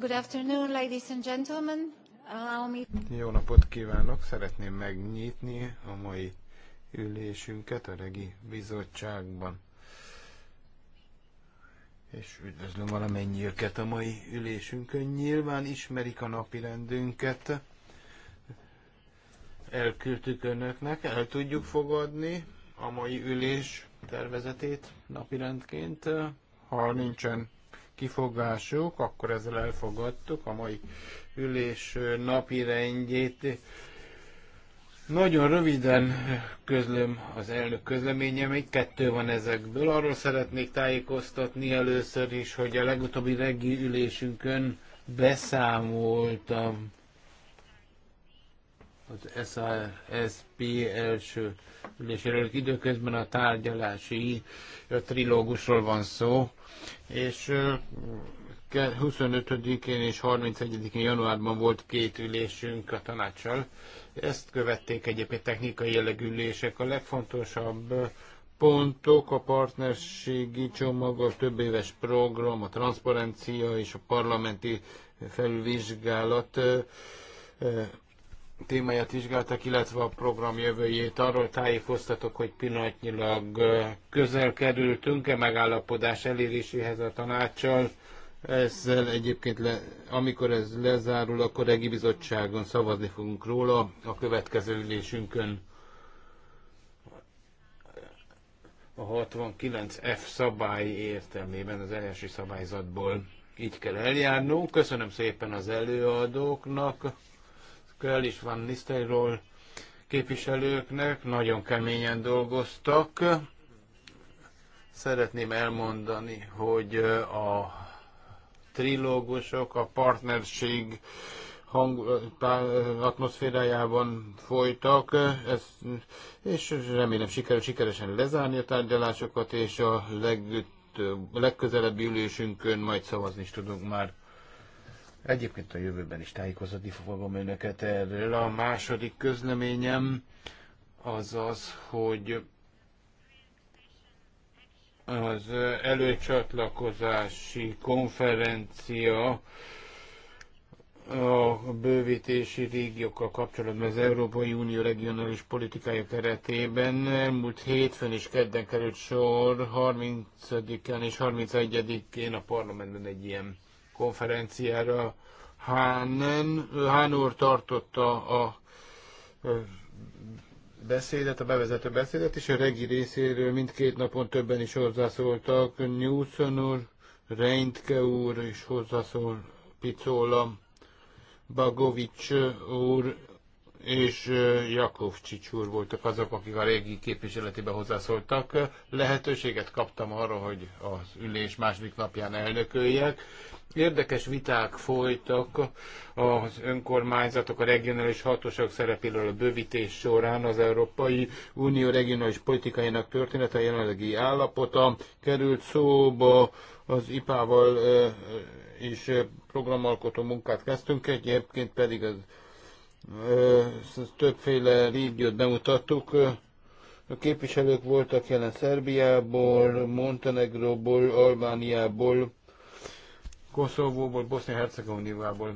Good afternoon, ladies and gentlemen. Allow me... Jó napot kívánok! Szeretném megnyitni a mai ülésünket a Regi Bizottságban. És üdvözlöm valamennyiöket a mai ülésünkön. Nyilván ismerik a napi rendünket. Elküldtük önöknek, el tudjuk fogadni a mai ülés tervezetét napirendként. Ha nincsen kifogásuk, akkor ezzel elfogadtuk a mai ülés napi rendjét. Nagyon röviden közlöm az elnök közleményemét, kettő van ezekből. Arról szeretnék tájékoztatni először is, hogy a legutóbbi reggi ülésünkön beszámoltam az SASP első üléséről időközben a tárgyalási a trilógusról van szó, és 25-én és 31-én januárban volt két ülésünk a tanácssal. Ezt követték egyébként technikai jellegű ülések. A legfontosabb pontok a partnerségi csomag, a több éves program, a transzparencia és a parlamenti felvizsgálat témáját vizsgáltak, illetve a program jövőjét. Arról tájékoztatok, hogy pillanatnyilag közel kerültünk-e megállapodás eléréséhez a tanácssal. Ezzel egyébként, le, amikor ez lezárul, akkor regi bizottságon szavazni fogunk róla a következő ülésünkön. A 69F szabály értelmében az első szabályzatból így kell eljárnunk. Köszönöm szépen az előadóknak elnökkel és Van Nistelrooy képviselőknek. Nagyon keményen dolgoztak. Szeretném elmondani, hogy a trilógusok, a partnerség hang, atmoszférájában folytak, ez, és remélem sikerül sikeresen lezárni a tárgyalásokat, és a leg, legközelebbi ülésünkön majd szavazni is tudunk már. Egyébként a jövőben is tájékozódni fogom önöket erről. A második közleményem az az, hogy az előcsatlakozási konferencia a bővítési régiókkal kapcsolatban az Európai Unió regionális politikája keretében elmúlt hétfőn és kedden került sor 30-án és 31-én a parlamentben egy ilyen konferenciára. Hánen, Hán úr tartotta a beszédet, a bevezető beszédet, és a regi részéről mindkét napon többen is hozzászóltak. Newson úr, Reintke úr is hozzászól, Picola, Bagovics úr és Jakov Csicsúr voltak azok, akik a régi képviseletében hozzászóltak. Lehetőséget kaptam arra, hogy az ülés második napján elnököljek. Érdekes viták folytak az önkormányzatok, a regionális hatóság szerepéről a bővítés során az Európai Unió regionális politikájának története, a jelenlegi állapota került szóba az IPA-val és programalkotó munkát kezdtünk, egyébként pedig az többféle régiót bemutattuk. A képviselők voltak jelen Szerbiából, Montenegróból, Albániából, Koszovóból, Bosznia-Hercegovinából.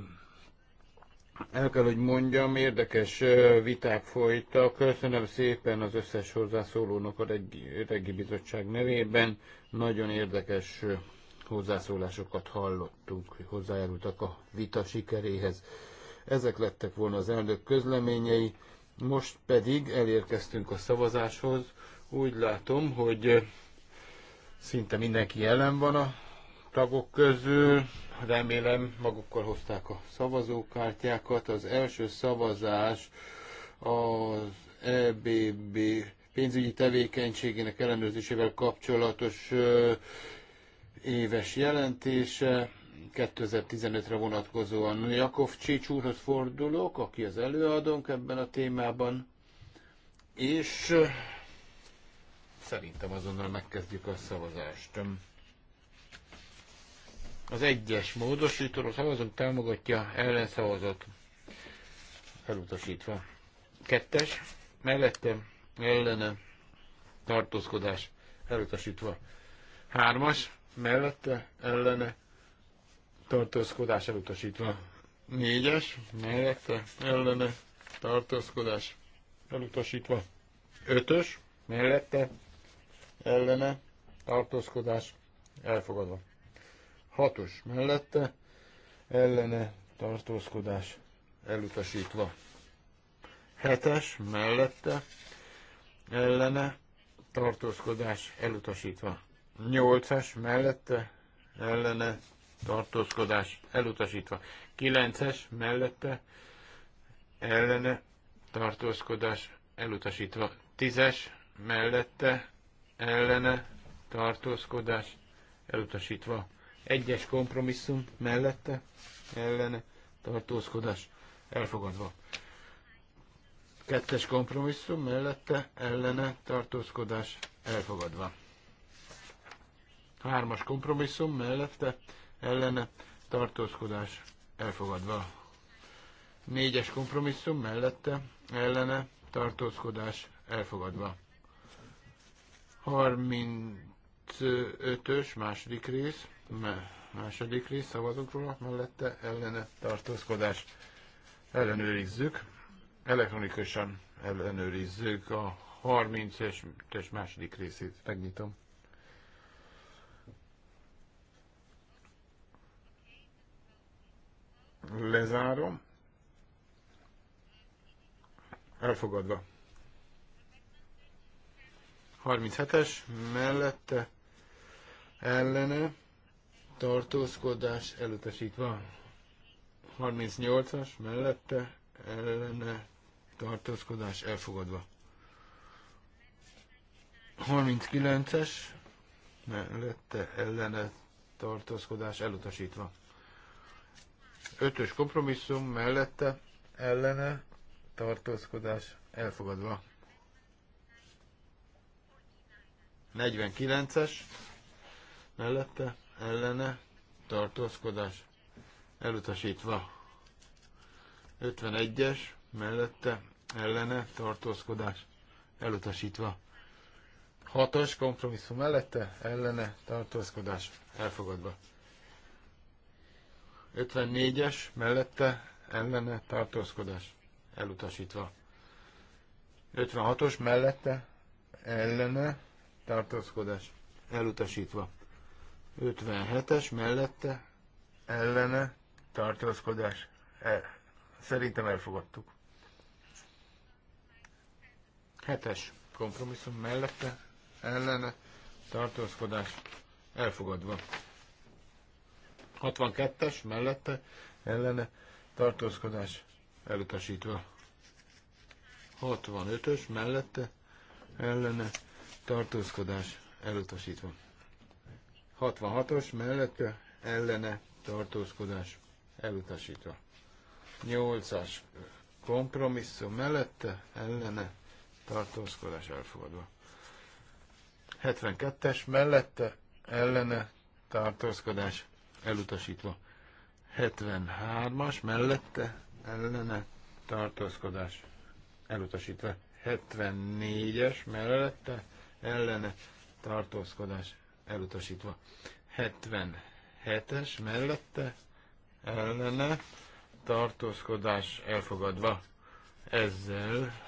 El kell, hogy mondjam, érdekes viták folytak. Köszönöm szépen az összes hozzászólónak a reggi, reggi bizottság nevében. Nagyon érdekes hozzászólásokat hallottunk, hogy hozzájárultak a vita sikeréhez. Ezek lettek volna az elnök közleményei. Most pedig elérkeztünk a szavazáshoz. Úgy látom, hogy eh, szinte mindenki jelen van a tagok közül. Remélem magukkal hozták a szavazókártyákat. Az első szavazás az EBB pénzügyi tevékenységének ellenőrzésével kapcsolatos eh, éves jelentése. 2015-re vonatkozóan Jakov Csics úrhoz fordulok, aki az előadónk ebben a témában, és szerintem azonnal megkezdjük a szavazást. Az egyes módosítóra szavazunk, támogatja ellenszavazat elutasítva. Kettes, mellette ellene tartózkodás elutasítva. Hármas, mellette ellene tartózkodás elutasítva. Négyes, mellette, ellene, tartózkodás elutasítva. Ötös, mellette, ellene, tartózkodás elfogadva. Hatos, mellette, ellene, tartózkodás elutasítva. Hetes, mellette, ellene, tartózkodás elutasítva. Nyolcas, mellette, ellene, tartózkodás elutasítva. 9-es mellette ellene tartózkodás elutasítva. 10-es mellette ellene tartózkodás elutasítva. 1-es kompromisszum mellette ellene tartózkodás elfogadva. 2-es kompromisszum mellette ellene tartózkodás elfogadva. 3-as kompromisszum mellette ellene tartózkodás elfogadva. Négyes kompromisszum mellette ellene tartózkodás elfogadva. 35-ös második rész, második rész, szavazunk róla, mellette ellene tartózkodás ellenőrizzük. Elektronikusan ellenőrizzük a 30-es második részét. Megnyitom. Lezárom. Elfogadva. 37-es, mellette ellene tartózkodás elutasítva. 38-as, mellette ellene tartózkodás elfogadva. 39-es, mellette ellene tartózkodás elutasítva. Ötös kompromisszum mellette ellene tartózkodás elfogadva. 49-es mellette ellene tartózkodás elutasítva. 51-es mellette ellene tartózkodás elutasítva. 6-os kompromisszum mellette ellene tartózkodás elfogadva. 54-es mellette ellene tartózkodás elutasítva. 56-os mellette ellene tartózkodás elutasítva. 57-es mellette ellene tartózkodás el. Szerintem elfogadtuk. 7-es kompromisszum mellette ellene tartózkodás elfogadva. 62-es mellette ellene tartózkodás elutasítva. 65-ös mellette ellene tartózkodás elutasítva. 66-os mellette ellene tartózkodás elutasítva. 8-as kompromisszum mellette ellene tartózkodás elfogadva. 72-es mellette ellene tartózkodás elutasítva. 73-as mellette ellene tartózkodás elutasítva. 74-es mellette ellene tartózkodás elutasítva. 77-es mellette ellene tartózkodás elfogadva. Ezzel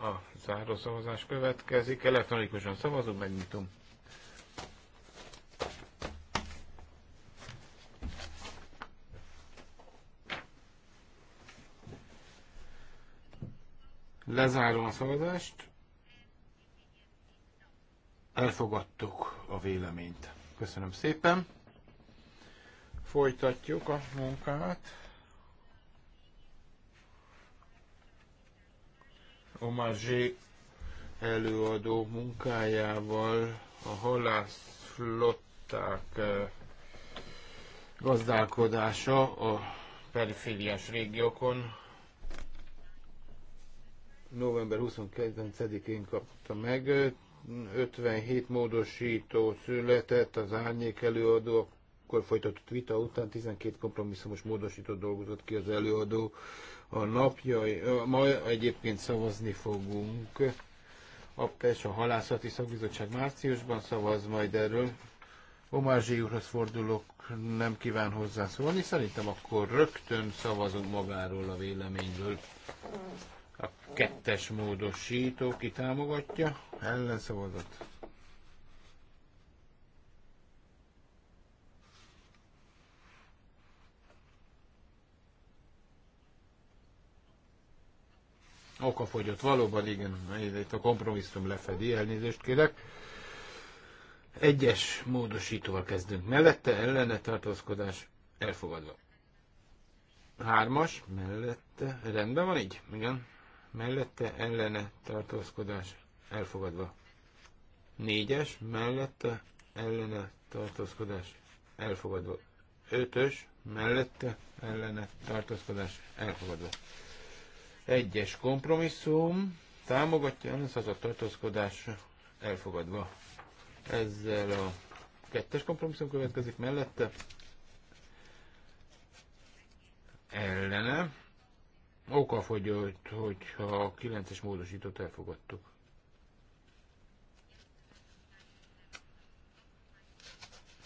a zárószavazás következik. Elektronikusan szavazunk, megnyitom. Lezárom a szavazást. Elfogadtuk a véleményt. Köszönöm szépen. Folytatjuk a munkát. Zsé előadó munkájával a halászflották eh, gazdálkodása a perifériás régiókon november 29-én kapta meg. 57 módosító született, az árnyék előadó, akkor folytatott vita után 12 kompromisszumos módosító dolgozott ki az előadó. A napja, ma egyébként szavazni fogunk. A PES, a Halászati Szakbizottság márciusban szavaz majd erről. Omázsi úrhoz fordulok, nem kíván hozzászólni. Szerintem akkor rögtön szavazunk magáról a véleményről. A kettes módosító ki támogatja? Ellenszavazat. Okafogyott, valóban igen, itt a kompromisszum lefedi, elnézést kérek. Egyes módosítóval kezdünk. Mellette ellene tartózkodás elfogadva. Hármas, mellette, rendben van így? Igen mellette ellene tartózkodás elfogadva. Négyes mellette ellene tartózkodás elfogadva. Ötös mellette ellene tartózkodás elfogadva. Egyes kompromisszum támogatja ellenszavazat tartózkodás elfogadva. Ezzel a kettes kompromisszum következik mellette. Ellene okafogyott, hogyha a 9-es módosítót elfogadtuk.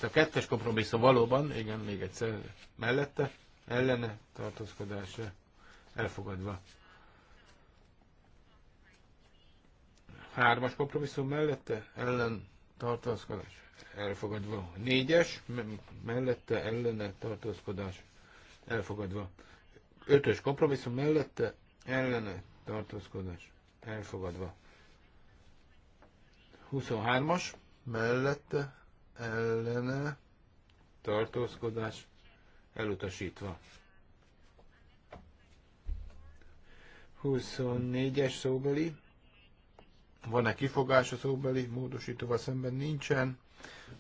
a kettes kompromisszum valóban, igen, még egyszer mellette, ellene tartózkodása elfogadva. Hármas kompromisszum mellette, ellen tartózkodás elfogadva. Négyes mellette, ellene tartózkodás elfogadva. Ötös kompromisszum mellette ellene tartózkodás elfogadva. 23-as mellette ellene tartózkodás elutasítva. 24-es szóbeli. Van-e kifogás a szóbeli módosítóval szemben? Nincsen.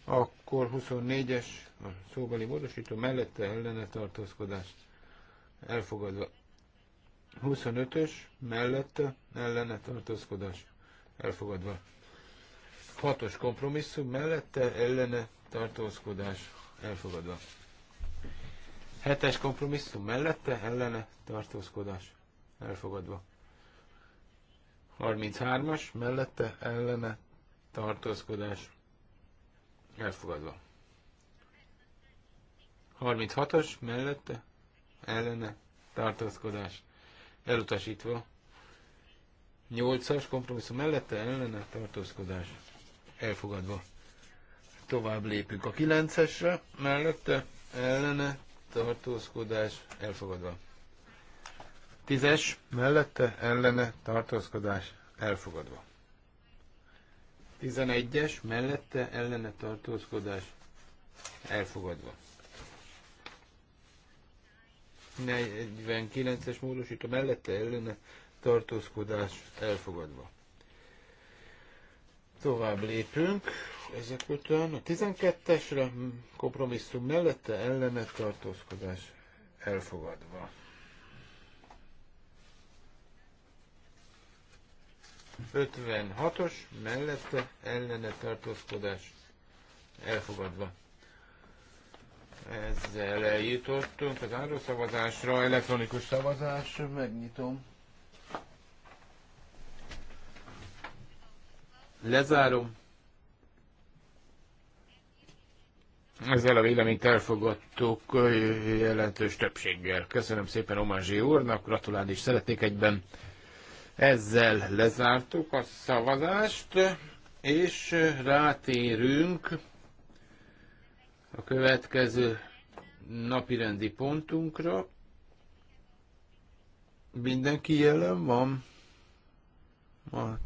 Akkor 24-es a szóbeli módosító mellette ellene tartózkodást elfogadva. 25-ös mellette ellene tartózkodás elfogadva. 6-os kompromisszum mellette ellene tartózkodás elfogadva. 7-es kompromisszum mellette ellene tartózkodás elfogadva. 33-as mellette ellene tartózkodás elfogadva. 36 os mellette ellene tartózkodás elutasítva. 8-as kompromisszum mellette ellene tartózkodás elfogadva. Tovább lépünk a 9-esre, mellette ellene tartózkodás elfogadva. 10-es mellette ellene tartózkodás elfogadva. 11-es mellette ellene tartózkodás elfogadva. 49-es módosító mellette ellene tartózkodás elfogadva. Tovább lépünk ezek után. A 12-esre kompromisszum mellette ellene tartózkodás elfogadva. Ötven hatos mellette ellene tartózkodás elfogadva. Ezzel eljutottunk az árószavazásra, elektronikus szavazás, megnyitom. Lezárom. Ezzel a véleményt elfogadtuk jelentős többséggel. Köszönöm szépen Omázsi úrnak, gratulálni is szeretnék egyben. Ezzel lezártuk a szavazást, és rátérünk a következő napirendi pontunkra. Mindenki jelen van? A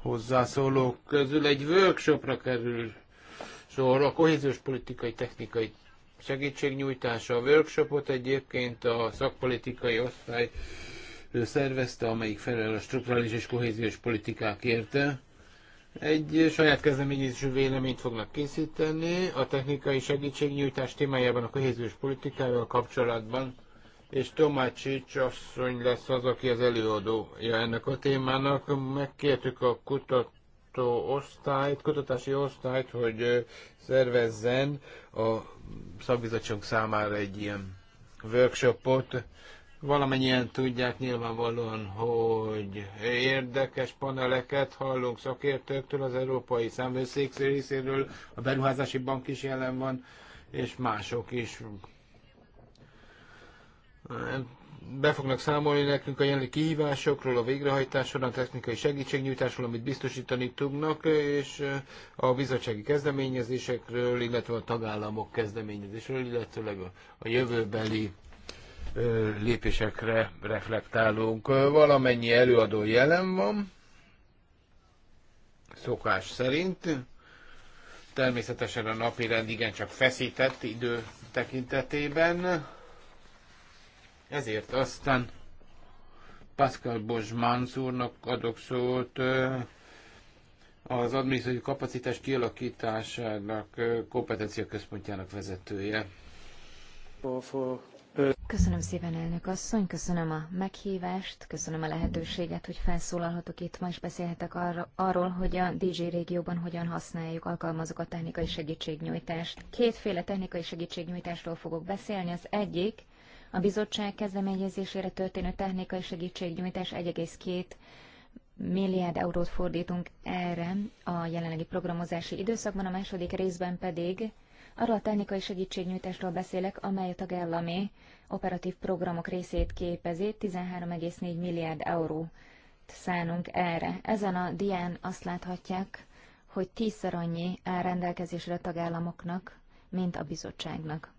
hozzászólók közül egy workshopra kerül sor a kohéziós politikai technikai segítségnyújtása. A workshopot egyébként a szakpolitikai osztály szervezte, amelyik felel a strukturális és kohéziós politikákért. Egy saját kezdeményezésű véleményt fognak készíteni a technikai segítségnyújtás témájában a kohéziós politikával kapcsolatban, és Tomácsics asszony lesz az, aki az előadója ennek a témának. Megkértük a kutató osztályt, kutatási osztályt, hogy szervezzen a szakbizottság számára egy ilyen workshopot, Valamennyien tudják nyilvánvalóan, hogy érdekes paneleket hallunk szakértőktől, az Európai Számvőszék részéről, a Beruházási Bank is jelen van, és mások is be fognak számolni nekünk a jelenlegi kihívásokról, a végrehajtásról, a technikai segítségnyújtásról, amit biztosítani tudnak, és a bizottsági kezdeményezésekről, illetve a tagállamok kezdeményezésről, illetőleg a jövőbeli lépésekre reflektálunk. Valamennyi előadó jelen van, szokás szerint. Természetesen a napi rend igencsak feszített idő tekintetében. Ezért aztán Pascal Bozsmánc úrnak adok szót az adminisztratív kapacitás kialakításának kompetencia központjának vezetője. For, for Köszönöm szépen, elnök asszony, köszönöm a meghívást, köszönöm a lehetőséget, hogy felszólalhatok itt ma, és beszélhetek arra, arról, hogy a DJ régióban hogyan használjuk, alkalmazok a technikai segítségnyújtást. Kétféle technikai segítségnyújtásról fogok beszélni. Az egyik a bizottság kezdeményezésére történő technikai segítségnyújtás 1,2 milliárd eurót fordítunk erre a jelenlegi programozási időszakban, a második részben pedig Arról a technikai segítségnyújtásról beszélek, amely a tagállami operatív programok részét képezi, 13,4 milliárd euró szánunk erre. Ezen a dián azt láthatják, hogy tízszer annyi áll rendelkezésre a tagállamoknak, mint a bizottságnak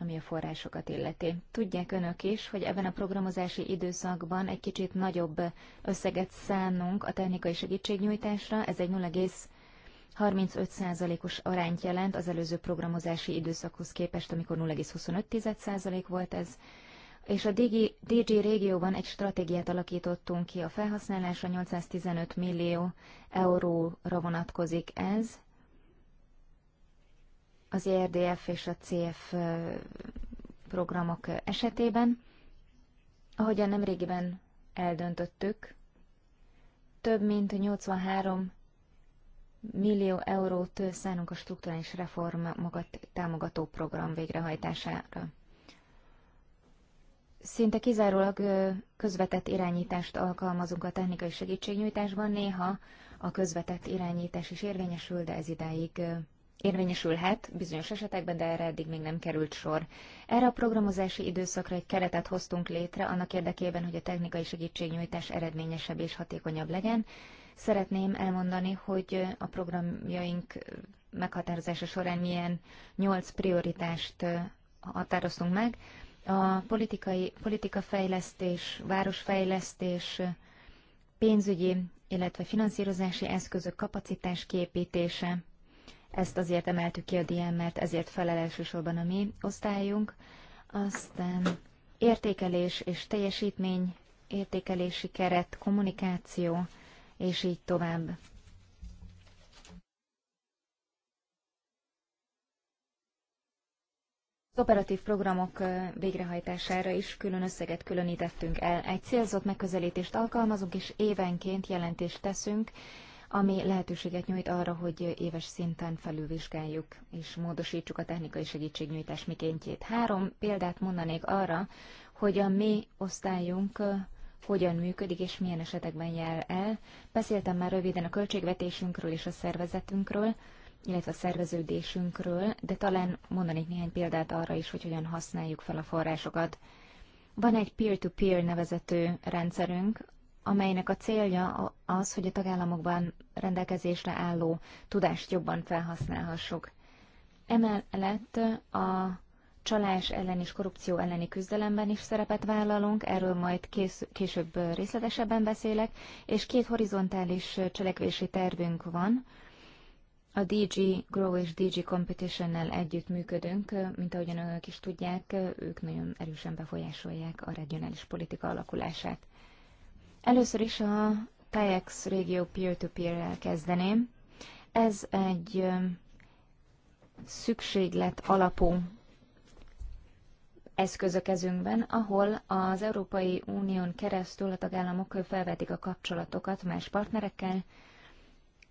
ami a forrásokat illeti. Tudják önök is, hogy ebben a programozási időszakban egy kicsit nagyobb összeget szánunk a technikai segítségnyújtásra, ez egy 35%-os arányt jelent az előző programozási időszakhoz képest, amikor 0,25% volt ez, és a DG, DG régióban egy stratégiát alakítottunk ki, a felhasználásra 815 millió euróra vonatkozik ez, az ERDF és a CF programok esetében. Ahogyan nemrégiben eldöntöttük, több mint 83 millió eurót szánunk a strukturális reformokat támogató program végrehajtására. Szinte kizárólag közvetett irányítást alkalmazunk a technikai segítségnyújtásban, néha a közvetett irányítás is érvényesül, de ez idáig érvényesülhet bizonyos esetekben, de erre eddig még nem került sor. Erre a programozási időszakra egy keretet hoztunk létre annak érdekében, hogy a technikai segítségnyújtás eredményesebb és hatékonyabb legyen, Szeretném elmondani, hogy a programjaink meghatározása során milyen nyolc prioritást határoztunk meg. A politikai, politikafejlesztés, városfejlesztés, pénzügyi, illetve finanszírozási eszközök kapacitás képítése. Ezt azért emeltük ki a dián, mert ezért felel elsősorban a mi osztályunk. Aztán értékelés és teljesítmény, értékelési keret, kommunikáció, és így tovább. Az operatív programok végrehajtására is külön összeget különítettünk el. Egy célzott megközelítést alkalmazunk, és évenként jelentést teszünk, ami lehetőséget nyújt arra, hogy éves szinten felülvizsgáljuk és módosítsuk a technikai segítségnyújtás mikéntjét. Három példát mondanék arra, hogy a mi osztályunk hogyan működik és milyen esetekben jár el. Beszéltem már röviden a költségvetésünkről és a szervezetünkről, illetve a szerveződésünkről, de talán mondanék néhány példát arra is, hogy hogyan használjuk fel a forrásokat. Van egy peer-to-peer -peer nevezető rendszerünk, amelynek a célja az, hogy a tagállamokban rendelkezésre álló tudást jobban felhasználhassuk. Emellett a csalás ellen és korrupció elleni küzdelemben is szerepet vállalunk, erről majd kész, később részletesebben beszélek, és két horizontális cselekvési tervünk van. A DG Grow és DG Competition-nel együtt működünk, mint ahogyan önök is tudják, ők nagyon erősen befolyásolják a regionális politika alakulását. Először is a TAEX régió peer-to-peer-rel kezdeném. Ez egy szükséglet alapú eszköz a kezünkben, ahol az Európai Unión keresztül a tagállamok felvetik a kapcsolatokat más partnerekkel.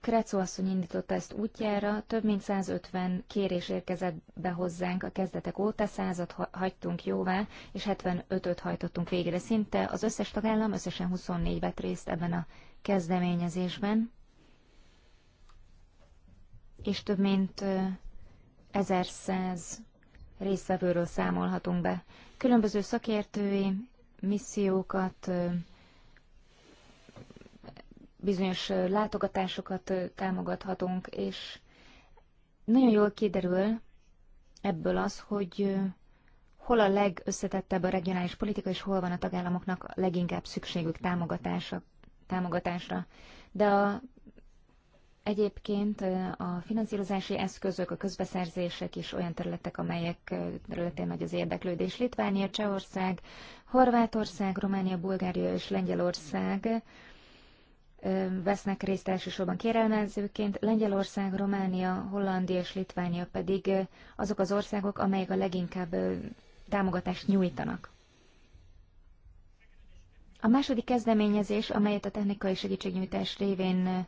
Kreco asszony indította ezt útjára, több mint 150 kérés érkezett be hozzánk a kezdetek óta, százat hagytunk jóvá, és 75-öt hajtottunk végre. Szinte az összes tagállam, összesen 24 vett részt ebben a kezdeményezésben, és több mint 1100 résztvevőről számolhatunk be. Különböző szakértői missziókat, bizonyos látogatásokat támogathatunk, és nagyon jól kiderül ebből az, hogy hol a legösszetettebb a regionális politika, és hol van a tagállamoknak leginkább szükségük támogatása, támogatásra. De a Egyébként a finanszírozási eszközök, a közbeszerzések is olyan területek, amelyek területén nagy az érdeklődés. Litvánia, Csehország, Horvátország, Románia, Bulgária és Lengyelország vesznek részt elsősorban kérelmezőként, Lengyelország, Románia, Hollandia és Litvánia pedig azok az országok, amelyek a leginkább támogatást nyújtanak. A második kezdeményezés, amelyet a technikai segítségnyújtás révén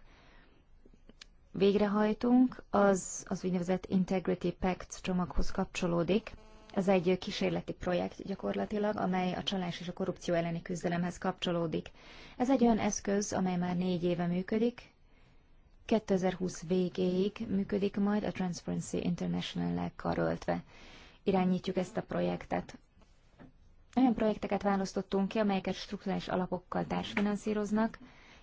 végrehajtunk, az az úgynevezett Integrity Pact csomaghoz kapcsolódik. Ez egy kísérleti projekt gyakorlatilag, amely a csalás és a korrupció elleni küzdelemhez kapcsolódik. Ez egy olyan eszköz, amely már négy éve működik, 2020 végéig működik majd a Transparency International-lel karöltve. Irányítjuk ezt a projektet. Olyan projekteket választottunk ki, amelyeket struktúrális alapokkal társfinanszíroznak,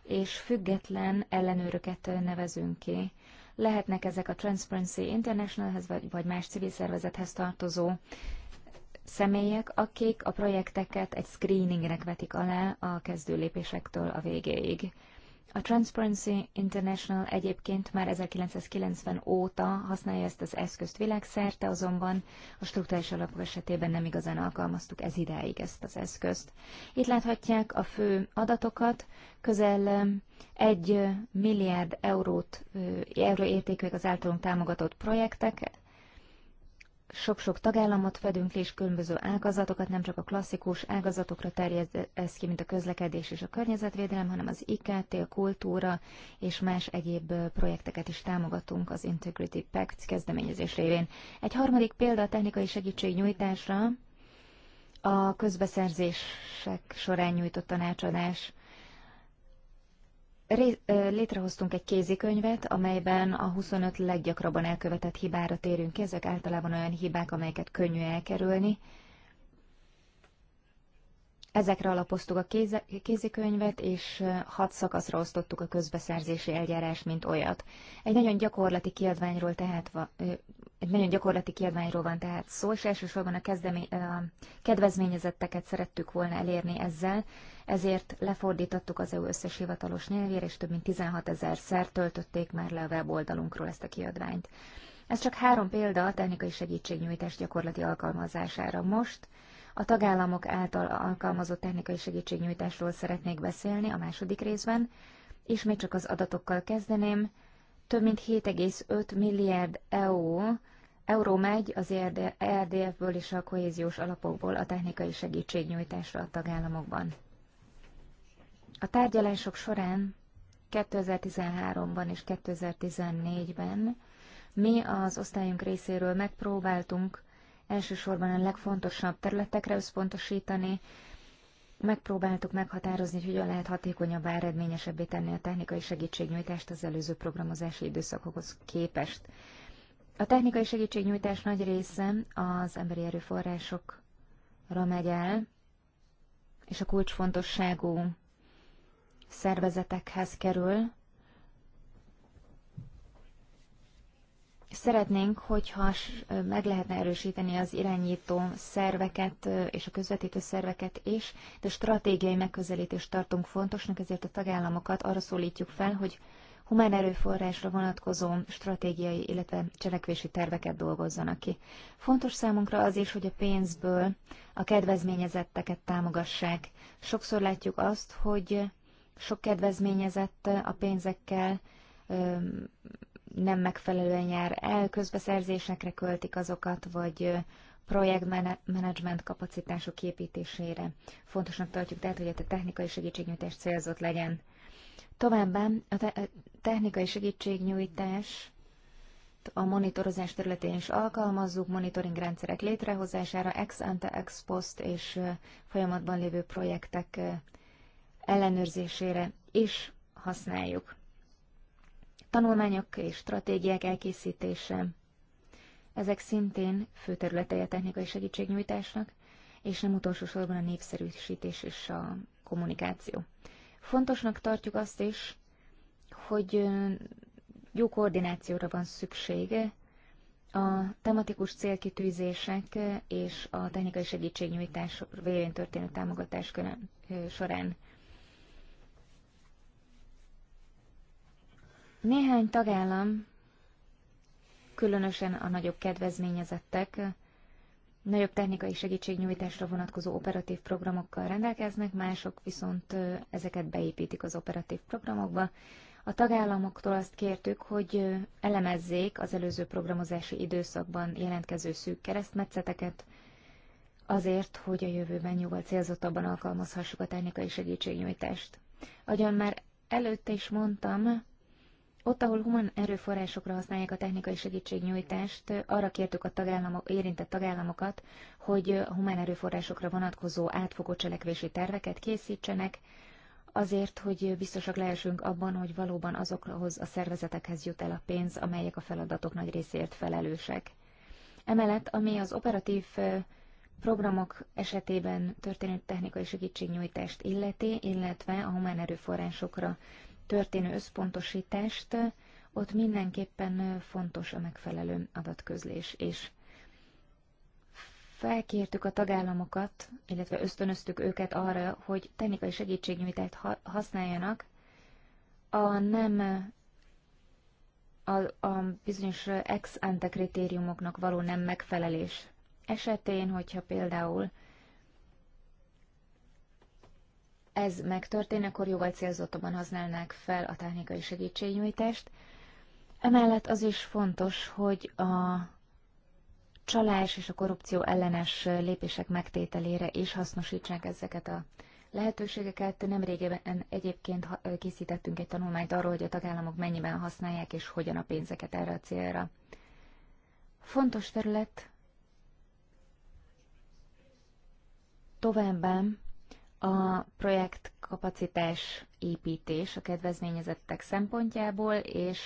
és független ellenőröket nevezünk ki. Lehetnek ezek a Transparency Internationalhez vagy más civil szervezethez tartozó személyek, akik a projekteket egy screeningnek vetik alá a kezdő lépésektől a végéig. A Transparency International egyébként már 1990 óta használja ezt az eszközt világszerte, azonban a struktúrás alapok esetében nem igazán alkalmaztuk ez idáig ezt az eszközt. Itt láthatják a fő adatokat, közel 1 um, milliárd eurót, euró értékűek az általunk támogatott projektek, sok-sok tagállamot fedünk le, és különböző ágazatokat, nem csak a klasszikus ágazatokra terjed ez ki, mint a közlekedés és a környezetvédelem, hanem az IKT, a kultúra és más egyéb projekteket is támogatunk az Integrity Pact kezdeményezés révén. Egy harmadik példa a technikai segítségnyújtásra, a közbeszerzések során nyújtott tanácsadás. Létrehoztunk egy kézikönyvet, amelyben a 25 leggyakrabban elkövetett hibára térünk ki. Ezek általában olyan hibák, amelyeket könnyű elkerülni. Ezekre alapoztuk a kézikönyvet, és hat szakaszra osztottuk a közbeszerzési eljárás, mint olyat. Egy nagyon gyakorlati kiadványról tehát van, egy nagyon gyakorlati kiadványról van tehát szó, és elsősorban a, kezdemé, a kedvezményezetteket szerettük volna elérni ezzel, ezért lefordítottuk az EU összes hivatalos nyelvére, és több mint 16 ezer szer töltötték már le a weboldalunkról ezt a kiadványt. Ez csak három példa a technikai segítségnyújtás gyakorlati alkalmazására. Most a tagállamok által alkalmazott technikai segítségnyújtásról szeretnék beszélni a második részben. Ismét csak az adatokkal kezdeném. Több mint 7,5 milliárd EU euró megy az ERDF-ből és a kohéziós alapokból a technikai segítségnyújtásra a tagállamokban. A tárgyalások során 2013-ban és 2014-ben mi az osztályunk részéről megpróbáltunk elsősorban a legfontosabb területekre összpontosítani, megpróbáltuk meghatározni, hogy hogyan lehet hatékonyabbá, eredményesebbé tenni a technikai segítségnyújtást az előző programozási időszakokhoz képest. A technikai segítségnyújtás nagy része az emberi erőforrásokra megy el, és a kulcsfontosságú szervezetekhez kerül. Szeretnénk, hogyha meg lehetne erősíteni az irányító szerveket és a közvetítő szerveket is, de stratégiai megközelítést tartunk fontosnak, ezért a tagállamokat arra szólítjuk fel, hogy humán erőforrásra vonatkozó stratégiai, illetve cselekvési terveket dolgozzanak ki. Fontos számunkra az is, hogy a pénzből a kedvezményezetteket támogassák. Sokszor látjuk azt, hogy sok kedvezményezett a pénzekkel nem megfelelően jár el, közbeszerzésekre költik azokat, vagy projektmenedzsment kapacitások építésére. Fontosnak tartjuk tehát, hogy a technikai segítségnyújtás célzott legyen. Továbbá a, te- a technikai segítségnyújtás a monitorozás területén is alkalmazzuk, monitoring rendszerek létrehozására, ex ante, ex post és folyamatban lévő projektek ellenőrzésére is használjuk. Tanulmányok és stratégiák elkészítése, ezek szintén fő területei a technikai segítségnyújtásnak, és nem utolsó sorban a népszerűsítés és a kommunikáció. Fontosnak tartjuk azt is, hogy jó koordinációra van szüksége a tematikus célkitűzések és a technikai segítségnyújtás vélén történő támogatás során. Néhány tagállam, különösen a nagyobb kedvezményezettek, nagyobb technikai segítségnyújtásra vonatkozó operatív programokkal rendelkeznek, mások viszont ezeket beépítik az operatív programokba. A tagállamoktól azt kértük, hogy elemezzék az előző programozási időszakban jelentkező szűk keresztmetszeteket, azért, hogy a jövőben jóval célzottabban alkalmazhassuk a technikai segítségnyújtást. Ahogyan már előtte is mondtam, ott, ahol human erőforrásokra használják a technikai segítségnyújtást, arra kértük a tagállamok, érintett tagállamokat, hogy a humán erőforrásokra vonatkozó átfogó cselekvési terveket készítsenek, azért, hogy biztosak lehessünk abban, hogy valóban azokhoz a szervezetekhez jut el a pénz, amelyek a feladatok nagy részért felelősek. Emellett, ami az operatív programok esetében történő technikai segítségnyújtást illeti, illetve a humán erőforrásokra történő összpontosítást, ott mindenképpen fontos a megfelelő adatközlés, és felkértük a tagállamokat, illetve ösztönöztük őket arra, hogy technikai segítségnyújtást használjanak a nem a, a bizonyos ex ante kritériumoknak való nem megfelelés esetén, hogyha például ez megtörténne, akkor jóval célzottabban használnák fel a technikai segítségnyújtást. Emellett az is fontos, hogy a csalás és a korrupció ellenes lépések megtételére is hasznosítsák ezeket a lehetőségeket. Nemrégében egyébként készítettünk egy tanulmányt arról, hogy a tagállamok mennyiben használják és hogyan a pénzeket erre a célra. Fontos terület továbbá a projekt kapacitás építés a kedvezményezettek szempontjából, és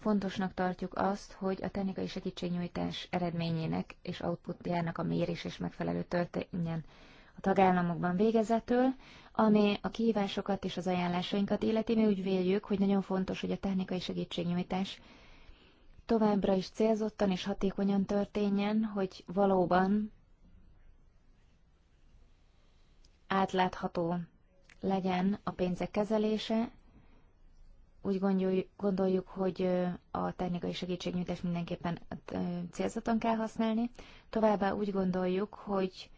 fontosnak tartjuk azt, hogy a technikai segítségnyújtás eredményének és outputjának a mérés és megfelelő történjen a tagállamokban végezetül, ami a kihívásokat és az ajánlásainkat illeti, mi úgy véljük, hogy nagyon fontos, hogy a technikai segítségnyújtás továbbra is célzottan és hatékonyan történjen, hogy valóban átlátható legyen a pénzek kezelése. Úgy gondoljuk, hogy a technikai segítségnyújtás mindenképpen célzaton kell használni. Továbbá úgy gondoljuk, hogy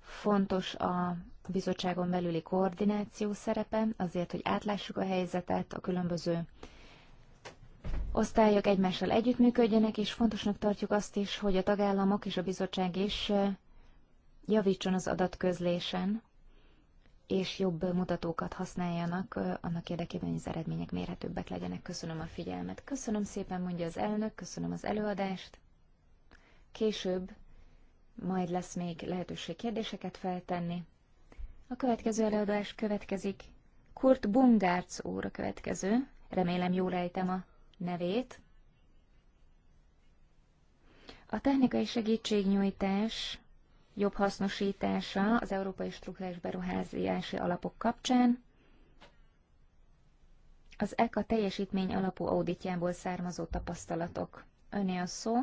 fontos a bizottságon belüli koordináció szerepe, azért, hogy átlássuk a helyzetet, a különböző osztályok egymással együttműködjenek, és fontosnak tartjuk azt is, hogy a tagállamok és a bizottság is javítson az adatközlésen, és jobb mutatókat használjanak annak érdekében, hogy az eredmények mérhetőbbek legyenek. Köszönöm a figyelmet. Köszönöm szépen, mondja az elnök, köszönöm az előadást. Később majd lesz még lehetőség kérdéseket feltenni. A következő előadás következik. Kurt Bungárc úr a következő. Remélem jól ejtem a nevét. A technikai segítségnyújtás jobb hasznosítása az Európai Struktúrás Beruházási Alapok kapcsán, az ECA teljesítmény alapú auditjából származó tapasztalatok. Öné a szó.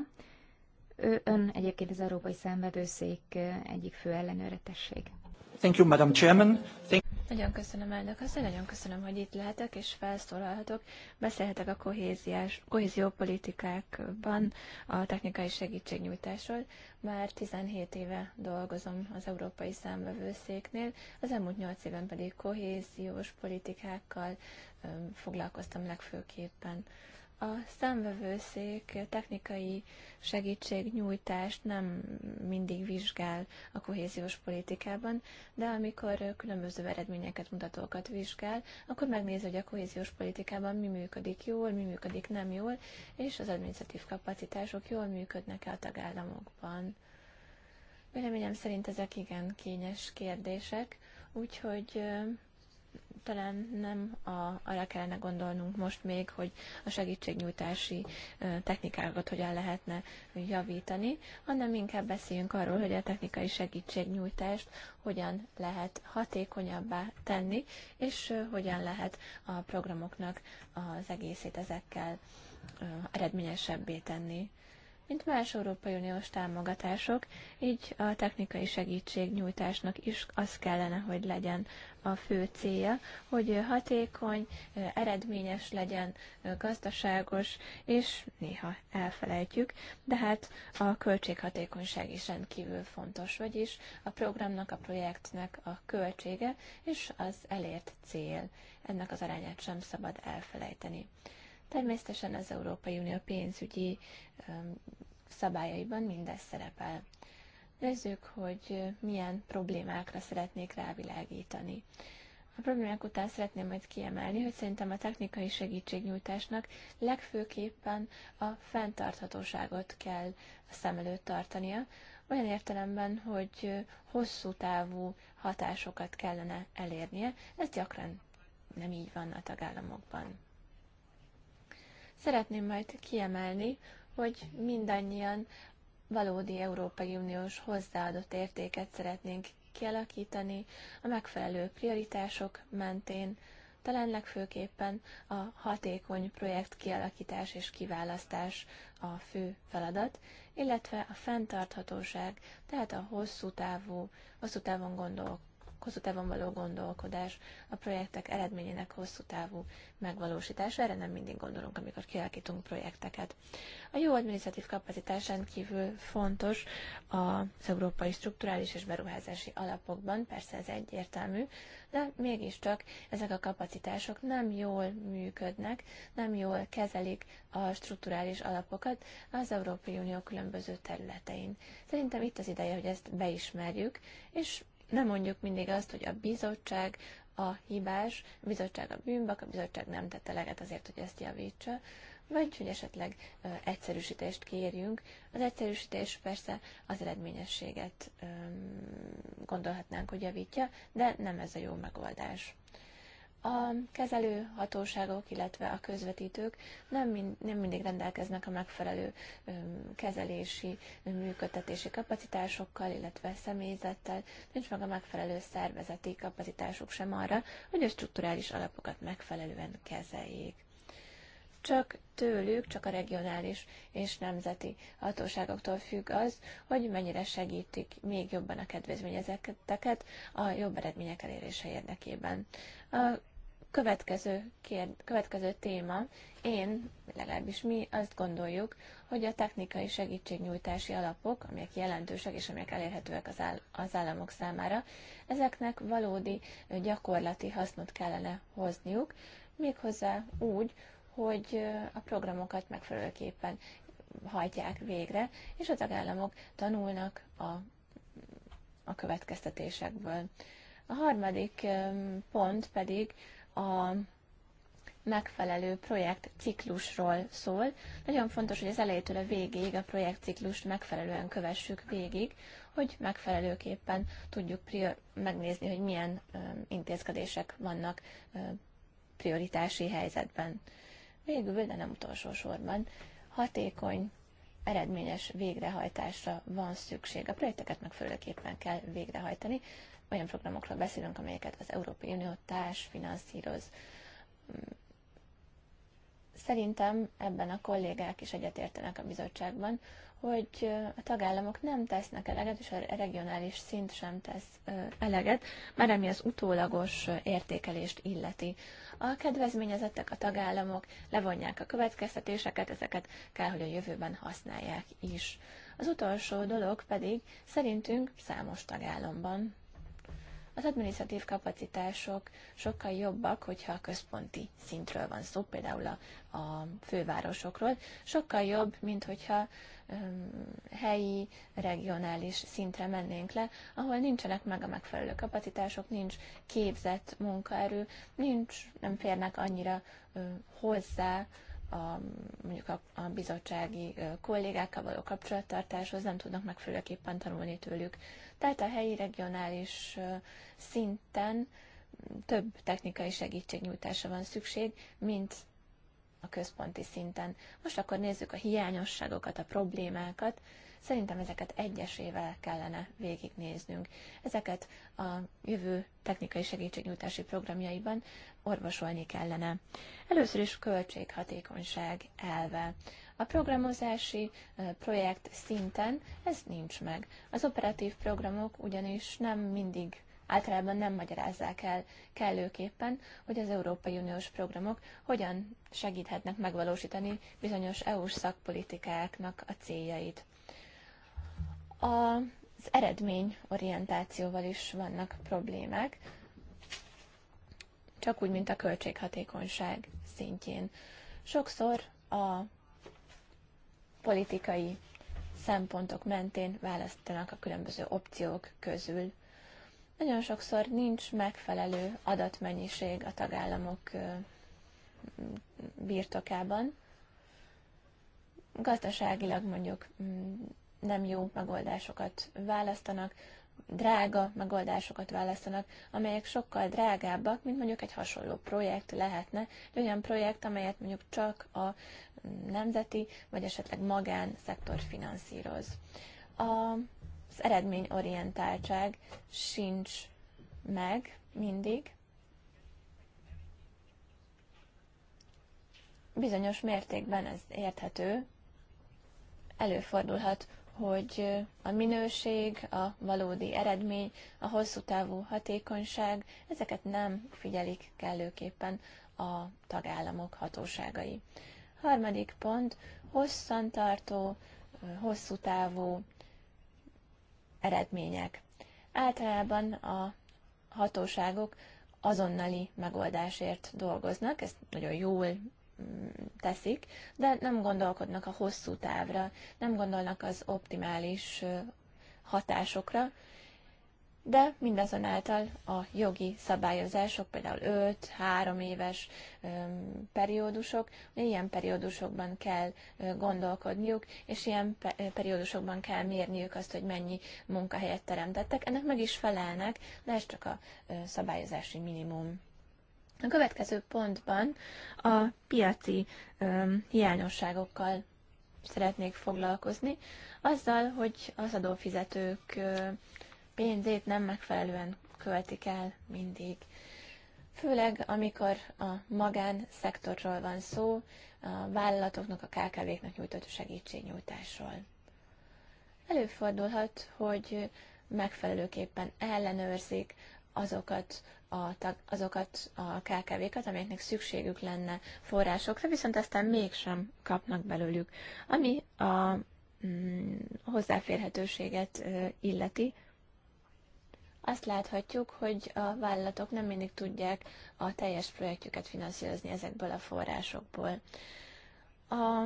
Ő ön egyébként az Európai Számvevőszék eh, egyik fő ellenőretesség. Thank you, Madam Chairman. Thank nagyon köszönöm elnök asszony, nagyon köszönöm, hogy itt lehetek és felszólalhatok. Beszélhetek a kohéziás, kohéziópolitikákban a technikai segítségnyújtásról. Már 17 éve dolgozom az Európai Számvevőszéknél, az elmúlt 8 éven pedig kohéziós politikákkal foglalkoztam legfőképpen a számvevőszék technikai segítségnyújtást nem mindig vizsgál a kohéziós politikában, de amikor különböző eredményeket, mutatókat vizsgál, akkor megnézi, hogy a kohéziós politikában mi működik jól, mi működik nem jól, és az administratív kapacitások jól működnek-e a tagállamokban. Véleményem szerint ezek igen kényes kérdések, úgyhogy talán nem a, arra kellene gondolnunk most még, hogy a segítségnyújtási technikákat hogyan lehetne javítani, hanem inkább beszéljünk arról, hogy a technikai segítségnyújtást hogyan lehet hatékonyabbá tenni, és hogyan lehet a programoknak az egészét ezekkel eredményesebbé tenni mint más Európai Uniós támogatások, így a technikai segítségnyújtásnak is az kellene, hogy legyen a fő célja, hogy hatékony, eredményes legyen, gazdaságos, és néha elfelejtjük, de hát a költséghatékonyság is rendkívül fontos, vagyis a programnak, a projektnek a költsége és az elért cél. Ennek az arányát sem szabad elfelejteni. Természetesen az Európai Unió pénzügyi szabályaiban mindez szerepel. Nézzük, hogy milyen problémákra szeretnék rávilágítani. A problémák után szeretném majd kiemelni, hogy szerintem a technikai segítségnyújtásnak legfőképpen a fenntarthatóságot kell a szem előtt tartania, olyan értelemben, hogy hosszú távú hatásokat kellene elérnie, ez gyakran nem így van a tagállamokban. Szeretném majd kiemelni, hogy mindannyian valódi Európai Uniós hozzáadott értéket szeretnénk kialakítani a megfelelő prioritások mentén, talán legfőképpen a hatékony projekt kialakítás és kiválasztás a fő feladat, illetve a fenntarthatóság, tehát a hosszú, távú, hosszú távon hosszú távon való gondolkodás, a projektek eredményének hosszú távú megvalósítása, erre nem mindig gondolunk, amikor kialakítunk projekteket. A jó adminisztratív kapacitás rendkívül fontos az európai strukturális és beruházási alapokban, persze ez egyértelmű, de mégiscsak ezek a kapacitások nem jól működnek, nem jól kezelik a strukturális alapokat az Európai Unió különböző területein. Szerintem itt az ideje, hogy ezt beismerjük, és nem mondjuk mindig azt, hogy a bizottság a hibás, a bizottság a bűnbak, a bizottság nem tette eleget azért, hogy ezt javítsa, vagy hogy esetleg ö, egyszerűsítést kérjünk. Az egyszerűsítés persze az eredményességet ö, gondolhatnánk, hogy javítja, de nem ez a jó megoldás a kezelő hatóságok, illetve a közvetítők nem, mind, nem mindig rendelkeznek a megfelelő kezelési, működtetési kapacitásokkal, illetve személyzettel, nincs meg a megfelelő szervezeti kapacitásuk sem arra, hogy a strukturális alapokat megfelelően kezeljék. Csak tőlük, csak a regionális és nemzeti hatóságoktól függ az, hogy mennyire segítik még jobban a kedvezményezeteket a jobb eredmények elérése érdekében. A Következő, kér, következő téma, én, legalábbis mi azt gondoljuk, hogy a technikai segítségnyújtási alapok, amelyek jelentősek és amelyek elérhetőek az, áll, az államok számára, ezeknek valódi gyakorlati hasznot kellene hozniuk, méghozzá úgy, hogy a programokat megfelelőképpen hajtják végre, és a tagállamok tanulnak a, a következtetésekből. A harmadik pont pedig a megfelelő projektciklusról szól. Nagyon fontos, hogy az elejétől a végéig a projektciklust megfelelően kövessük végig, hogy megfelelőképpen tudjuk megnézni, hogy milyen ö, intézkedések vannak ö, prioritási helyzetben. Végül, de nem utolsó sorban, hatékony, eredményes végrehajtásra van szükség. A projekteket megfelelőképpen kell végrehajtani, olyan programokról beszélünk, amelyeket az Európai Unió társ finanszíroz. Mm. Szerintem ebben a kollégák is egyetértenek a bizottságban, hogy a tagállamok nem tesznek eleget, és a regionális szint sem tesz eleget, már ami az utólagos értékelést illeti. A kedvezményezettek, a tagállamok levonják a következtetéseket, ezeket kell, hogy a jövőben használják is. Az utolsó dolog pedig szerintünk számos tagállamban az adminisztratív kapacitások sokkal jobbak, hogyha a központi szintről van szó, például a, a fővárosokról, sokkal jobb, mint hogyha helyi, regionális szintre mennénk le, ahol nincsenek meg a megfelelő kapacitások, nincs képzett munkaerő, nincs, nem férnek annyira hozzá a, mondjuk a, a bizottsági kollégákkal való kapcsolattartáshoz nem tudnak megfelelőképpen tanulni tőlük. Tehát a helyi, regionális szinten több technikai segítségnyújtásra van szükség, mint a központi szinten. Most akkor nézzük a hiányosságokat, a problémákat. Szerintem ezeket egyesével kellene végignéznünk. Ezeket a jövő technikai segítségnyújtási programjaiban orvosolni kellene. Először is költséghatékonyság elve. A programozási projekt szinten ez nincs meg. Az operatív programok ugyanis nem mindig általában nem magyarázzák el kellőképpen, hogy az Európai Uniós programok hogyan segíthetnek megvalósítani bizonyos EU-s szakpolitikáknak a céljait. Az eredményorientációval is vannak problémák, csak úgy, mint a költséghatékonyság szintjén. Sokszor a politikai szempontok mentén választanak a különböző opciók közül. Nagyon sokszor nincs megfelelő adatmennyiség a tagállamok birtokában. Gazdaságilag mondjuk mm, nem jó megoldásokat választanak, drága megoldásokat választanak, amelyek sokkal drágábbak, mint mondjuk egy hasonló projekt lehetne, egy olyan projekt, amelyet mondjuk csak a nemzeti, vagy esetleg magán szektor finanszíroz. A, az eredményorientáltság sincs meg mindig. Bizonyos mértékben ez érthető, előfordulhat, hogy a minőség, a valódi eredmény, a hosszú távú hatékonyság, ezeket nem figyelik kellőképpen a tagállamok hatóságai. Harmadik pont, hosszantartó, hosszú távú eredmények. Általában a hatóságok azonnali megoldásért dolgoznak, ezt nagyon jól teszik, de nem gondolkodnak a hosszú távra, nem gondolnak az optimális hatásokra, de mindazonáltal a jogi szabályozások, például 5-3 éves periódusok, ilyen periódusokban kell gondolkodniuk, és ilyen periódusokban kell mérniük azt, hogy mennyi munkahelyet teremtettek. Ennek meg is felelnek, de ez csak a szabályozási minimum. A következő pontban a piaci um, hiányosságokkal szeretnék foglalkozni, azzal, hogy az adófizetők pénzét nem megfelelően költik el mindig. Főleg, amikor a magánszektorról van szó, a vállalatoknak, a KKV-knak nyújtott segítségnyújtásról. Előfordulhat, hogy megfelelőképpen ellenőrzik azokat a tag, azokat a KKV-kat, amelyeknek szükségük lenne forrásokra, viszont aztán mégsem kapnak belőlük. Ami a mm, hozzáférhetőséget illeti, azt láthatjuk, hogy a vállalatok nem mindig tudják a teljes projektjüket finanszírozni ezekből a forrásokból. A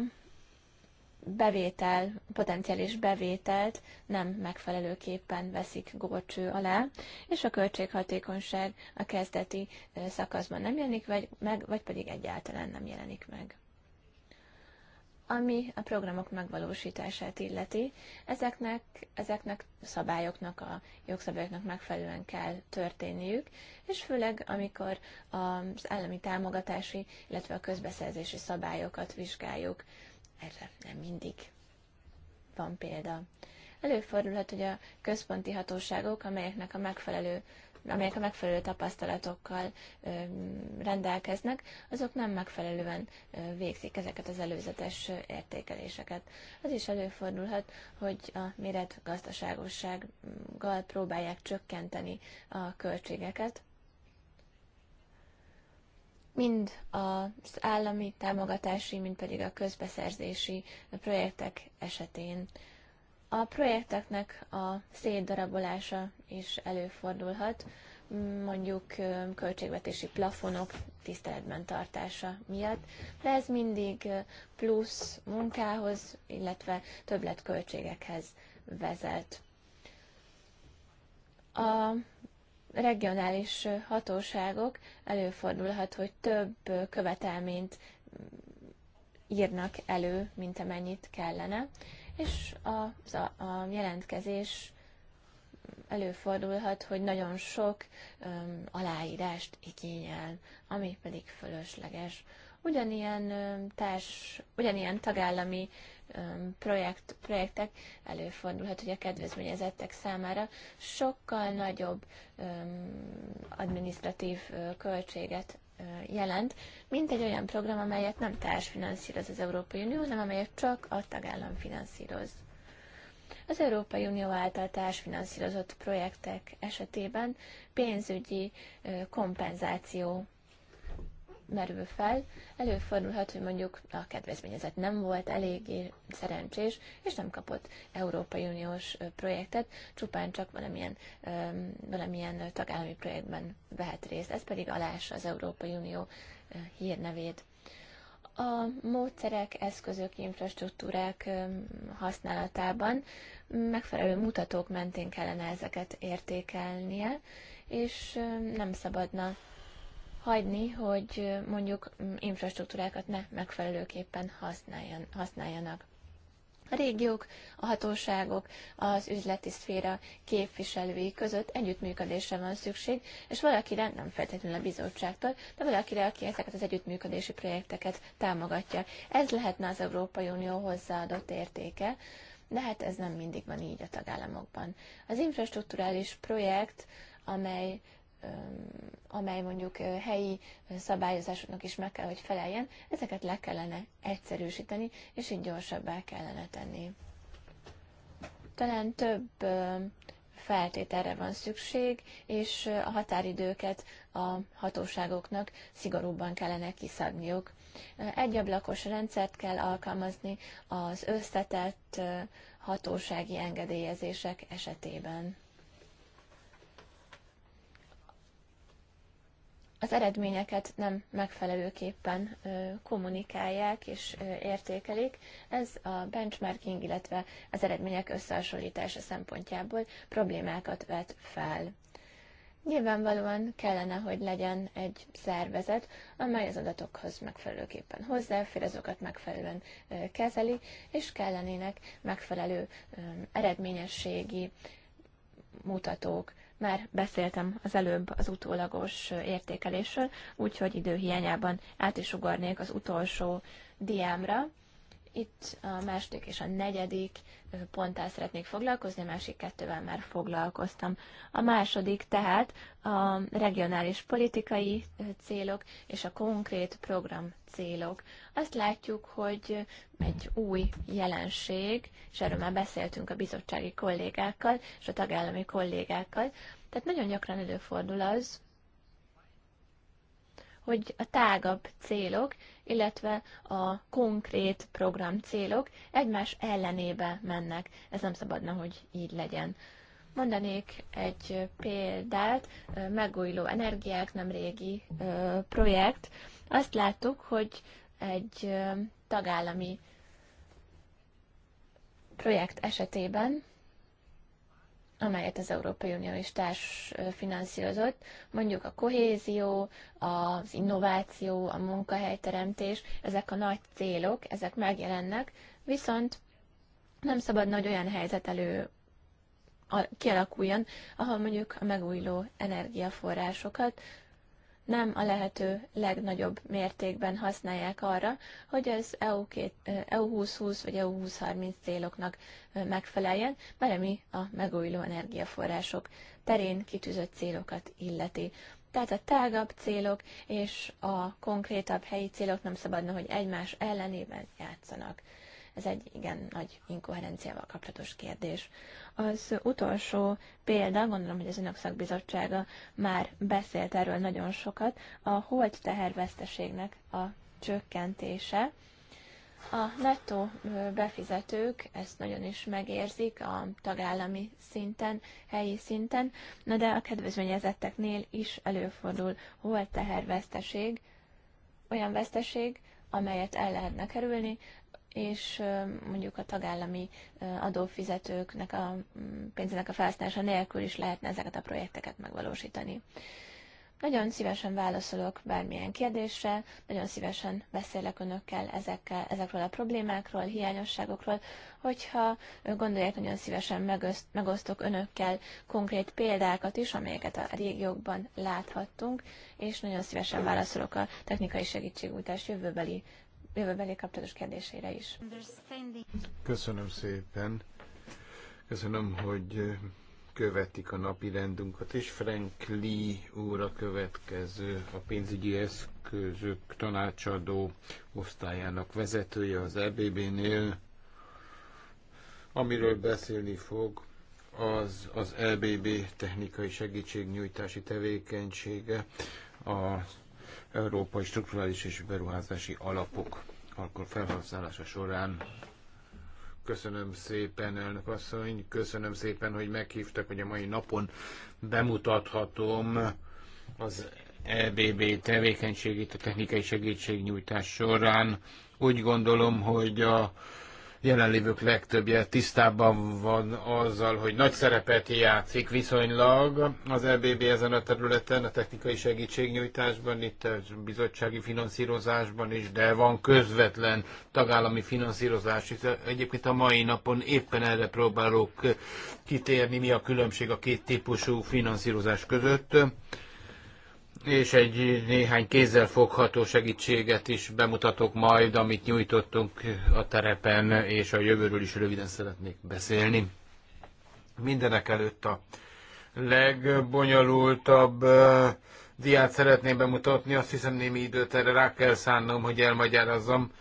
bevétel, potenciális bevételt nem megfelelőképpen veszik górcső alá, és a költséghatékonyság a kezdeti szakaszban nem jelenik meg, vagy pedig egyáltalán nem jelenik meg. Ami a programok megvalósítását illeti, ezeknek, ezeknek szabályoknak, a jogszabályoknak megfelelően kell történniük, és főleg amikor az állami támogatási, illetve a közbeszerzési szabályokat vizsgáljuk erre nem mindig van példa. Előfordulhat, hogy a központi hatóságok, amelyeknek a megfelelő amelyek a megfelelő tapasztalatokkal ö, rendelkeznek, azok nem megfelelően ö, végzik ezeket az előzetes értékeléseket. Az is előfordulhat, hogy a méret gazdaságossággal próbálják csökkenteni a költségeket, mind az állami támogatási, mind pedig a közbeszerzési projektek esetén. A projekteknek a szétdarabolása is előfordulhat, mondjuk költségvetési plafonok tiszteletben tartása miatt, de ez mindig plusz munkához, illetve többletköltségekhez vezet. A regionális hatóságok előfordulhat, hogy több követelményt írnak elő, mint amennyit kellene, és a, a, a jelentkezés előfordulhat, hogy nagyon sok öm, aláírást igényel, ami pedig fölösleges. Ugyanilyen, öm, társ, ugyanilyen tagállami Um, projekt, projektek előfordulhat, hogy a kedvezményezettek számára sokkal nagyobb um, administratív költséget jelent, mint egy olyan program, amelyet nem társfinanszíroz az Európai Unió, hanem amelyet csak a tagállam finanszíroz. Az Európai Unió által társfinanszírozott projektek esetében pénzügyi kompenzáció merül fel, előfordulhat, hogy mondjuk a kedvezményezett nem volt eléggé szerencsés, és nem kapott Európai Uniós projektet, csupán csak valamilyen, valamilyen tagállami projektben vehet részt. Ez pedig alássa az Európai Unió hírnevét. A módszerek, eszközök, infrastruktúrák használatában megfelelő mutatók mentén kellene ezeket értékelnie, és nem szabadna hagyni, hogy mondjuk infrastruktúrákat ne megfelelőképpen használjan, használjanak. A régiók, a hatóságok, az üzleti szféra képviselői között együttműködésre van szükség, és valakire, nem feltétlenül a bizottságtól, de valakire, aki ezeket az együttműködési projekteket támogatja. Ez lehetne az Európai Unió hozzáadott értéke, de hát ez nem mindig van így a tagállamokban. Az infrastruktúrális projekt, amely amely mondjuk helyi szabályozásoknak is meg kell, hogy feleljen, ezeket le kellene egyszerűsíteni, és így gyorsabbá kellene tenni. Talán több feltételre van szükség, és a határidőket a hatóságoknak szigorúbban kellene kiszabniuk. ablakos rendszert kell alkalmazni az összetett hatósági engedélyezések esetében. az eredményeket nem megfelelőképpen kommunikálják és értékelik. Ez a benchmarking, illetve az eredmények összehasonlítása szempontjából problémákat vet fel. Nyilvánvalóan kellene, hogy legyen egy szervezet, amely az adatokhoz megfelelőképpen hozzáfér, azokat megfelelően kezeli, és kellenének megfelelő eredményességi mutatók, már beszéltem az előbb az utólagos értékelésről, úgyhogy időhiányában át is ugornék az utolsó diámra, itt a második és a negyedik ponttal szeretnék foglalkozni, a másik kettővel már foglalkoztam. A második tehát a regionális politikai célok és a konkrét program célok. Azt látjuk, hogy egy új jelenség, és erről már beszéltünk a bizottsági kollégákkal és a tagállami kollégákkal, tehát nagyon gyakran előfordul az, hogy a tágabb célok illetve a konkrét program célok egymás ellenébe mennek. Ez nem szabadna, hogy így legyen. Mondanék egy példát, megújuló energiák, nem régi projekt. Azt láttuk, hogy egy tagállami projekt esetében amelyet az Európai Unió is finanszírozott, mondjuk a kohézió, az innováció, a munkahelyteremtés, ezek a nagy célok, ezek megjelennek, viszont nem szabad nagy olyan helyzet elő kialakuljon, ahol mondjuk a megújuló energiaforrásokat nem a lehető legnagyobb mértékben használják arra, hogy az EU, 2020 e vagy EU 2030 céloknak megfeleljen, mert ami a megújuló energiaforrások terén kitűzött célokat illeti. Tehát a tágabb célok és a konkrétabb helyi célok nem szabadna, hogy egymás ellenében játszanak. Ez egy igen nagy inkoherenciával kapcsolatos kérdés. Az utolsó példa, gondolom, hogy az önök szakbizottsága már beszélt erről nagyon sokat, a holt teherveszteségnek a csökkentése. A nettó befizetők ezt nagyon is megérzik a tagállami szinten, helyi szinten, na de a kedvezményezetteknél is előfordul holt teherveszteség, olyan veszteség, amelyet el lehetne kerülni, és mondjuk a tagállami adófizetőknek a mm, pénzének a felhasználása nélkül is lehetne ezeket a projekteket megvalósítani. Nagyon szívesen válaszolok bármilyen kérdésre, nagyon szívesen beszélek önökkel ezekkel, ezekről a problémákról, hiányosságokról. Hogyha gondolják, nagyon szívesen megosztok önökkel konkrét példákat is, amelyeket a régiókban láthattunk, és nagyon szívesen válaszolok a technikai segítségújtás jövőbeli jövőbeli kapcsolatos kérdésére is. Köszönöm szépen. Köszönöm, hogy követik a napi rendünket, és Frank Lee úr a következő, a pénzügyi eszközök tanácsadó osztályának vezetője az EBB-nél, amiről beszélni fog, az az EBB technikai segítségnyújtási tevékenysége, az európai strukturális és beruházási alapok akkor felhasználása során. Köszönöm szépen, elnök asszony, köszönöm szépen, hogy meghívtak, hogy a mai napon bemutathatom az EBB tevékenységét a technikai segítségnyújtás során. Úgy gondolom, hogy a jelenlévők legtöbbje tisztában van azzal, hogy nagy szerepet játszik viszonylag az EBB ezen a területen, a technikai segítségnyújtásban, itt a bizottsági finanszírozásban is, de van közvetlen tagállami finanszírozás. Egyébként a mai napon éppen erre próbálok kitérni, mi a különbség a két típusú finanszírozás között és egy néhány fogható segítséget is bemutatok majd, amit nyújtottunk a terepen, és a jövőről is röviden szeretnék beszélni. Mindenek előtt a legbonyolultabb diát szeretném bemutatni, azt hiszem némi időt erre rá kell szánnom, hogy elmagyarázzam.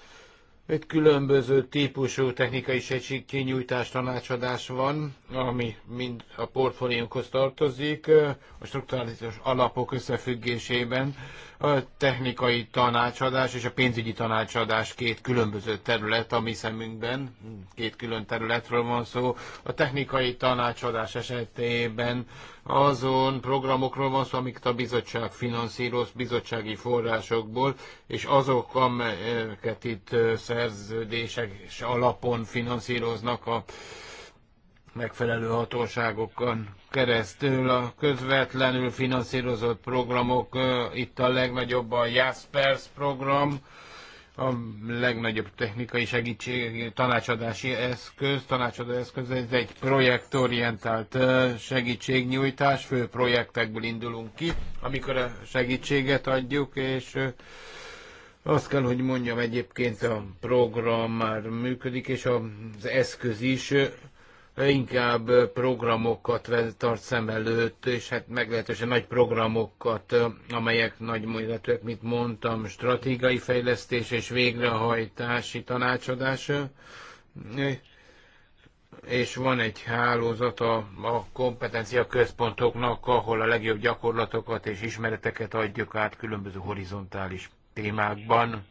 Egy különböző típusú technikai segítségnyújtás, tanácsadás van, ami mind a portfóliónkhoz tartozik, a strukturális alapok összefüggésében. A technikai tanácsadás és a pénzügyi tanácsadás két különböző terület a mi szemünkben, két külön területről van szó. A technikai tanácsadás esetében azon programokról van szó, amiket a bizottság finanszíroz bizottsági forrásokból, és azok, amelyeket itt szerződések és alapon finanszíroznak a megfelelő hatóságokon keresztül a közvetlenül finanszírozott programok, itt a legnagyobb a Jaspers program, a legnagyobb technikai segítség, tanácsadási eszköz, tanácsadó eszköz, ez egy projektorientált segítségnyújtás, fő projektekből indulunk ki, amikor a segítséget adjuk, és azt kell, hogy mondjam, egyébként a program már működik, és az eszköz is inkább programokat tart szem előtt, és hát meglehetősen nagy programokat, amelyek nagy méretűek, mint mondtam, stratégiai fejlesztés és végrehajtási tanácsadás. És van egy hálózat a, a kompetencia központoknak, ahol a legjobb gyakorlatokat és ismereteket adjuk át különböző horizontális témákban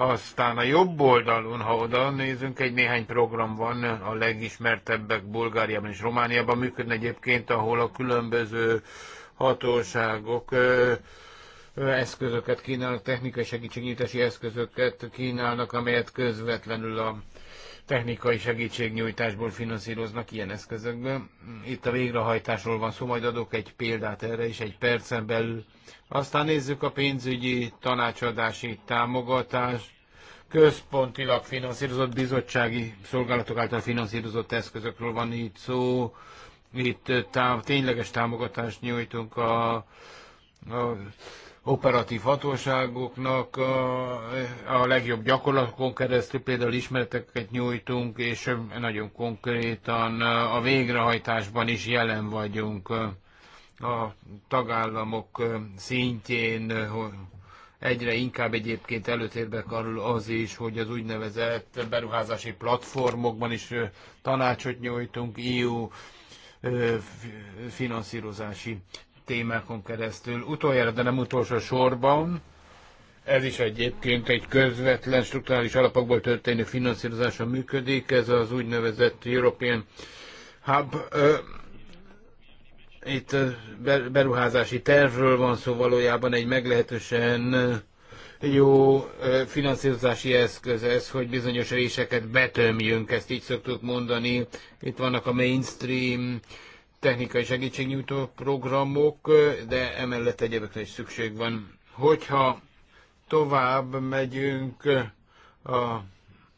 aztán a jobb oldalon, ha oda nézünk, egy néhány program van, a legismertebbek Bulgáriában és Romániában működne egyébként, ahol a különböző hatóságok eszközöket kínálnak, technikai segítségnyújtási eszközöket kínálnak, amelyet közvetlenül a technikai segítségnyújtásból finanszíroznak ilyen eszközökből. Itt a végrehajtásról van szó, majd adok egy példát erre is egy percen belül. Aztán nézzük a pénzügyi tanácsadási támogatás, központilag finanszírozott bizottsági szolgálatok által finanszírozott eszközökről van itt szó. Itt tá- tényleges támogatást nyújtunk a, a operatív hatóságoknak a, a legjobb gyakorlatokon keresztül például ismereteket nyújtunk, és nagyon konkrétan a végrehajtásban is jelen vagyunk a tagállamok szintjén, egyre inkább egyébként előtérbe kerül az is, hogy az úgynevezett beruházási platformokban is tanácsot nyújtunk, EU finanszírozási témákon keresztül. Utoljára, de nem utolsó sorban, ez is egyébként egy közvetlen strukturális alapokból történő finanszírozása működik, ez az úgynevezett European Hub. Itt beruházási tervről van szó valójában egy meglehetősen jó finanszírozási eszköz ez, hogy bizonyos réseket betömjünk, ezt így szoktuk mondani. Itt vannak a mainstream technikai segítségnyújtó programok, de emellett egyébként is szükség van. Hogyha tovább megyünk, a,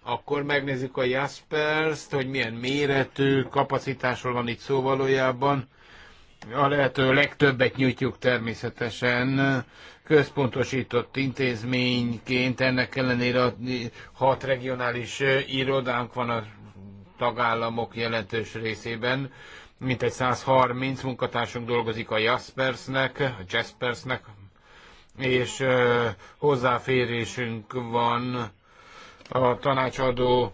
akkor megnézzük a jaspers hogy milyen méretű kapacitásról van itt szó valójában. A lehető legtöbbet nyújtjuk természetesen központosított intézményként, ennek ellenére hat regionális irodánk van a tagállamok jelentős részében. Mint egy 130 munkatársunk dolgozik a Jaspersnek, a Jaspersnek, és hozzáférésünk van a tanácsadó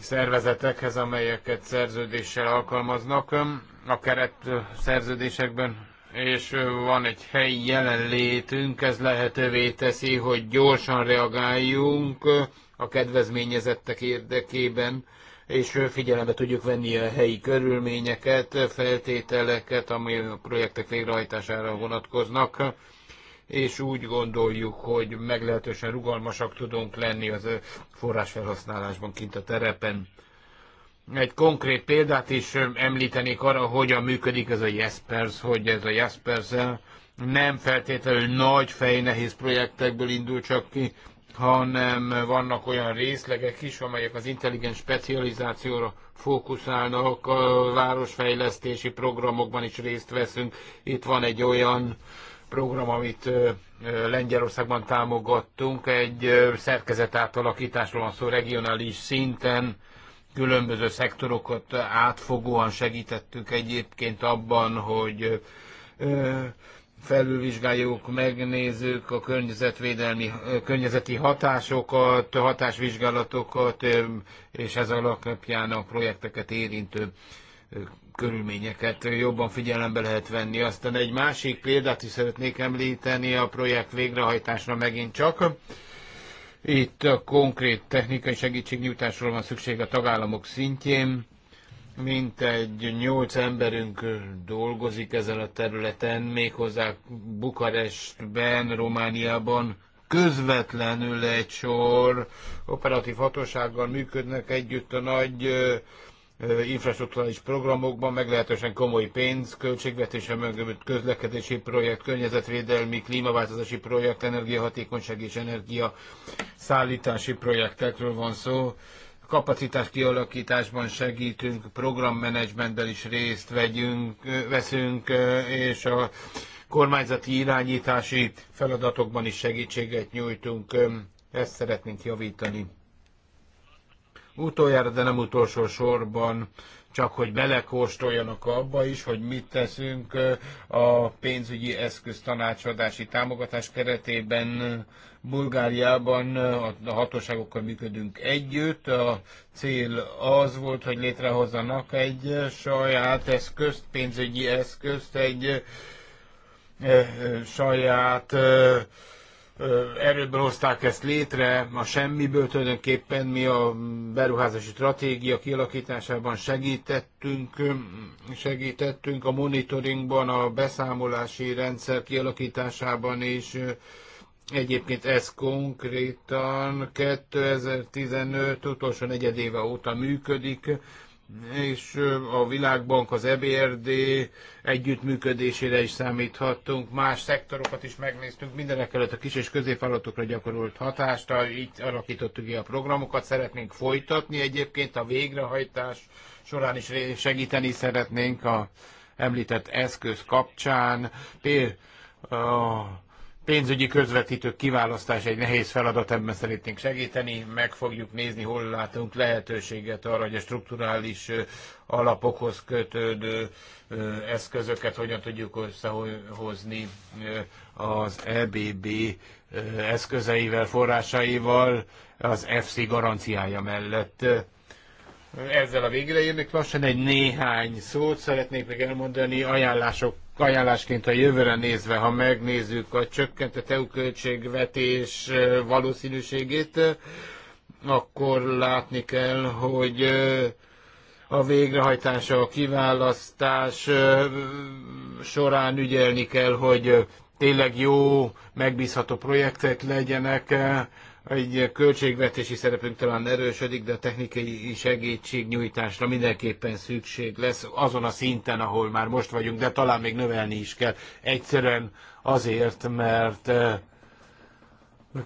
szervezetekhez, amelyeket szerződéssel alkalmaznak a keret szerződésekben, és van egy helyi jelenlétünk, ez lehetővé teszi, hogy gyorsan reagáljunk a kedvezményezettek érdekében, és figyelembe tudjuk venni a helyi körülményeket, feltételeket, ami a projektek végrehajtására vonatkoznak, és úgy gondoljuk, hogy meglehetősen rugalmasak tudunk lenni az forrásfelhasználásban kint a terepen. Egy konkrét példát is említenék arra, hogyan működik ez a Jaspers, hogy ez a Jaspers nem feltétlenül nagy fej nehéz projektekből indul csak ki, hanem vannak olyan részlegek is, amelyek az intelligens specializációra fókuszálnak, a városfejlesztési programokban is részt veszünk. Itt van egy olyan program, amit Lengyelországban támogattunk, egy szerkezet átalakításról van szó regionális szinten, különböző szektorokat átfogóan segítettük egyébként abban, hogy felülvizsgáljuk, megnézzük a környezetvédelmi, környezeti hatásokat, hatásvizsgálatokat, és ez alapján a projekteket érintő körülményeket jobban figyelembe lehet venni. Aztán egy másik példát is szeretnék említeni a projekt végrehajtásra megint csak. Itt a konkrét technikai segítségnyújtásról van szükség a tagállamok szintjén mint egy nyolc emberünk dolgozik ezen a területen, méghozzá Bukarestben, Romániában közvetlenül egy sor operatív hatósággal működnek együtt a nagy infrastruktúrális programokban meglehetősen komoly pénz, költségvetése mögött közlekedési projekt, környezetvédelmi, klímaváltozási projekt, energiahatékonyság és energia szállítási projektekről van szó kapacitás kialakításban segítünk, programmenedzsmentben is részt vegyünk, veszünk, és a kormányzati irányítási feladatokban is segítséget nyújtunk. Ezt szeretnénk javítani. Utoljára, de nem utolsó sorban csak hogy belekóstoljanak abba is, hogy mit teszünk a pénzügyi eszköz tanácsadási támogatás keretében. Bulgáriában a hatóságokkal működünk együtt. A cél az volt, hogy létrehozzanak egy saját eszközt, pénzügyi eszközt, egy saját erőből hozták ezt létre, a semmiből tulajdonképpen mi a beruházási stratégia kialakításában segítettünk, segítettünk a monitoringban, a beszámolási rendszer kialakításában is. Egyébként ez konkrétan 2015 utolsó negyedéve óta működik, és a Világbank, az EBRD együttműködésére is számíthattunk, más szektorokat is megnéztünk, mindenek előtt a kis és középvállalatokra gyakorolt hatást, így alakítottuk ki a programokat, szeretnénk folytatni egyébként a végrehajtás során is segíteni szeretnénk a említett eszköz kapcsán. Például pénzügyi közvetítők kiválasztása egy nehéz feladat, ebben szeretnénk segíteni, meg fogjuk nézni, hol látunk lehetőséget arra, hogy a strukturális alapokhoz kötődő eszközöket hogyan tudjuk összehozni az EBB eszközeivel, forrásaival, az FC garanciája mellett. Ezzel a végre érnék lassan egy néhány szót szeretnék még elmondani ajánlások ajánlásként a jövőre nézve, ha megnézzük a csökkentett EU költségvetés valószínűségét, akkor látni kell, hogy a végrehajtása, a kiválasztás során ügyelni kell, hogy tényleg jó, megbízható projektek legyenek, egy költségvetési szerepünk talán erősödik, de a technikai segítségnyújtásra mindenképpen szükség lesz azon a szinten, ahol már most vagyunk, de talán még növelni is kell. Egyszerűen azért, mert eh,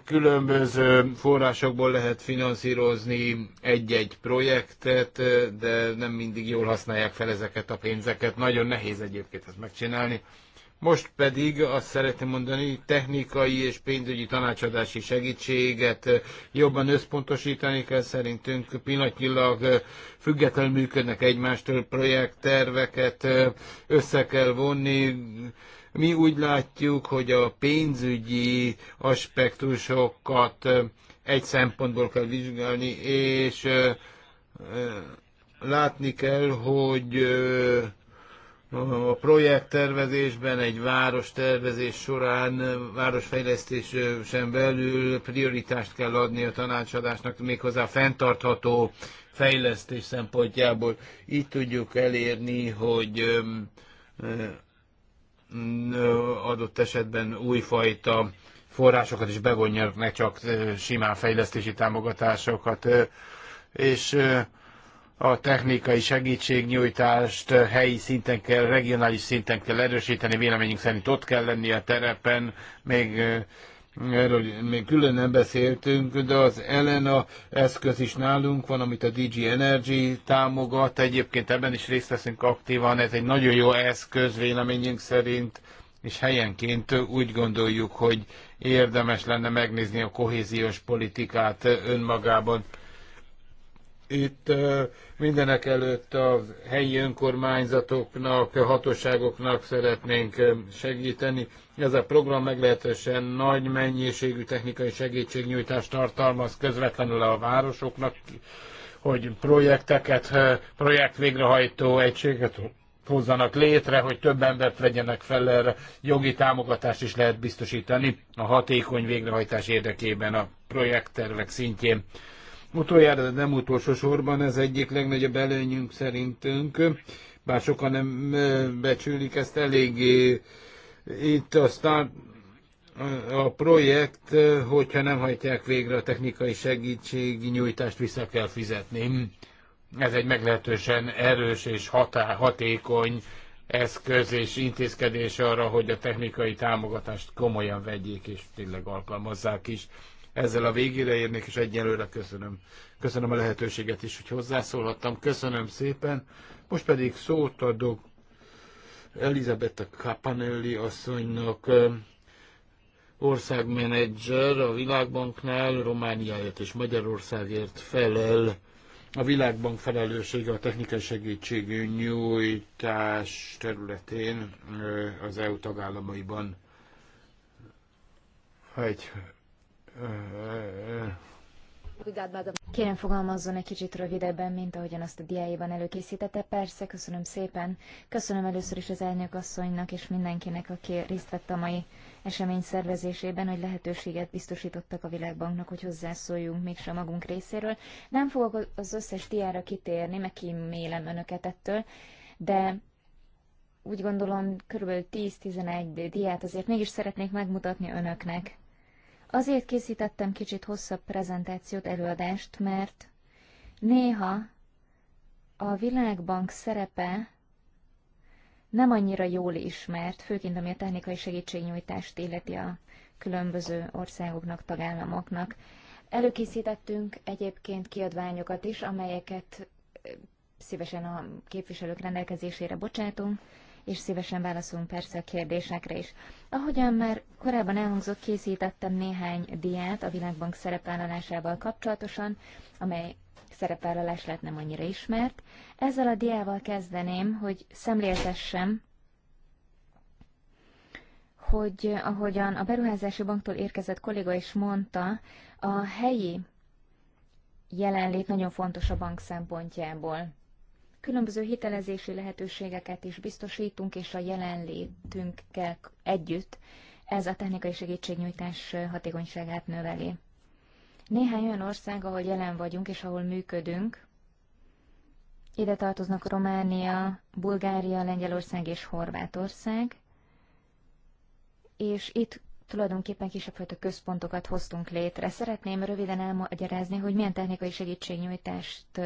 különböző forrásokból lehet finanszírozni egy-egy projektet, eh, de nem mindig jól használják fel ezeket a pénzeket. Nagyon nehéz egyébként ezt megcsinálni. Most pedig azt szeretném mondani, technikai és pénzügyi tanácsadási segítséget jobban összpontosítani kell szerintünk. Pillanatnyilag függetlenül működnek egymástól projektterveket, össze kell vonni. Mi úgy látjuk, hogy a pénzügyi aspektusokat egy szempontból kell vizsgálni, és látni kell, hogy a projekttervezésben, egy város tervezés során, városfejlesztésen belül prioritást kell adni a tanácsadásnak, méghozzá fenntartható fejlesztés szempontjából. Így tudjuk elérni, hogy adott esetben újfajta forrásokat is bevonjanak, ne csak simán fejlesztési támogatásokat. És a technikai segítségnyújtást helyi szinten kell, regionális szinten kell erősíteni, véleményünk szerint ott kell lenni a terepen, még erről még külön nem beszéltünk, de az Elena eszköz is nálunk van, amit a DG Energy támogat, egyébként ebben is részt veszünk aktívan, ez egy nagyon jó eszköz véleményünk szerint, és helyenként úgy gondoljuk, hogy érdemes lenne megnézni a kohéziós politikát önmagában itt mindenek előtt a helyi önkormányzatoknak, hatóságoknak szeretnénk segíteni. Ez a program meglehetősen nagy mennyiségű technikai segítségnyújtást tartalmaz közvetlenül a városoknak, hogy projekteket, projekt végrehajtó egységet hozzanak létre, hogy több embert vegyenek fel erre, jogi támogatást is lehet biztosítani a hatékony végrehajtás érdekében a projekttervek szintjén. Utoljára, de nem utolsó sorban, ez egyik legnagyobb előnyünk szerintünk, bár sokan nem becsülik ezt eléggé. Itt aztán a projekt, hogyha nem hajtják végre a technikai segítségi nyújtást vissza kell fizetni. Ez egy meglehetősen erős és hatá, hatékony eszköz és intézkedés arra, hogy a technikai támogatást komolyan vegyék és tényleg alkalmazzák is ezzel a végére érnék, és egyelőre köszönöm. Köszönöm a lehetőséget is, hogy hozzászólhattam. Köszönöm szépen. Most pedig szót adok Elizabetta Capanelli asszonynak, országmenedzser a Világbanknál, Romániáért és Magyarországért felel. A Világbank felelőssége a technikai segítségű nyújtás területén az EU tagállamaiban. Ha egy Kérem fogalmazzon egy kicsit rövidebben, mint ahogyan azt a diájában előkészítette. Persze, köszönöm szépen. Köszönöm először is az elnök asszonynak és mindenkinek, aki részt vett a mai esemény szervezésében, hogy lehetőséget biztosítottak a Világbanknak, hogy hozzászóljunk mégsem magunk részéről. Nem fogok az összes diára kitérni, meg kímélem önöket ettől, de úgy gondolom, körülbelül 10-11 diát azért mégis szeretnék megmutatni önöknek. Azért készítettem kicsit hosszabb prezentációt, előadást, mert néha a Világbank szerepe nem annyira jól ismert, főként ami a technikai segítségnyújtást illeti a különböző országoknak, tagállamoknak. Előkészítettünk egyébként kiadványokat is, amelyeket eh, szívesen a képviselők rendelkezésére bocsátunk és szívesen válaszolunk persze a kérdésekre is. Ahogyan már korábban elhangzott, készítettem néhány diát a Világbank szerepvállalásával kapcsolatosan, amely szerepvállalás lett nem annyira ismert. Ezzel a diával kezdeném, hogy szemléltessem, hogy ahogyan a beruházási banktól érkezett kolléga is mondta, a helyi jelenlét nagyon fontos a bank szempontjából. Különböző hitelezési lehetőségeket is biztosítunk, és a jelenlétünkkel együtt ez a technikai segítségnyújtás hatékonyságát növeli. Néhány olyan ország, ahol jelen vagyunk és ahol működünk, ide tartoznak Románia, Bulgária, Lengyelország és Horvátország, és itt tulajdonképpen fajta központokat hoztunk létre. Szeretném röviden elmagyarázni, hogy milyen technikai segítségnyújtást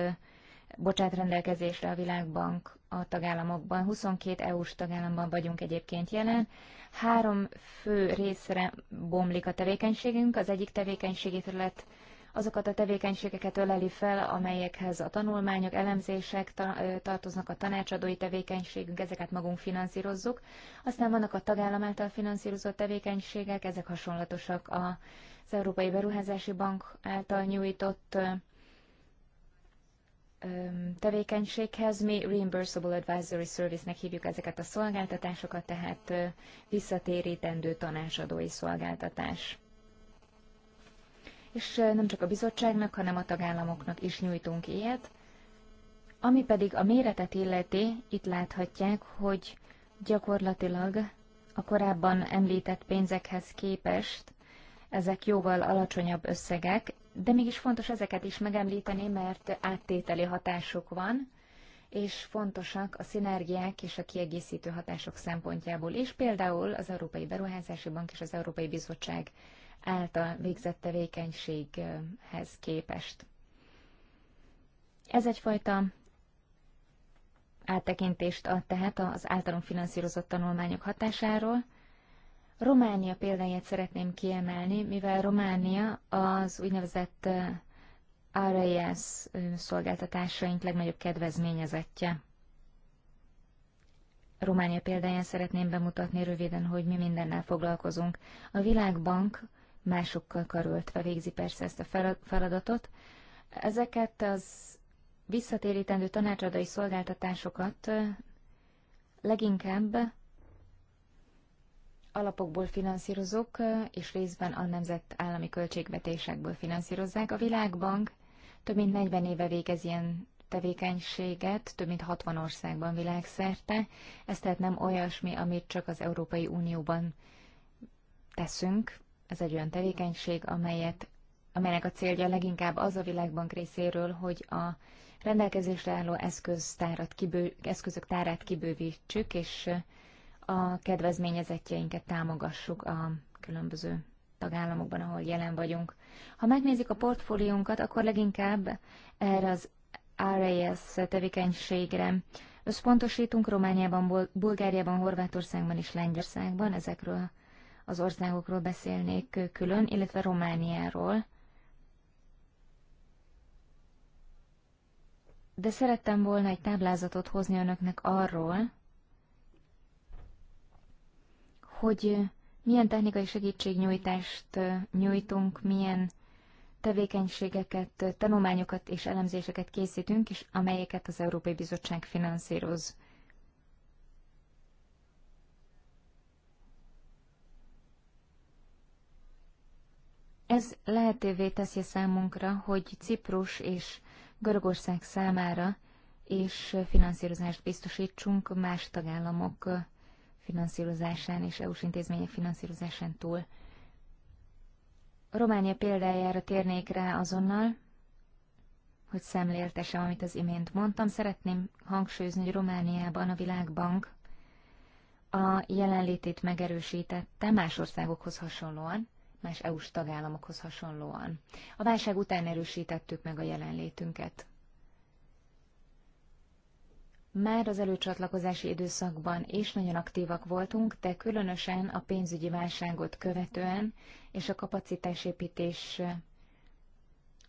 bocsát rendelkezésre a Világbank a tagállamokban. 22 EU-s tagállamban vagyunk egyébként jelen. Három fő részre bomlik a tevékenységünk. Az egyik tevékenységi terület azokat a tevékenységeket öleli fel, amelyekhez a tanulmányok, elemzések tartoznak, a tanácsadói tevékenységünk, ezeket magunk finanszírozzuk. Aztán vannak a tagállam által finanszírozott tevékenységek, ezek hasonlatosak az Európai Beruházási Bank által nyújtott tevékenységhez. Mi Reimbursable Advisory Service-nek hívjuk ezeket a szolgáltatásokat, tehát visszatérítendő tanácsadói szolgáltatás. És nem csak a bizottságnak, hanem a tagállamoknak is nyújtunk ilyet. Ami pedig a méretet illeti, itt láthatják, hogy gyakorlatilag a korábban említett pénzekhez képest ezek jóval alacsonyabb összegek, de mégis fontos ezeket is megemlíteni, mert áttételi hatásuk van, és fontosak a szinergiák és a kiegészítő hatások szempontjából is, például az Európai Beruházási Bank és az Európai Bizottság által végzett tevékenységhez képest. Ez egyfajta áttekintést ad tehát az általunk finanszírozott tanulmányok hatásáról, Románia példáját szeretném kiemelni, mivel Románia az úgynevezett RAS szolgáltatásaink legnagyobb kedvezményezettje. Románia példáján szeretném bemutatni röviden, hogy mi mindennel foglalkozunk. A Világbank másokkal karöltve végzi persze ezt a feladatot. Ezeket az visszatérítendő tanácsadói szolgáltatásokat leginkább alapokból finanszírozók, és részben a állami költségvetésekből finanszírozzák. A Világbank több mint 40 éve végez ilyen tevékenységet, több mint 60 országban világszerte. Ez tehát nem olyasmi, amit csak az Európai Unióban teszünk. Ez egy olyan tevékenység, amelyet, amelynek a célja leginkább az a Világbank részéről, hogy a rendelkezésre álló eszköztárat kibő, eszközök tárát kibővítsük, és a kedvezményezetjeinket támogassuk a különböző tagállamokban, ahol jelen vagyunk. Ha megnézik a portfóliónkat, akkor leginkább erre az RAS tevékenységre összpontosítunk Romániában, Bulgáriában, Horvátországban és Lengyelországban. Ezekről az országokról beszélnék külön, illetve Romániáról. De szerettem volna egy táblázatot hozni önöknek arról, hogy milyen technikai segítségnyújtást nyújtunk, milyen tevékenységeket, tanulmányokat és elemzéseket készítünk, és amelyeket az Európai Bizottság finanszíroz. Ez lehetővé teszi számunkra, hogy Ciprus és Görögország számára és finanszírozást biztosítsunk más tagállamok finanszírozásán és EU-s intézmények finanszírozásán túl. Románia példájára térnék rá azonnal, hogy szemléltese, amit az imént mondtam. Szeretném hangsúlyozni, hogy Romániában a Világbank a jelenlétét megerősítette más országokhoz hasonlóan, más EU-s tagállamokhoz hasonlóan. A válság után erősítettük meg a jelenlétünket. Már az előcsatlakozási időszakban is nagyon aktívak voltunk, de különösen a pénzügyi válságot követően és a kapacitásépítés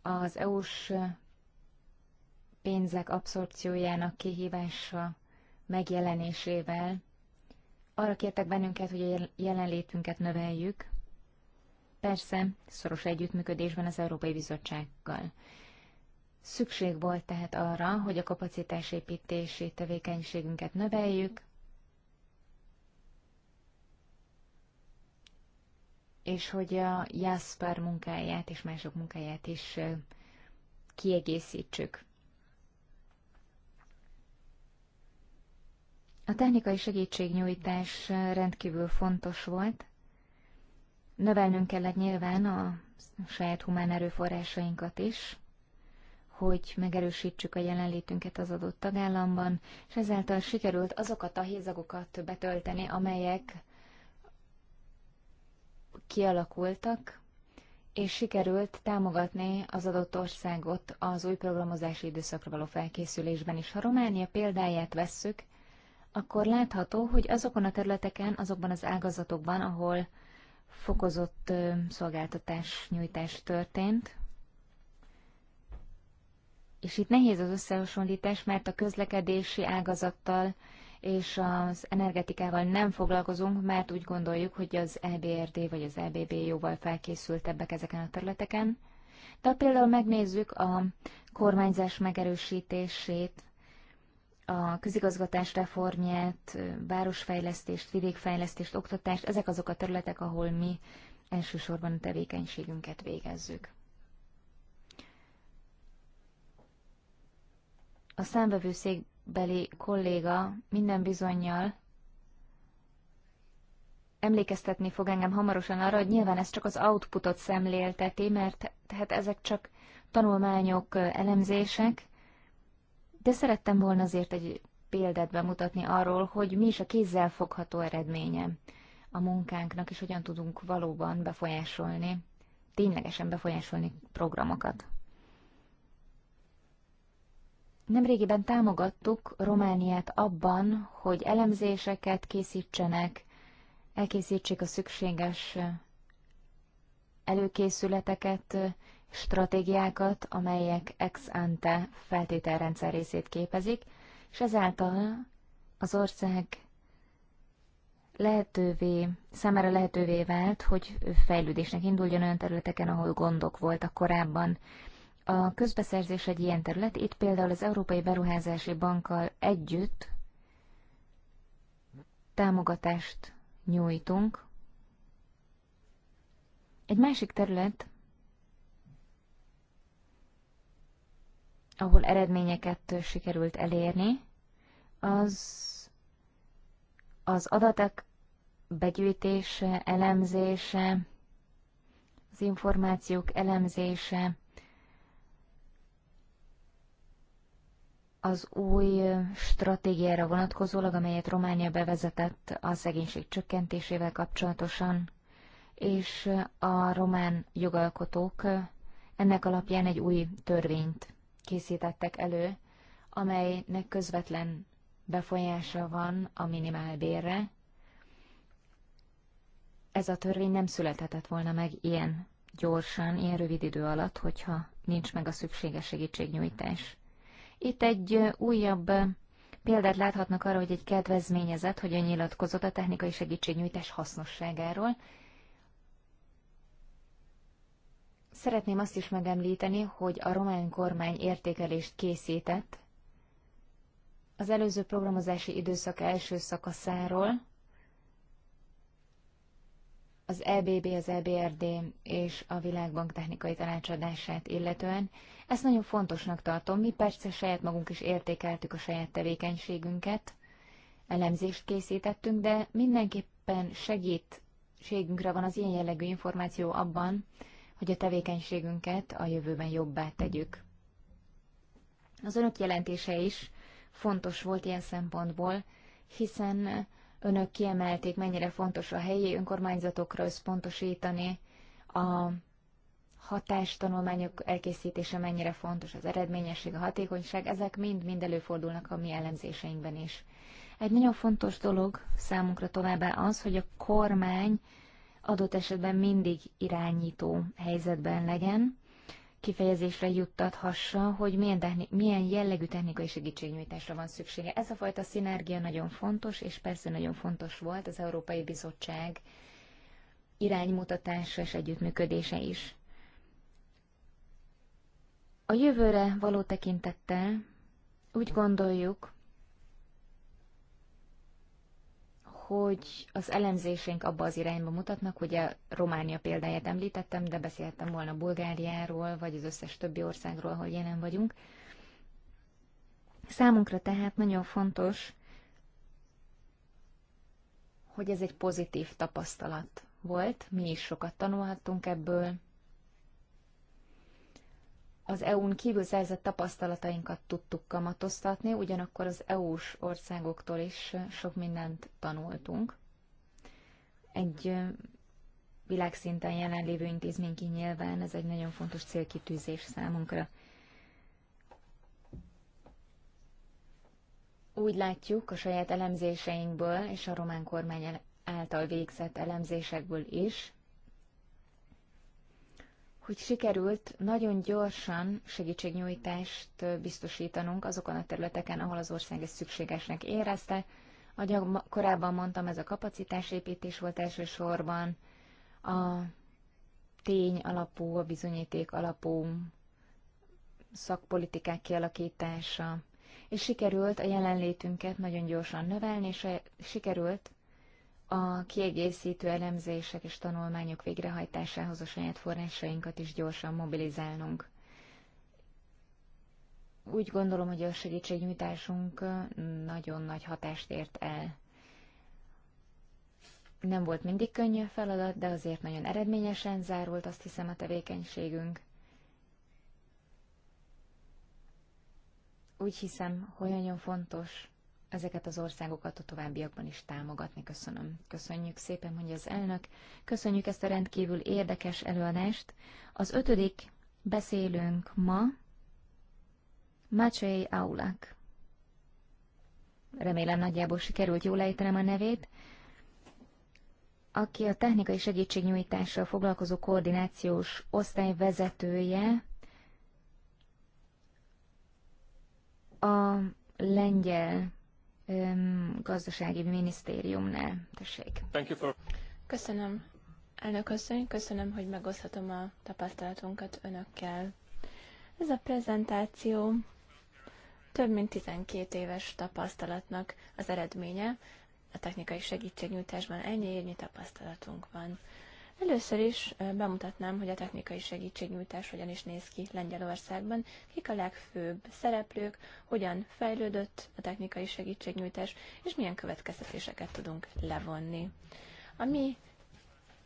az EU-s pénzek abszorpciójának kihívása megjelenésével arra kértek bennünket, hogy a jelenlétünket növeljük, persze szoros együttműködésben az Európai Bizottsággal. Szükség volt tehát arra, hogy a kapacitásépítési tevékenységünket növeljük, és hogy a Jasper munkáját és mások munkáját is kiegészítsük. A technikai segítségnyújtás rendkívül fontos volt. Növelnünk kellett nyilván a saját humán erőforrásainkat is, hogy megerősítsük a jelenlétünket az adott tagállamban, és ezáltal sikerült azokat a hézagokat betölteni, amelyek kialakultak, és sikerült támogatni az adott országot az új programozási időszakra való felkészülésben is. Ha Románia példáját vesszük, akkor látható, hogy azokon a területeken, azokban az ágazatokban, ahol fokozott szolgáltatás nyújtás történt, és itt nehéz az összehasonlítás, mert a közlekedési ágazattal és az energetikával nem foglalkozunk, mert úgy gondoljuk, hogy az EBRD vagy az EBB jóval felkészültebbek ezeken a területeken. De például megnézzük a kormányzás megerősítését, a közigazgatás reformját, városfejlesztést, vidékfejlesztést, oktatást, ezek azok a területek, ahol mi elsősorban a tevékenységünket végezzük. a számvevőszékbeli kolléga minden bizonyjal emlékeztetni fog engem hamarosan arra, hogy nyilván ez csak az outputot szemlélteti, mert tehát ezek csak tanulmányok, elemzések, de szerettem volna azért egy példát bemutatni arról, hogy mi is a kézzel fogható eredménye a munkánknak, és hogyan tudunk valóban befolyásolni, ténylegesen befolyásolni programokat. Nemrégiben támogattuk Romániát abban, hogy elemzéseket készítsenek, elkészítsék a szükséges előkészületeket, stratégiákat, amelyek ex ante feltételrendszer részét képezik, és ezáltal az ország lehetővé, számára lehetővé vált, hogy fejlődésnek induljon olyan területeken, ahol gondok voltak korábban. A közbeszerzés egy ilyen terület, itt például az Európai Beruházási Bankkal együtt támogatást nyújtunk. Egy másik terület, ahol eredményeket sikerült elérni, az az adatok begyűjtése, elemzése, az információk elemzése, az új stratégiára vonatkozólag, amelyet Románia bevezetett a szegénység csökkentésével kapcsolatosan, és a román jogalkotók ennek alapján egy új törvényt készítettek elő, amelynek közvetlen befolyása van a minimálbérre. Ez a törvény nem születhetett volna meg ilyen gyorsan, ilyen rövid idő alatt, hogyha nincs meg a szükséges segítségnyújtás. Itt egy újabb példát láthatnak arra, hogy egy kedvezményezett, hogy nyilatkozott a technikai segítségnyújtás hasznosságáról. Szeretném azt is megemlíteni, hogy a román kormány értékelést készített az előző programozási időszak első szakaszáról, az EBB, az EBRD és a Világbank technikai tanácsadását illetően, ezt nagyon fontosnak tartom. Mi persze saját magunk is értékeltük a saját tevékenységünket, elemzést készítettünk, de mindenképpen segítségünkre van az ilyen jellegű információ abban, hogy a tevékenységünket a jövőben jobbá tegyük. Az önök jelentése is fontos volt ilyen szempontból, hiszen önök kiemelték, mennyire fontos a helyi önkormányzatokra összpontosítani, a hatástanulmányok elkészítése mennyire fontos, az eredményesség, a hatékonyság, ezek mind-mind előfordulnak a mi elemzéseinkben is. Egy nagyon fontos dolog számunkra továbbá az, hogy a kormány adott esetben mindig irányító helyzetben legyen, kifejezésre juttathassa, hogy milyen, techni- milyen jellegű technikai segítségnyújtásra van szüksége. Ez a fajta szinergia nagyon fontos, és persze nagyon fontos volt az Európai Bizottság iránymutatása és együttműködése is. A jövőre való tekintettel úgy gondoljuk, hogy az elemzésénk abba az irányba mutatnak, ugye Románia példáját említettem, de beszéltem volna Bulgáriáról, vagy az összes többi országról, ahol jelen vagyunk. Számunkra tehát nagyon fontos, hogy ez egy pozitív tapasztalat volt, mi is sokat tanulhattunk ebből, az EU-n kívül szerzett tapasztalatainkat tudtuk kamatoztatni, ugyanakkor az EU-s országoktól is sok mindent tanultunk. Egy világszinten jelenlévő intézmény nyilván ez egy nagyon fontos célkitűzés számunkra. Úgy látjuk a saját elemzéseinkből és a román kormány által végzett elemzésekből is, hogy sikerült nagyon gyorsan segítségnyújtást biztosítanunk azokon a területeken, ahol az ország ezt szükségesnek érezte. Ahogy korábban mondtam, ez a kapacitásépítés volt elsősorban, a tény alapú, a bizonyíték alapú szakpolitikák kialakítása, és sikerült a jelenlétünket nagyon gyorsan növelni, és sikerült a kiegészítő elemzések és tanulmányok végrehajtásához a saját forrásainkat is gyorsan mobilizálnunk. Úgy gondolom, hogy a segítségnyújtásunk nagyon nagy hatást ért el. Nem volt mindig könnyű a feladat, de azért nagyon eredményesen zárult, azt hiszem, a tevékenységünk. Úgy hiszem, hogy nagyon fontos ezeket az országokat a továbbiakban is támogatni. Köszönöm. Köszönjük szépen, hogy az elnök. Köszönjük ezt a rendkívül érdekes előadást. Az ötödik beszélünk ma Macsei Aulak. Remélem nagyjából sikerült jól ejtenem a nevét aki a technikai segítségnyújtással foglalkozó koordinációs osztály vezetője, a lengyel gazdasági minisztériumnál. Tessék. For... Köszönöm. Elnök asszony, köszönöm, hogy megoszthatom a tapasztalatunkat önökkel. Ez a prezentáció több mint 12 éves tapasztalatnak az eredménye. A technikai segítségnyújtásban ennyi évnyi tapasztalatunk van. Először is bemutatnám, hogy a technikai segítségnyújtás hogyan is néz ki Lengyelországban, kik a legfőbb szereplők, hogyan fejlődött a technikai segítségnyújtás, és milyen következtetéseket tudunk levonni. A mi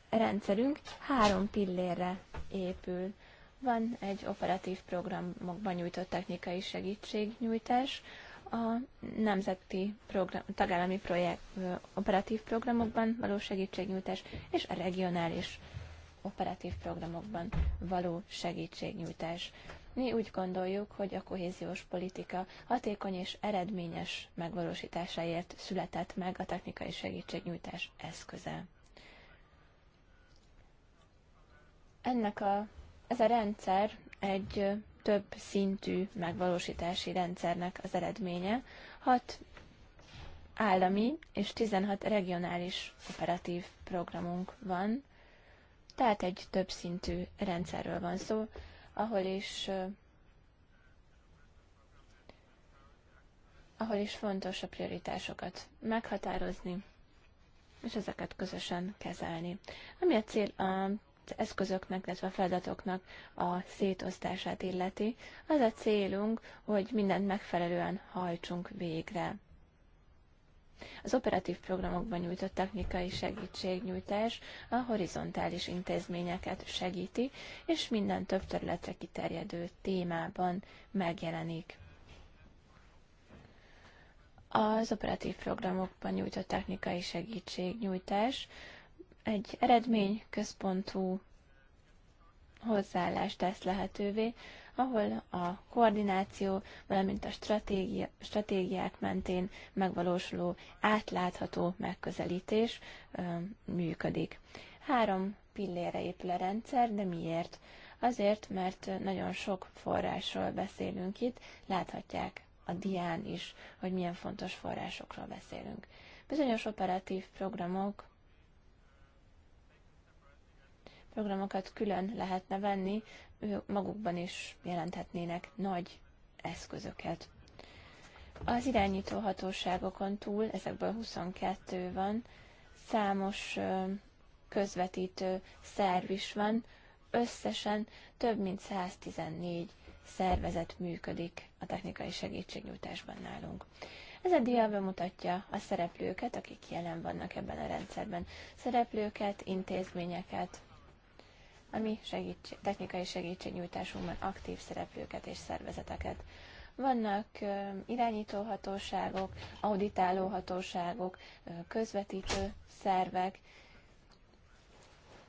rendszerünk három pillérre épül. Van egy operatív programokban nyújtott technikai segítségnyújtás, a nemzeti program, tagállami projekt, operatív programokban való segítségnyújtás és a regionális operatív programokban való segítségnyújtás. Mi úgy gondoljuk, hogy a kohéziós politika hatékony és eredményes megvalósításáért született meg a technikai segítségnyújtás eszköze. Ennek a, ez a rendszer egy több szintű megvalósítási rendszernek az eredménye, 6 állami és 16 regionális operatív programunk van, tehát egy többszintű rendszerről van szó, ahol is ahol is fontos a prioritásokat meghatározni, és ezeket közösen kezelni. Ami a cél a eszközöknek, illetve a feladatoknak a szétosztását illeti. Az a célunk, hogy mindent megfelelően hajtsunk végre. Az operatív programokban nyújtott technikai segítségnyújtás a horizontális intézményeket segíti, és minden több területre kiterjedő témában megjelenik. Az operatív programokban nyújtott technikai segítségnyújtás egy eredményközpontú hozzáállást tesz lehetővé, ahol a koordináció, valamint a stratégia, stratégiák mentén megvalósuló átlátható megközelítés ö, működik. Három pillére épül a rendszer, de miért? Azért, mert nagyon sok forrásról beszélünk itt, láthatják a dián is, hogy milyen fontos forrásokról beszélünk. Bizonyos operatív programok programokat külön lehetne venni, ők magukban is jelenthetnének nagy eszközöket. Az irányító hatóságokon túl, ezekből 22 van, számos közvetítő szerv is van, összesen több mint 114 szervezet működik a technikai segítségnyújtásban nálunk. Ez a dia bemutatja a szereplőket, akik jelen vannak ebben a rendszerben. Szereplőket, intézményeket, ami segítség, technikai segítségnyújtásunkban aktív szereplőket és szervezeteket. Vannak irányító hatóságok, auditáló hatóságok, közvetítő szervek,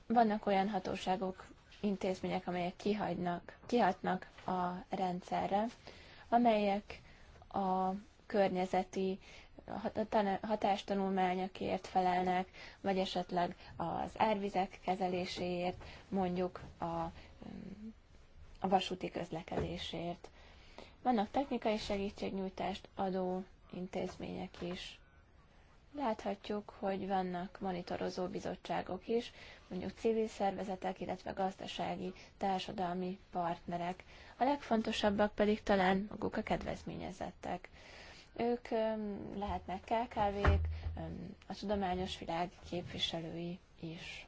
vannak olyan hatóságok, intézmények, amelyek kihagynak, kihatnak a rendszerre, amelyek a környezeti hatástanulmányokért felelnek, vagy esetleg az árvizek kezeléséért, mondjuk a, a vasúti közlekedésért. Vannak technikai segítségnyújtást adó intézmények is. Láthatjuk, hogy vannak monitorozó bizottságok is, mondjuk civil szervezetek, illetve gazdasági, társadalmi partnerek. A legfontosabbak pedig talán maguk a kedvezményezettek. Ők lehetnek KKV-k, a tudományos világ képviselői is.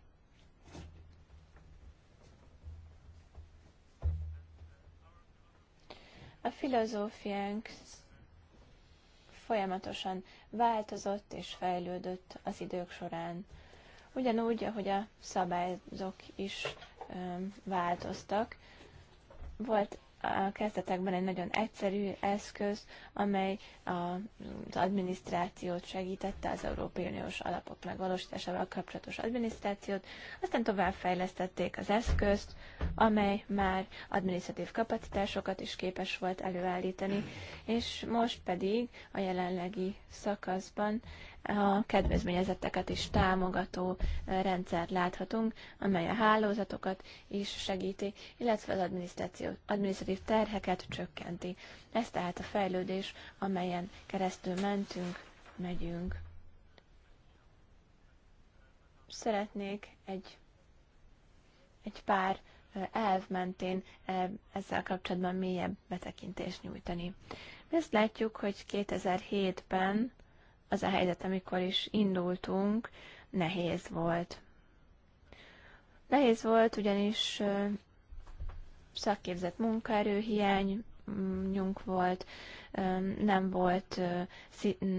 A filozófiánk folyamatosan változott és fejlődött az idők során. Ugyanúgy, ahogy a szabályzók is változtak, volt a kezdetekben egy nagyon egyszerű eszköz, amely az adminisztrációt segítette, az Európai Uniós alapok megvalósításával kapcsolatos adminisztrációt, aztán továbbfejlesztették az eszközt, amely már adminisztratív kapacitásokat is képes volt előállítani, és most pedig a jelenlegi szakaszban a kedvezményezetteket is támogató eh, rendszert láthatunk, amely a hálózatokat is segíti, illetve az adminisztratív terheket csökkenti. Ez tehát a fejlődés, amelyen keresztül mentünk, megyünk. Szeretnék egy, egy pár eh, elv mentén eh, ezzel kapcsolatban mélyebb betekintést nyújtani. Ezt látjuk, hogy 2007-ben az a helyzet, amikor is indultunk, nehéz volt. Nehéz volt, ugyanis szakképzett munkaerőhiány, nyunk volt, nem volt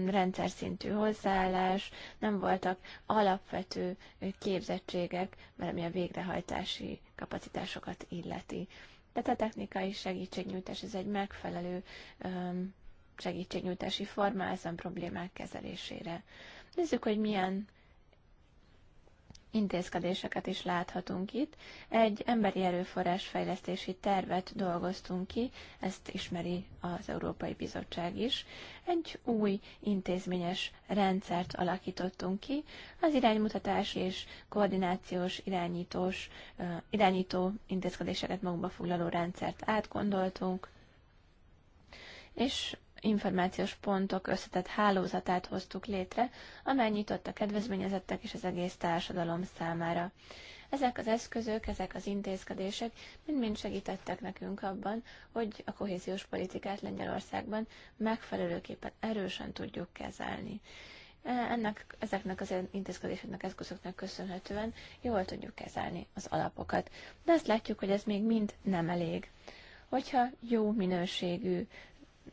rendszer szintű hozzáállás, nem voltak alapvető képzettségek, mert ami a végrehajtási kapacitásokat illeti. Tehát a technikai segítségnyújtás ez egy megfelelő segítségnyújtási forma ezen problémák kezelésére. Nézzük, hogy milyen intézkedéseket is láthatunk itt. Egy emberi erőforrás fejlesztési tervet dolgoztunk ki, ezt ismeri az Európai Bizottság is. Egy új intézményes rendszert alakítottunk ki, az iránymutatás és koordinációs irányítós, irányító intézkedéseket magunkba foglaló rendszert átgondoltunk, és információs pontok összetett hálózatát hoztuk létre, amely nyitott a kedvezményezettek és az egész társadalom számára. Ezek az eszközök, ezek az intézkedések mind-mind segítettek nekünk abban, hogy a kohéziós politikát Lengyelországban megfelelőképpen erősen tudjuk kezelni. E, ennek, ezeknek az intézkedéseknek, eszközöknek köszönhetően jól tudjuk kezelni az alapokat. De azt látjuk, hogy ez még mind nem elég. Hogyha jó minőségű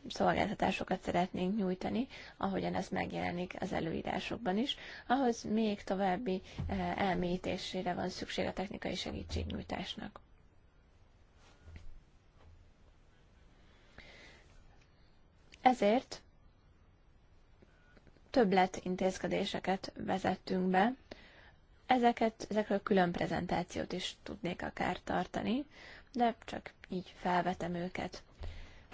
szolgáltatásokat szeretnénk nyújtani, ahogyan ez megjelenik az előírásokban is, ahhoz még további eh, elmélyítésére van szükség a technikai segítségnyújtásnak. Ezért többlet intézkedéseket vezettünk be, ezeket, ezekről külön prezentációt is tudnék akár tartani, de csak így felvetem őket.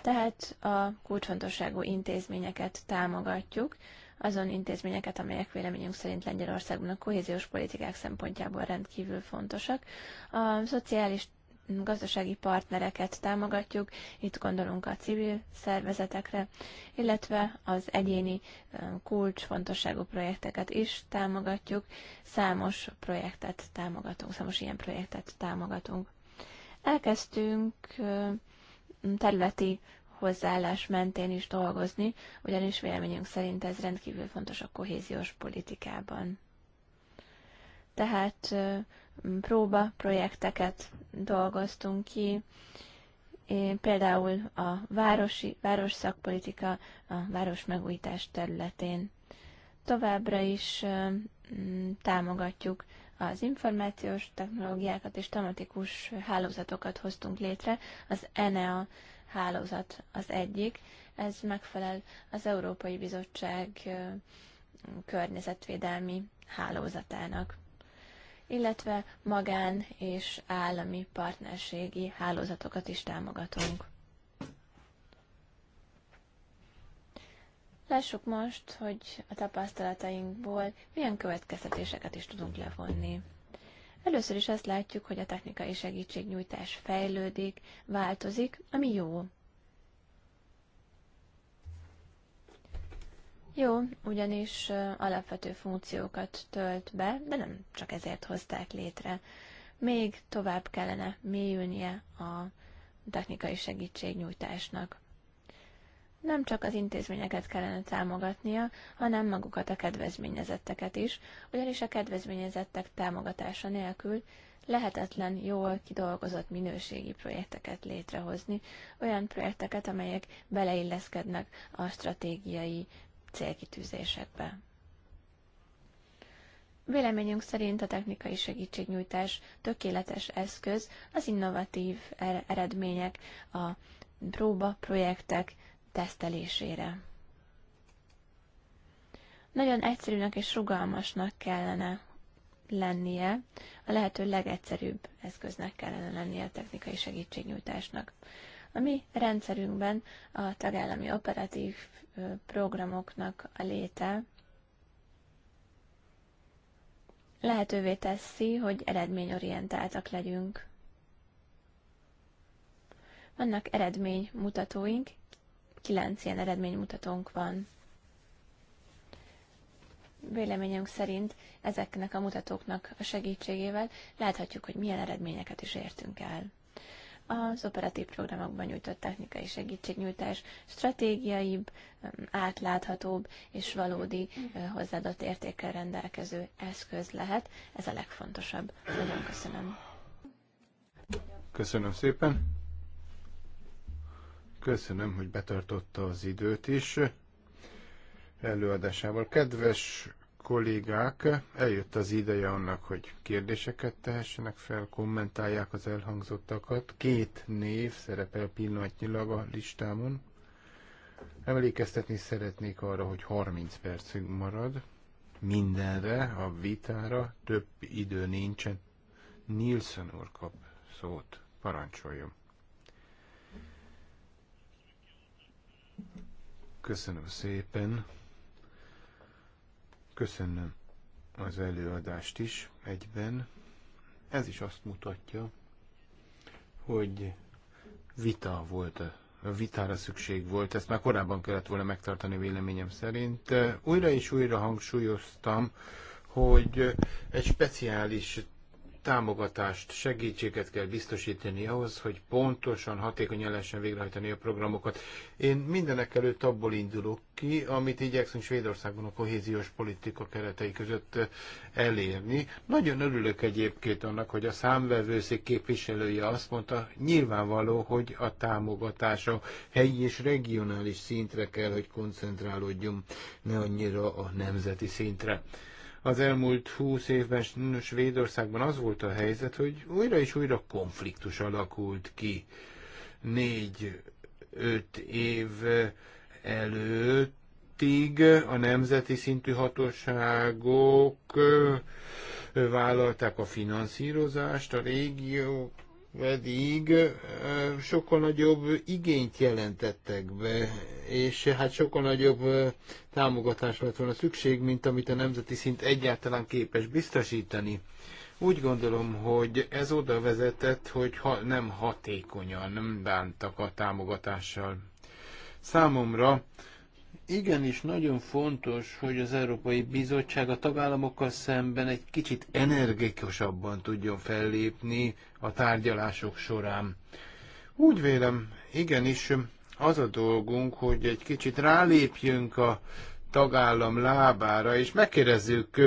Tehát a kulcsfontosságú intézményeket támogatjuk, azon intézményeket, amelyek véleményünk szerint Lengyelországban a kohéziós politikák szempontjából rendkívül fontosak. A szociális gazdasági partnereket támogatjuk, itt gondolunk a civil szervezetekre, illetve az egyéni kulcsfontosságú projekteket is támogatjuk, számos projektet támogatunk, számos ilyen projektet támogatunk. Elkezdtünk területi hozzáállás mentén is dolgozni, ugyanis véleményünk szerint ez rendkívül fontos a kohéziós politikában. Tehát próba projekteket dolgoztunk ki, például a városi, város szakpolitika, a város megújítás területén. Továbbra is támogatjuk az információs technológiákat és tematikus hálózatokat hoztunk létre. Az ENEA hálózat az egyik. Ez megfelel az Európai Bizottság környezetvédelmi hálózatának illetve magán és állami partnerségi hálózatokat is támogatunk. Lássuk most, hogy a tapasztalatainkból milyen következtetéseket is tudunk levonni. Először is azt látjuk, hogy a technikai segítségnyújtás fejlődik, változik, ami jó. Jó, ugyanis alapvető funkciókat tölt be, de nem csak ezért hozták létre. Még tovább kellene mélyülnie a technikai segítségnyújtásnak nem csak az intézményeket kellene támogatnia, hanem magukat a kedvezményezetteket is, ugyanis a kedvezményezettek támogatása nélkül lehetetlen jól kidolgozott minőségi projekteket létrehozni, olyan projekteket, amelyek beleilleszkednek a stratégiai célkitűzésekbe. Véleményünk szerint a technikai segítségnyújtás tökéletes eszköz az innovatív er- eredmények, a próba projektek tesztelésére. Nagyon egyszerűnek és rugalmasnak kellene lennie, a lehető legegyszerűbb eszköznek kellene lennie a technikai segítségnyújtásnak. A mi rendszerünkben a tagállami operatív programoknak a léte lehetővé teszi, hogy eredményorientáltak legyünk. Vannak eredménymutatóink, kilenc ilyen eredménymutatónk van. Véleményünk szerint ezeknek a mutatóknak a segítségével láthatjuk, hogy milyen eredményeket is értünk el az operatív programokban nyújtott technikai segítségnyújtás stratégiaibb, átláthatóbb és valódi hozzáadott értékkel rendelkező eszköz lehet. Ez a legfontosabb. Nagyon köszönöm. Köszönöm szépen. Köszönöm, hogy betartotta az időt is előadásával. Kedves kollégák, eljött az ideje annak, hogy kérdéseket tehessenek fel, kommentálják az elhangzottakat. Két név szerepel pillanatnyilag a listámon. Emlékeztetni szeretnék arra, hogy 30 percünk marad mindenre, a vitára, több idő nincsen. Nielsen úr kap szót, parancsoljon. Köszönöm szépen. Köszönöm az előadást is egyben. Ez is azt mutatja, hogy vita volt, vitára szükség volt, ezt már korábban kellett volna megtartani véleményem szerint. Újra és újra hangsúlyoztam, hogy egy speciális támogatást, segítséget kell biztosítani ahhoz, hogy pontosan, hatékonyan lehessen végrehajtani a programokat. Én mindenek előtt abból indulok ki, amit igyekszünk Svédországban a kohéziós politika keretei között elérni. Nagyon örülök egyébként annak, hogy a számvevőszék képviselője azt mondta, nyilvánvaló, hogy a támogatása helyi és regionális szintre kell, hogy koncentrálódjunk, ne annyira a nemzeti szintre. Az elmúlt húsz évben Svédországban az volt a helyzet, hogy újra és újra konfliktus alakult ki. Négy-öt év előttig a nemzeti szintű hatóságok vállalták a finanszírozást, a régiók pedig sokkal nagyobb igényt jelentettek be, és hát sokkal nagyobb támogatásra lett volna szükség, mint amit a nemzeti szint egyáltalán képes biztosítani. Úgy gondolom, hogy ez oda vezetett, hogy ha nem hatékonyan nem bántak a támogatással. Számomra Igenis, nagyon fontos, hogy az Európai Bizottság a tagállamokkal szemben egy kicsit energikusabban tudjon fellépni a tárgyalások során. Úgy vélem, igenis, az a dolgunk, hogy egy kicsit rálépjünk a tagállam lábára, és megkérdezzük,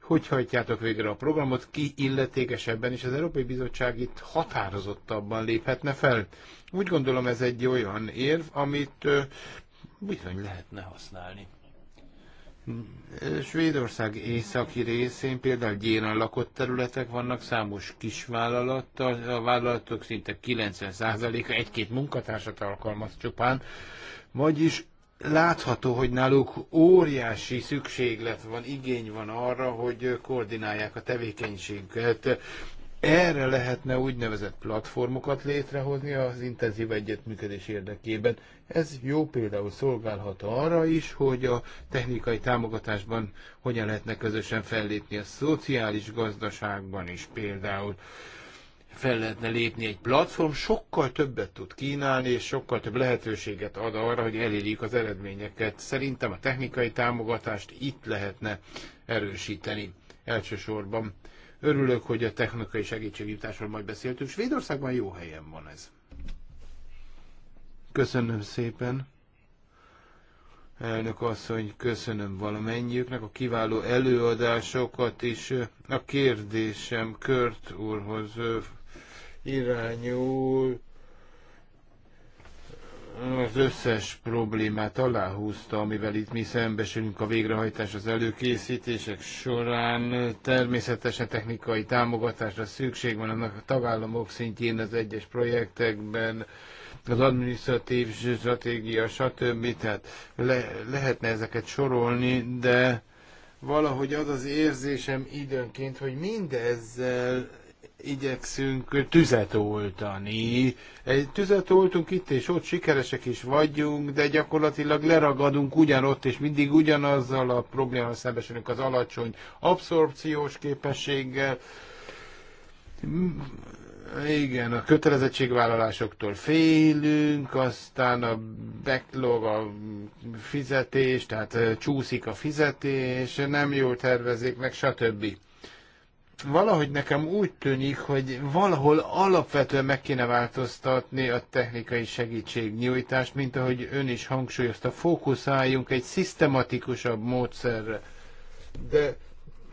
hogy hajtjátok végre a programot, ki illetékesebben, és az Európai Bizottság itt határozottabban léphetne fel. Úgy gondolom ez egy olyan érv, amit bizony lehetne használni. Svédország északi részén például gyéren lakott területek vannak, számos kisvállalattal, a vállalatok szinte 90%-a egy-két munkatársat alkalmaz csupán, vagyis látható, hogy náluk óriási szükséglet van, igény van arra, hogy koordinálják a tevékenységüket. Erre lehetne úgynevezett platformokat létrehozni az intenzív együttműködés érdekében. Ez jó például szolgálhat arra is, hogy a technikai támogatásban hogyan lehetne közösen fellépni a szociális gazdaságban is például fel lehetne lépni egy platform, sokkal többet tud kínálni, és sokkal több lehetőséget ad arra, hogy elérjék az eredményeket. Szerintem a technikai támogatást itt lehetne erősíteni elsősorban. Örülök, hogy a technikai segítségjutásról majd beszéltünk. Svédországban jó helyen van ez. Köszönöm szépen. Elnök asszony, köszönöm valamennyiüknek a kiváló előadásokat is. A kérdésem Kört úrhoz irányul az összes problémát aláhúzta, amivel itt mi szembesülünk a végrehajtás az előkészítések során. Természetesen technikai támogatásra szükség van annak a tagállamok szintjén az egyes projektekben, az administratív stratégia, stb. Tehát le, lehetne ezeket sorolni, de valahogy az az érzésem időnként, hogy mindezzel igyekszünk tüzet oltani. Tüzet oltunk itt és ott, sikeresek is vagyunk, de gyakorlatilag leragadunk ugyanott, és mindig ugyanazzal a problémával szembesülünk az alacsony abszorpciós képességgel. Igen, a kötelezettségvállalásoktól félünk, aztán a backlog, a fizetés, tehát csúszik a fizetés, nem jól tervezik meg, stb valahogy nekem úgy tűnik, hogy valahol alapvetően meg kéne változtatni a technikai segítségnyújtást, mint ahogy ön is hangsúlyozta, fókuszáljunk egy szisztematikusabb módszerre. De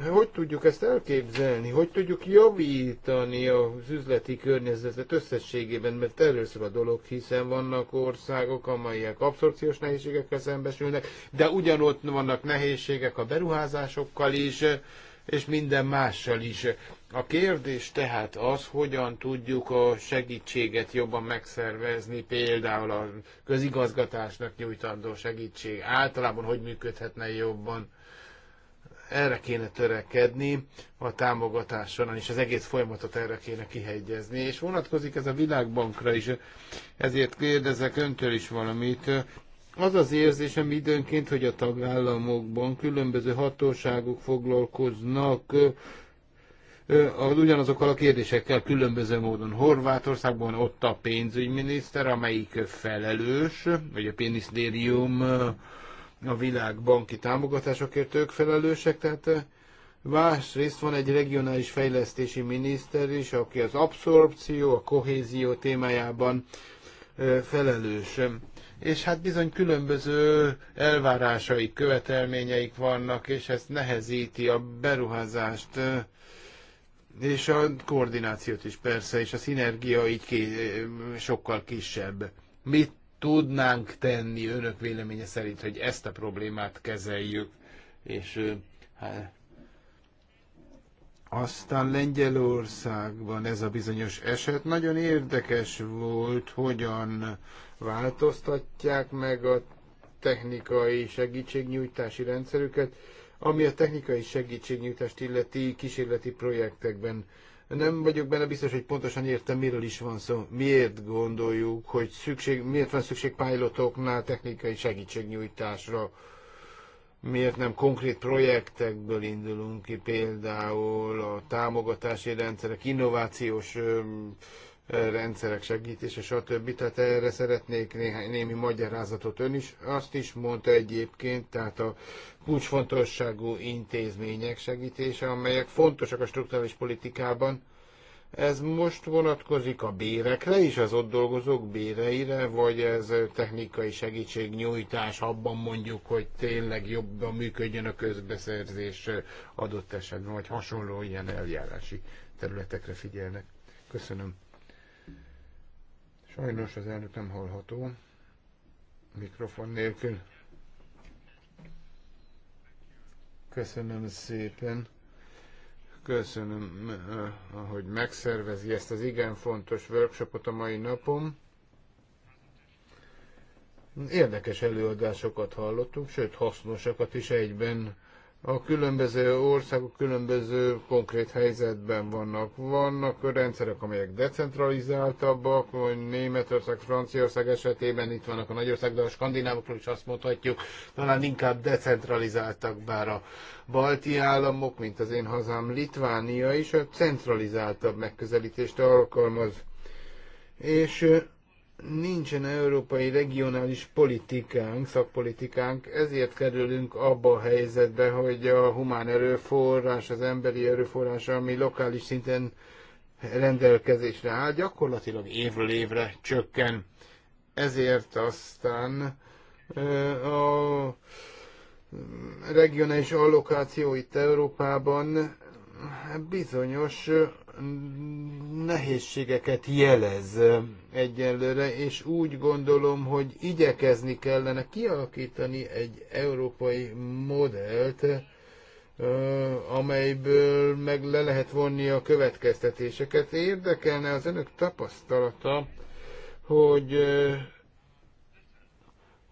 hogy tudjuk ezt elképzelni? Hogy tudjuk javítani az üzleti környezetet összességében? Mert először a dolog, hiszen vannak országok, amelyek abszorpciós nehézségekkel szembesülnek, de ugyanott vannak nehézségek a beruházásokkal is, és minden mással is. A kérdés tehát az, hogyan tudjuk a segítséget jobban megszervezni, például a közigazgatásnak nyújtandó segítség általában hogy működhetne jobban. Erre kéne törekedni a támogatáson, és az egész folyamatot erre kéne kihegyezni. És vonatkozik ez a világbankra is, ezért kérdezek öntől is valamit. Az az érzésem időnként, hogy a tagállamokban különböző hatóságok foglalkoznak ugyanazokkal a kérdésekkel különböző módon. Horvátországban ott a pénzügyminiszter, amelyik felelős, vagy a pénisztérium a világbanki támogatásokért ők felelősek, tehát másrészt van egy regionális fejlesztési miniszter is, aki az abszorpció, a kohézió témájában felelős és hát bizony különböző elvárásaik, követelményeik vannak, és ez nehezíti a beruházást, és a koordinációt is persze, és a szinergia így ki, sokkal kisebb. Mit tudnánk tenni önök véleménye szerint, hogy ezt a problémát kezeljük, és hát, aztán Lengyelországban ez a bizonyos eset nagyon érdekes volt, hogyan változtatják meg a technikai segítségnyújtási rendszerüket, ami a technikai segítségnyújtást illeti kísérleti projektekben. Nem vagyok benne biztos, hogy pontosan értem, miről is van szó. Miért gondoljuk, hogy szükség, miért van szükség pilotoknál technikai segítségnyújtásra? miért nem konkrét projektekből indulunk ki, például a támogatási rendszerek, innovációs rendszerek segítése, stb. Tehát erre szeretnék néhány, némi magyarázatot ön is. Azt is mondta egyébként, tehát a kulcsfontosságú intézmények segítése, amelyek fontosak a strukturális politikában, ez most vonatkozik a bérekre is, az ott dolgozók béreire, vagy ez technikai segítségnyújtás abban mondjuk, hogy tényleg jobban működjön a közbeszerzés adott esetben, vagy hasonló ilyen eljárási területekre figyelnek. Köszönöm. Sajnos az elnök nem hallható. Mikrofon nélkül. Köszönöm szépen. Köszönöm, eh, hogy megszervezi ezt az igen fontos workshopot a mai napom. Érdekes előadásokat hallottunk, sőt hasznosakat is egyben a különböző országok különböző konkrét helyzetben vannak. Vannak rendszerek, amelyek decentralizáltabbak, vagy Németország, Franciaország esetében itt vannak a nagyország, de a skandinávokról is azt mondhatjuk, talán inkább decentralizáltak, bár a balti államok, mint az én hazám Litvánia is, a centralizáltabb megközelítést alkalmaz. És nincsen európai regionális politikánk, szakpolitikánk, ezért kerülünk abba a helyzetbe, hogy a humán erőforrás, az emberi erőforrás, ami lokális szinten rendelkezésre áll, gyakorlatilag évről évre csökken. Ezért aztán a regionális allokáció itt Európában bizonyos nehézségeket jelez egyelőre, és úgy gondolom, hogy igyekezni kellene kialakítani egy európai modellt, amelyből meg le lehet vonni a következtetéseket. Érdekelne az önök tapasztalata, hogy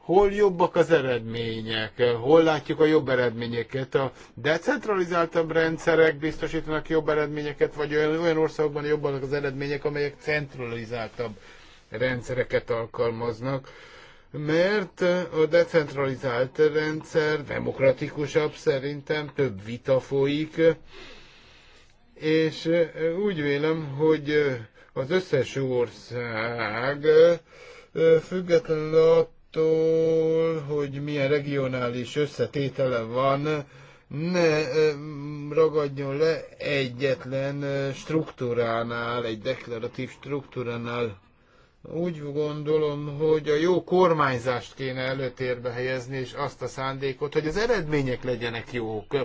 hol jobbak az eredmények, hol látjuk a jobb eredményeket. A decentralizáltabb rendszerek biztosítanak jobb eredményeket, vagy olyan, országokban jobbak az eredmények, amelyek centralizáltabb rendszereket alkalmaznak mert a decentralizált rendszer demokratikusabb szerintem, több vita folyik, és úgy vélem, hogy az összes ország függetlenül a attól, hogy milyen regionális összetétele van, ne ragadjon le egyetlen struktúránál, egy deklaratív struktúránál. Úgy gondolom, hogy a jó kormányzást kéne előtérbe helyezni, és azt a szándékot, hogy az eredmények legyenek jók.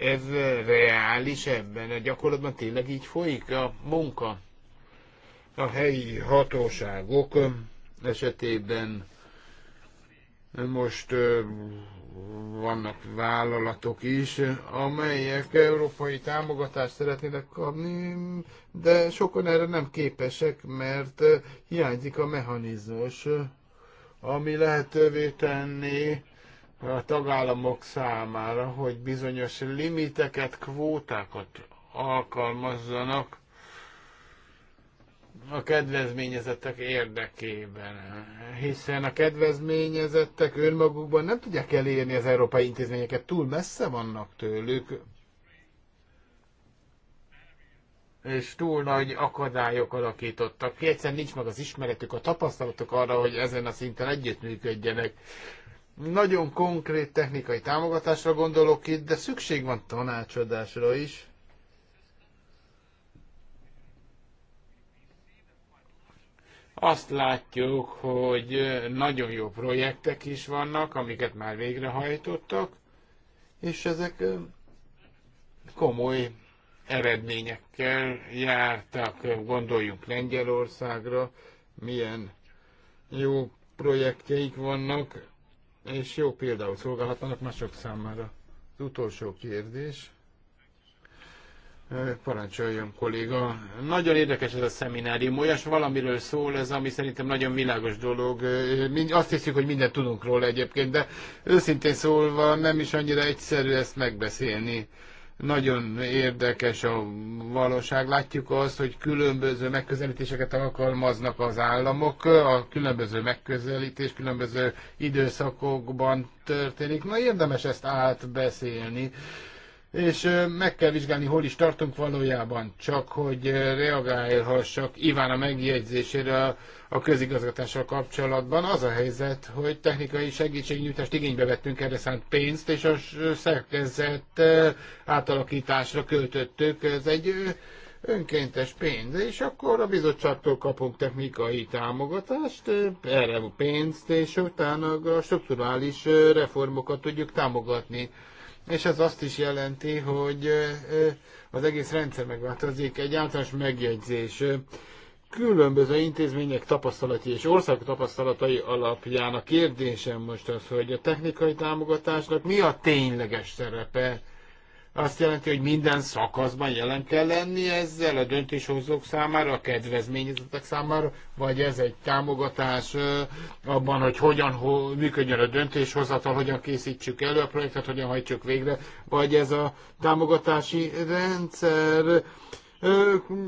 Ez reális ebben, a gyakorlatban tényleg így folyik a munka. A helyi hatóságok esetében most vannak vállalatok is, amelyek európai támogatást szeretnének kapni, de sokan erre nem képesek, mert hiányzik a mechanizmus, ami lehetővé tenni a tagállamok számára, hogy bizonyos limiteket, kvótákat alkalmazzanak a kedvezményezettek érdekében, hiszen a kedvezményezettek önmagukban nem tudják elérni az európai intézményeket, túl messze vannak tőlük, és túl nagy akadályok alakítottak ki. Egyszerűen nincs meg az ismeretük, a tapasztalatok arra, hogy ezen a szinten együttműködjenek. Nagyon konkrét technikai támogatásra gondolok itt, de szükség van tanácsadásra is Azt látjuk, hogy nagyon jó projektek is vannak, amiket már végrehajtottak, és ezek komoly eredményekkel jártak. Gondoljunk Lengyelországra, milyen jó projektjeik vannak, és jó például szolgálhatnak mások számára. Az utolsó kérdés. Parancsoljon, kolléga. Nagyon érdekes ez a szeminárium. Olyas valamiről szól ez, ami szerintem nagyon világos dolog. Azt hiszük, hogy mindent tudunk róla egyébként, de őszintén szólva nem is annyira egyszerű ezt megbeszélni. Nagyon érdekes a valóság. Látjuk azt, hogy különböző megközelítéseket alkalmaznak az államok. A különböző megközelítés különböző időszakokban történik. Na érdemes ezt átbeszélni és meg kell vizsgálni, hol is tartunk valójában, csak hogy reagálhassak Iván a megjegyzésére a, közigazgatással kapcsolatban. Az a helyzet, hogy technikai segítségnyújtást igénybe vettünk erre szánt pénzt, és a szerkezet átalakításra költöttük. Ez egy önkéntes pénz, és akkor a bizottságtól kapunk technikai támogatást, erre a pénzt, és utána a strukturális reformokat tudjuk támogatni és ez azt is jelenti, hogy az egész rendszer megváltozik. Egy általános megjegyzés különböző intézmények tapasztalati és ország tapasztalatai alapján a kérdésem most az, hogy a technikai támogatásnak mi a tényleges szerepe azt jelenti, hogy minden szakaszban jelen kell lenni ezzel a döntéshozók számára, a kedvezményezetek számára, vagy ez egy támogatás abban, hogy hogyan ho, működjön a döntéshozatal, hogyan készítsük elő a projektet, hogyan hajtsuk végre, vagy ez a támogatási rendszer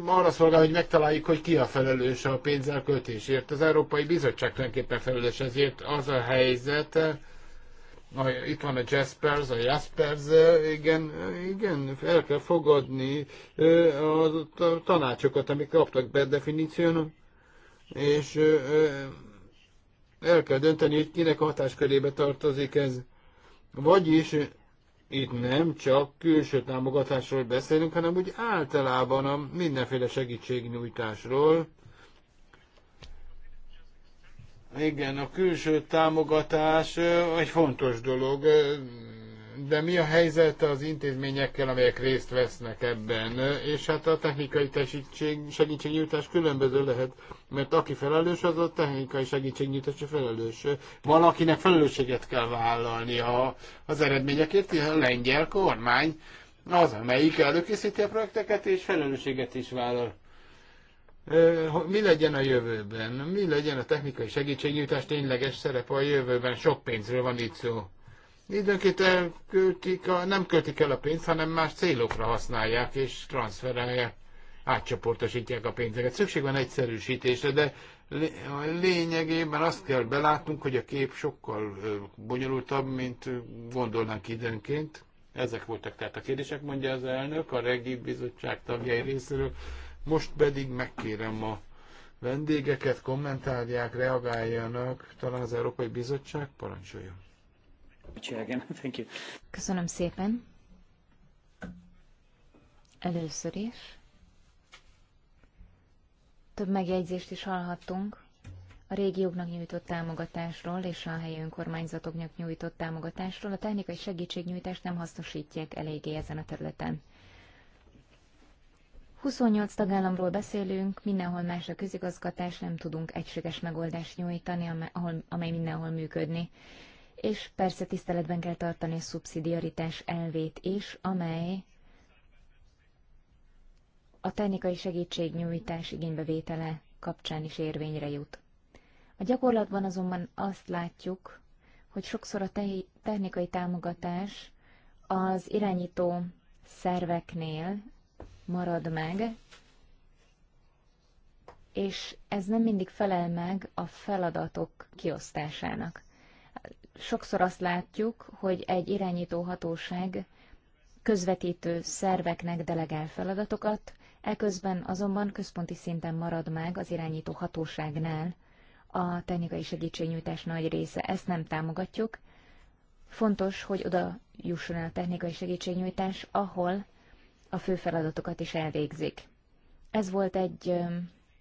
arra szolgál, hogy megtaláljuk, hogy ki a felelős a költésért. Az Európai Bizottság tulajdonképpen felelős ezért az a helyzet, Na, itt van a Jaspers, a Jaspers, igen, igen, el kell fogadni a tanácsokat, amik kaptak be definíción, és el kell dönteni, hogy kinek a hatáskörébe tartozik ez. Vagyis itt nem csak külső támogatásról beszélünk, hanem úgy általában a mindenféle segítségnyújtásról, igen, a külső támogatás egy fontos dolog, de mi a helyzet az intézményekkel, amelyek részt vesznek ebben? És hát a technikai segítségnyújtás különböző lehet, mert aki felelős, az a technikai segítségnyújtás felelős. Van, felelősséget kell vállalni a az eredményekért, a lengyel kormány az, amelyik előkészíti a projekteket, és felelősséget is vállal mi legyen a jövőben, mi legyen a technikai segítségnyújtás tényleges szerepe a jövőben, sok pénzről van itt szó. Időnként elköltik a, nem költik el a pénzt, hanem más célokra használják és transferálják, átcsoportosítják a pénzeket. Szükség van egyszerűsítésre, de lényegében azt kell belátnunk, hogy a kép sokkal bonyolultabb, mint gondolnánk időnként. Ezek voltak tehát a kérdések, mondja az elnök, a regi bizottság tagjai részéről. Most pedig megkérem a vendégeket, kommentálják, reagáljanak, talán az Európai Bizottság parancsoljon. Köszönöm szépen. Először is. Több megjegyzést is hallhattunk a régióknak nyújtott támogatásról és a helyi önkormányzatoknak nyújtott támogatásról. A technikai segítségnyújtást nem hasznosítják eléggé ezen a területen. 28 tagállamról beszélünk, mindenhol más a közigazgatás, nem tudunk egységes megoldást nyújtani, amely mindenhol működni. És persze tiszteletben kell tartani a szubszidiaritás elvét is, amely a technikai segítségnyújtás igénybevétele kapcsán is érvényre jut. A gyakorlatban azonban azt látjuk, hogy sokszor a technikai támogatás az irányító szerveknél marad meg, és ez nem mindig felel meg a feladatok kiosztásának. Sokszor azt látjuk, hogy egy irányító hatóság közvetítő szerveknek delegál feladatokat, eközben azonban központi szinten marad meg az irányító hatóságnál a technikai segítségnyújtás nagy része. Ezt nem támogatjuk. Fontos, hogy oda jusson el a technikai segítségnyújtás, ahol a fő feladatokat is elvégzik. Ez volt egy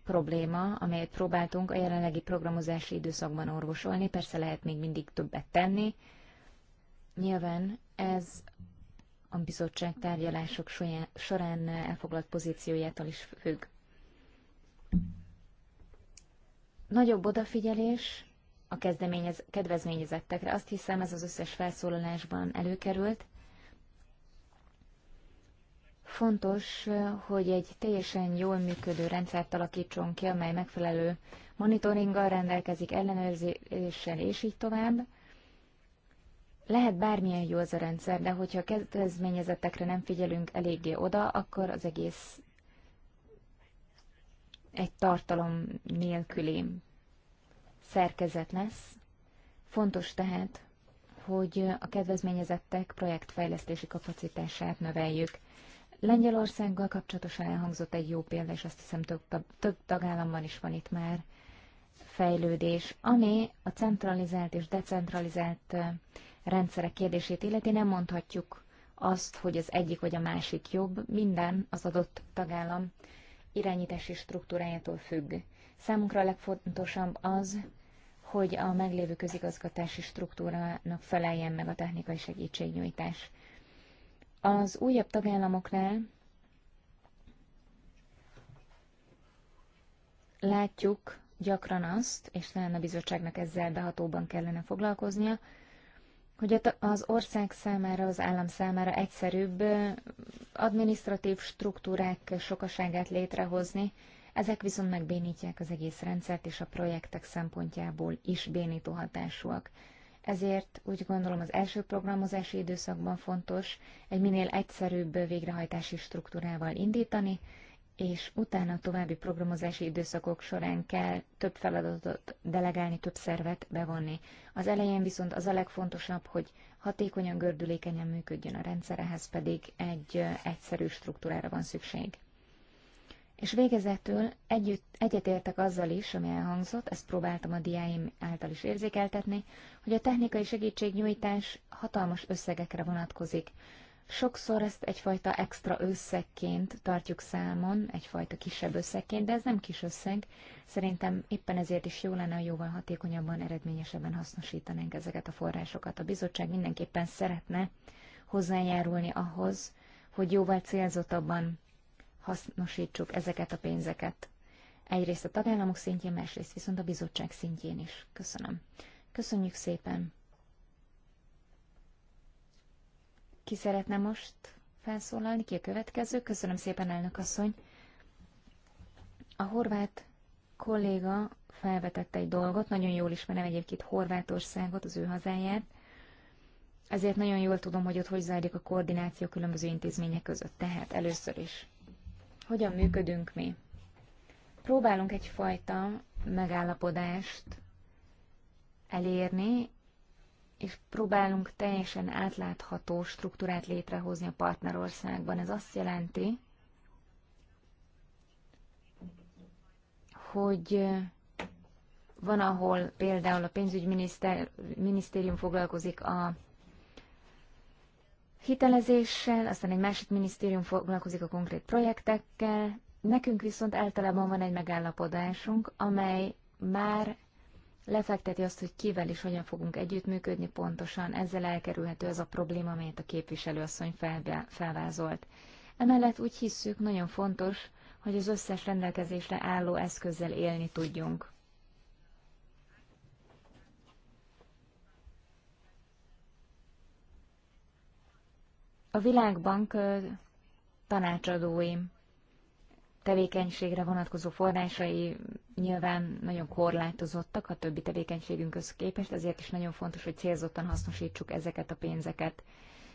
probléma, amelyet próbáltunk a jelenlegi programozási időszakban orvosolni, persze lehet még mindig többet tenni. Nyilván ez a bizottság tárgyalások során elfoglalt pozíciójától is függ. Nagyobb odafigyelés a kedvezményezettekre. Azt hiszem, ez az összes felszólalásban előkerült. Fontos, hogy egy teljesen jól működő rendszert alakítson ki, amely megfelelő monitoringgal rendelkezik, ellenőrzéssel és így tovább. Lehet bármilyen jó az a rendszer, de hogyha a kedvezményezetekre nem figyelünk eléggé oda, akkor az egész egy tartalom nélküli szerkezet lesz. Fontos tehát, hogy a kedvezményezettek projektfejlesztési kapacitását növeljük. Lengyelországgal kapcsolatosan elhangzott egy jó példa, és azt hiszem több, több tagállamban is van itt már fejlődés, ami a centralizált és decentralizált rendszerek kérdését illeti nem mondhatjuk azt, hogy az egyik vagy a másik jobb, minden az adott tagállam irányítási struktúrájától függ. Számunkra a legfontosabb az, hogy a meglévő közigazgatási struktúrának feleljen meg a technikai segítségnyújtás. Az újabb tagállamoknál látjuk gyakran azt, és talán a bizottságnak ezzel behatóban kellene foglalkoznia, hogy az ország számára, az állam számára egyszerűbb administratív struktúrák sokaságát létrehozni, ezek viszont megbénítják az egész rendszert, és a projektek szempontjából is bénító hatásúak ezért úgy gondolom az első programozási időszakban fontos egy minél egyszerűbb végrehajtási struktúrával indítani, és utána a további programozási időszakok során kell több feladatot delegálni, több szervet bevonni. Az elején viszont az a legfontosabb, hogy hatékonyan, gördülékenyen működjön a rendszerehez, pedig egy egyszerű struktúrára van szükség. És végezetül együtt, egyetértek azzal is, ami elhangzott, ezt próbáltam a diáim által is érzékeltetni, hogy a technikai segítségnyújtás hatalmas összegekre vonatkozik. Sokszor ezt egyfajta extra összegként tartjuk számon, egyfajta kisebb összegként, de ez nem kis összeg. Szerintem éppen ezért is jó lenne, hogy jóval hatékonyabban, eredményesebben hasznosítanánk ezeket a forrásokat. A bizottság mindenképpen szeretne hozzájárulni ahhoz, hogy jóval célzottabban hasznosítsuk ezeket a pénzeket. Egyrészt a tagállamok szintjén, másrészt viszont a bizottság szintjén is. Köszönöm. Köszönjük szépen. Ki szeretne most felszólalni? Ki a következő? Köszönöm szépen, elnök asszony. A horvát kolléga felvetette egy dolgot, nagyon jól ismerem egyébként Horvátországot, az ő hazáját, ezért nagyon jól tudom, hogy ott hogy zajlik a koordináció különböző intézmények között. Tehát először is hogyan működünk mi. Próbálunk egyfajta megállapodást elérni, és próbálunk teljesen átlátható struktúrát létrehozni a partnerországban. Ez azt jelenti, hogy van, ahol például a pénzügyminisztérium foglalkozik a hitelezéssel, aztán egy másik minisztérium foglalkozik a konkrét projektekkel. Nekünk viszont általában van egy megállapodásunk, amely már lefekteti azt, hogy kivel is hogyan fogunk együttműködni pontosan, ezzel elkerülhető az a probléma, amelyet a képviselőasszony felvázolt. Emellett úgy hisszük, nagyon fontos, hogy az összes rendelkezésre álló eszközzel élni tudjunk. A Világbank tanácsadói tevékenységre vonatkozó forrásai nyilván nagyon korlátozottak a többi tevékenységünkhöz képest, ezért is nagyon fontos, hogy célzottan hasznosítsuk ezeket a pénzeket.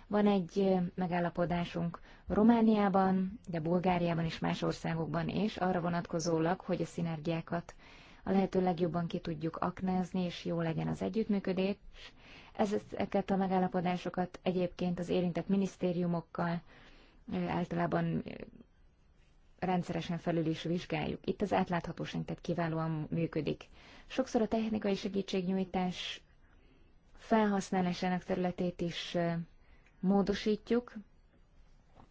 Van egy megállapodásunk Romániában, de Bulgáriában és más országokban is, arra vonatkozólag, hogy a szinergiákat a lehető legjobban ki tudjuk aknázni, és jó legyen az együttműködés. Ezeket a megállapodásokat egyébként az érintett minisztériumokkal általában rendszeresen felül is vizsgáljuk. Itt az átláthatóság tehát kiválóan működik. Sokszor a technikai segítségnyújtás felhasználásának területét is módosítjuk,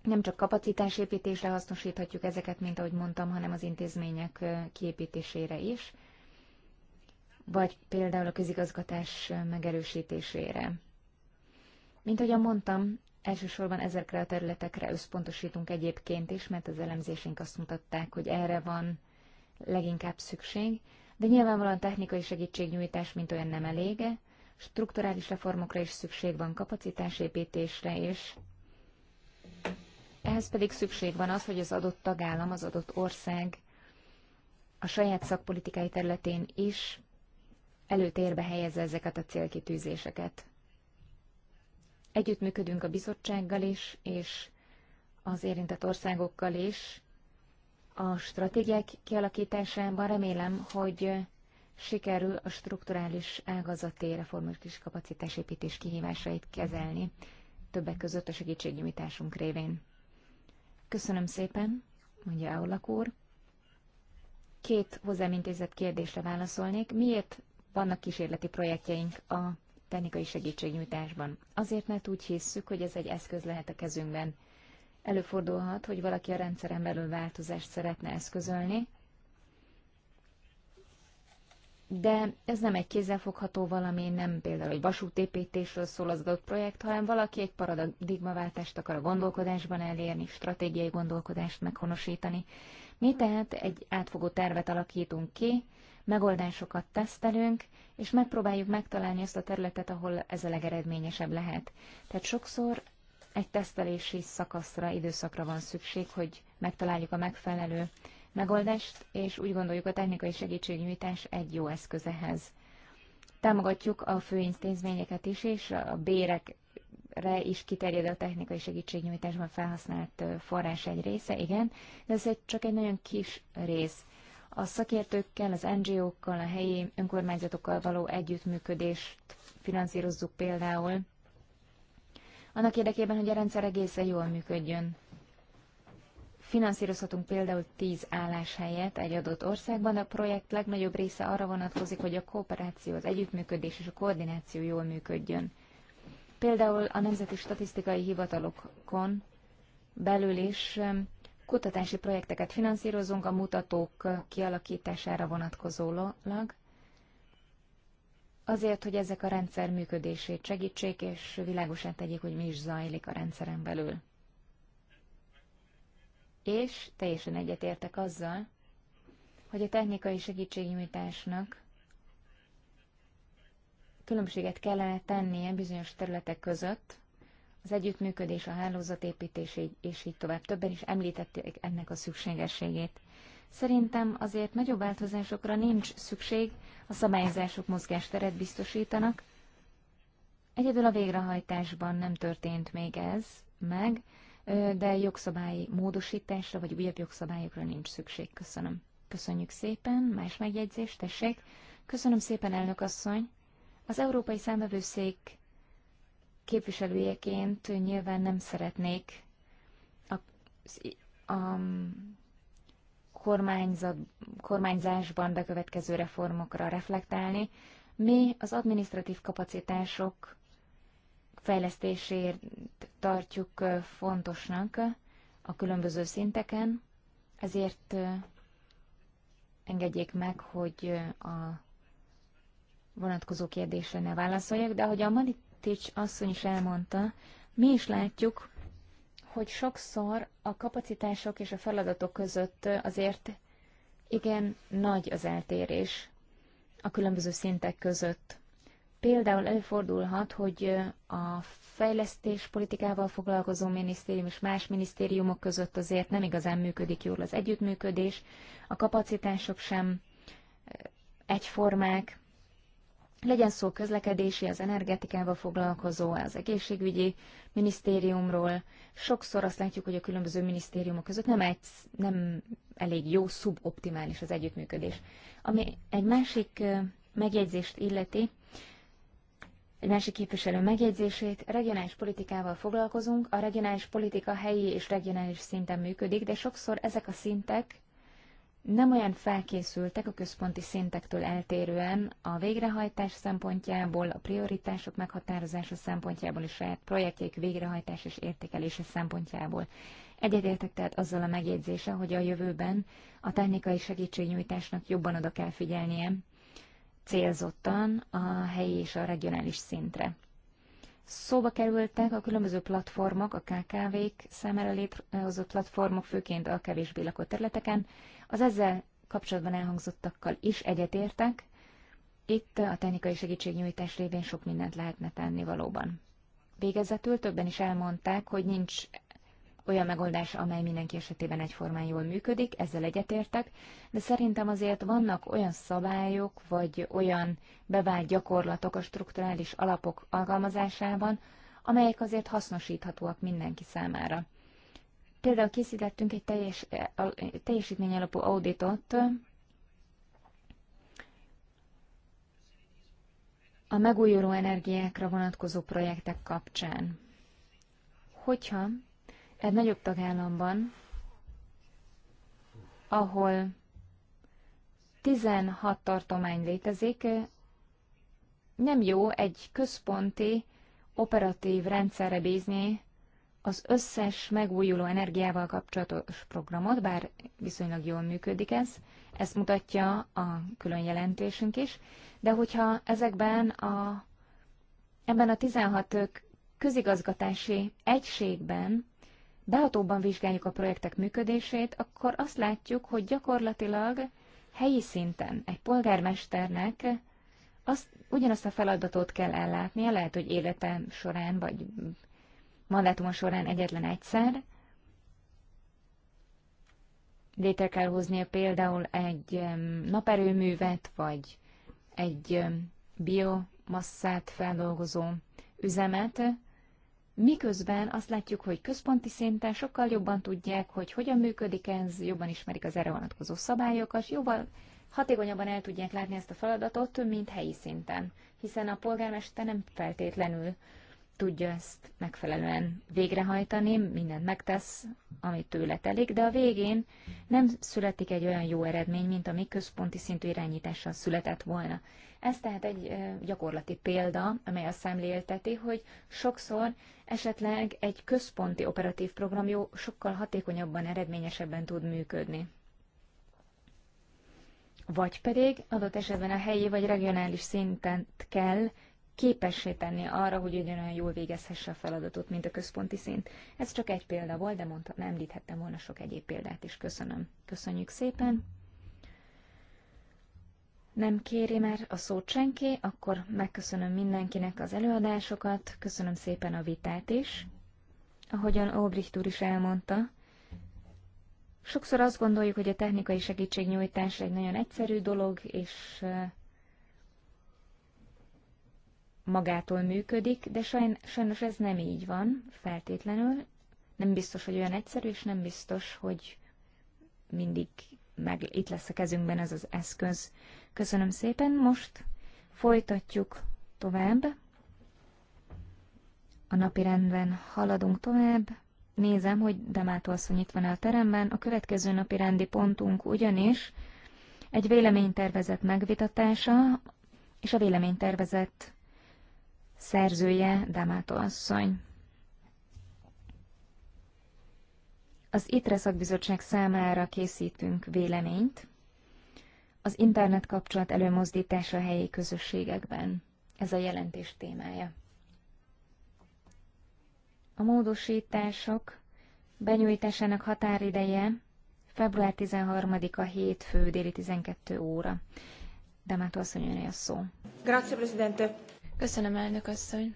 nem csak kapacitásépítésre hasznosíthatjuk ezeket, mint ahogy mondtam, hanem az intézmények kiépítésére is, vagy például a közigazgatás megerősítésére. Mint ahogyan mondtam, elsősorban ezekre a területekre összpontosítunk egyébként is, mert az elemzésünk azt mutatták, hogy erre van leginkább szükség, de nyilvánvalóan technikai segítségnyújtás mint olyan nem elége, strukturális reformokra is szükség van, kapacitásépítésre és ehhez pedig szükség van az, hogy az adott tagállam, az adott ország a saját szakpolitikai területén is előtérbe helyezze ezeket a célkitűzéseket. Együttműködünk a bizottsággal is, és az érintett országokkal is a stratégiák kialakításában. Remélem, hogy sikerül a strukturális ágazati reformos kis kapacitásépítés kihívásait kezelni, többek között a segítségnyújtásunk révén. Köszönöm szépen, mondja Aulak úr. Két hozzám intézett kérdésre válaszolnék. Miért vannak kísérleti projektjeink a technikai segítségnyújtásban? Azért, mert úgy hisszük, hogy ez egy eszköz lehet a kezünkben. Előfordulhat, hogy valaki a rendszeren belül változást szeretne eszközölni, de ez nem egy kézzelfogható valami, nem például egy vasútépítésről szól az adott projekt, hanem valaki egy paradigmaváltást akar a gondolkodásban elérni, stratégiai gondolkodást meghonosítani. Mi tehát egy átfogó tervet alakítunk ki, megoldásokat tesztelünk, és megpróbáljuk megtalálni azt a területet, ahol ez a legeredményesebb lehet. Tehát sokszor egy tesztelési szakaszra, időszakra van szükség, hogy megtaláljuk a megfelelő megoldást, és úgy gondoljuk a technikai segítségnyújtás egy jó eszközehez. Támogatjuk a főintézményeket is, és a bérekre is kiterjed a technikai segítségnyújtásban felhasznált forrás egy része, igen, de ez csak egy nagyon kis rész. A szakértőkkel, az NGO-kkal, a helyi önkormányzatokkal való együttműködést finanszírozzuk például, annak érdekében, hogy a rendszer egészen jól működjön. Finanszírozhatunk például 10 álláshelyet egy adott országban, de a projekt legnagyobb része arra vonatkozik, hogy a kooperáció, az együttműködés és a koordináció jól működjön. Például a Nemzeti Statisztikai Hivatalokon belül is kutatási projekteket finanszírozunk a mutatók eh, kialakítására vonatkozólag, azért, hogy ezek a rendszer működését segítsék, és világosá tegyék, hogy mi is zajlik a rendszeren belül és teljesen egyetértek azzal, hogy a technikai segítségnyújtásnak különbséget kellene tennie bizonyos területek között, az együttműködés, a hálózatépítés és így tovább. Többen is említették ennek a szükségességét. Szerintem azért nagyobb változásokra nincs szükség, a szabályozások mozgásteret biztosítanak. Egyedül a végrehajtásban nem történt még ez meg, de jogszabályi módosításra vagy újabb jogszabályokra nincs szükség. Köszönöm. Köszönjük szépen. Más megjegyzést, tessék. Köszönöm szépen, elnök asszony. Az Európai Számvevőszék képviselőjeként nyilván nem szeretnék a, a kormányzat, kormányzásban bekövetkező reformokra reflektálni. Mi az administratív kapacitások fejlesztését tartjuk fontosnak a különböző szinteken, ezért engedjék meg, hogy a vonatkozó kérdésre ne válaszoljak, de ahogy a Manitics asszony is elmondta, mi is látjuk, hogy sokszor a kapacitások és a feladatok között azért igen nagy az eltérés a különböző szintek között. Például előfordulhat, hogy a fejlesztéspolitikával foglalkozó minisztérium és más minisztériumok között azért nem igazán működik jól az együttműködés, a kapacitások sem egyformák, legyen szó közlekedési, az energetikával foglalkozó, az egészségügyi minisztériumról. Sokszor azt látjuk, hogy a különböző minisztériumok között nem, egy, nem elég jó, szuboptimális az együttműködés. Ami egy másik megjegyzést illeti, egy másik képviselő megjegyzését. Regionális politikával foglalkozunk, a regionális politika helyi és regionális szinten működik, de sokszor ezek a szintek nem olyan felkészültek a központi szintektől eltérően a végrehajtás szempontjából, a prioritások meghatározása szempontjából és saját projektjék végrehajtás és értékelése szempontjából. Egyetértek tehát azzal a megjegyzése, hogy a jövőben a technikai segítségnyújtásnak jobban oda kell figyelnie célzottan a helyi és a regionális szintre. Szóba kerültek a különböző platformok, a KKV-k számára létrehozott platformok, főként a kevésbé lakott területeken. Az ezzel kapcsolatban elhangzottakkal is egyetértek. Itt a technikai segítségnyújtás révén sok mindent lehetne tenni valóban. Végezetül többen is elmondták, hogy nincs olyan megoldás, amely mindenki esetében egyformán jól működik, ezzel egyetértek, de szerintem azért vannak olyan szabályok, vagy olyan bevált gyakorlatok a strukturális alapok alkalmazásában, amelyek azért hasznosíthatóak mindenki számára. Például készítettünk egy teljes, teljesítmény alapú auditot a megújuló energiákra vonatkozó projektek kapcsán. Hogyha egy nagyobb tagállamban, ahol 16 tartomány létezik, nem jó egy központi operatív rendszerre bízni az összes megújuló energiával kapcsolatos programot, bár viszonylag jól működik ez, ezt mutatja a külön jelentésünk is, de hogyha ezekben a, ebben a 16 közigazgatási egységben behatóban vizsgáljuk a projektek működését, akkor azt látjuk, hogy gyakorlatilag helyi szinten egy polgármesternek azt, ugyanazt a feladatot kell ellátnia, lehet, hogy élete során vagy mandátuma során egyetlen egyszer. Létre kell hoznia például egy naperőművet, vagy egy biomasszát feldolgozó üzemet, Miközben azt látjuk, hogy központi szinten sokkal jobban tudják, hogy hogyan működik ez, jobban ismerik az erre vonatkozó szabályokat, jóval hatékonyabban el tudják látni ezt a feladatot, mint helyi szinten, hiszen a polgármester nem feltétlenül tudja ezt megfelelően végrehajtani, mindent megtesz, amit tőle telik, de a végén nem születik egy olyan jó eredmény, mint ami központi szintű irányítással született volna. Ez tehát egy gyakorlati példa, amely azt szemlélteti, hogy sokszor esetleg egy központi operatív program jó, sokkal hatékonyabban, eredményesebben tud működni. Vagy pedig adott esetben a helyi vagy regionális szinten kell képessé tenni arra, hogy ugyanolyan jól végezhesse a feladatot, mint a központi szint. Ez csak egy példa volt, de mondta, nem említhettem volna sok egyéb példát is. Köszönöm. Köszönjük szépen nem kéri már a szót senki, akkor megköszönöm mindenkinek az előadásokat, köszönöm szépen a vitát is. Ahogyan Obricht úr is elmondta, sokszor azt gondoljuk, hogy a technikai segítségnyújtás egy nagyon egyszerű dolog, és magától működik, de sajnos ez nem így van feltétlenül. Nem biztos, hogy olyan egyszerű, és nem biztos, hogy mindig meg itt lesz a kezünkben ez az eszköz. Köszönöm szépen, most folytatjuk tovább. A napi rendben haladunk tovább. Nézem, hogy Demátó asszony itt van a teremben. A következő napi rendi pontunk ugyanis egy véleménytervezet megvitatása, és a véleménytervezet szerzője Demátó asszony. Az ITRE szakbizottság számára készítünk véleményt, az internet kapcsolat előmozdítása a helyi közösségekben. Ez a jelentés témája. A módosítások benyújtásának határideje február 13-a hétfő déli 12 óra. de Damato asszony a szó. Grazie, Presidente. Köszönöm, elnök asszony.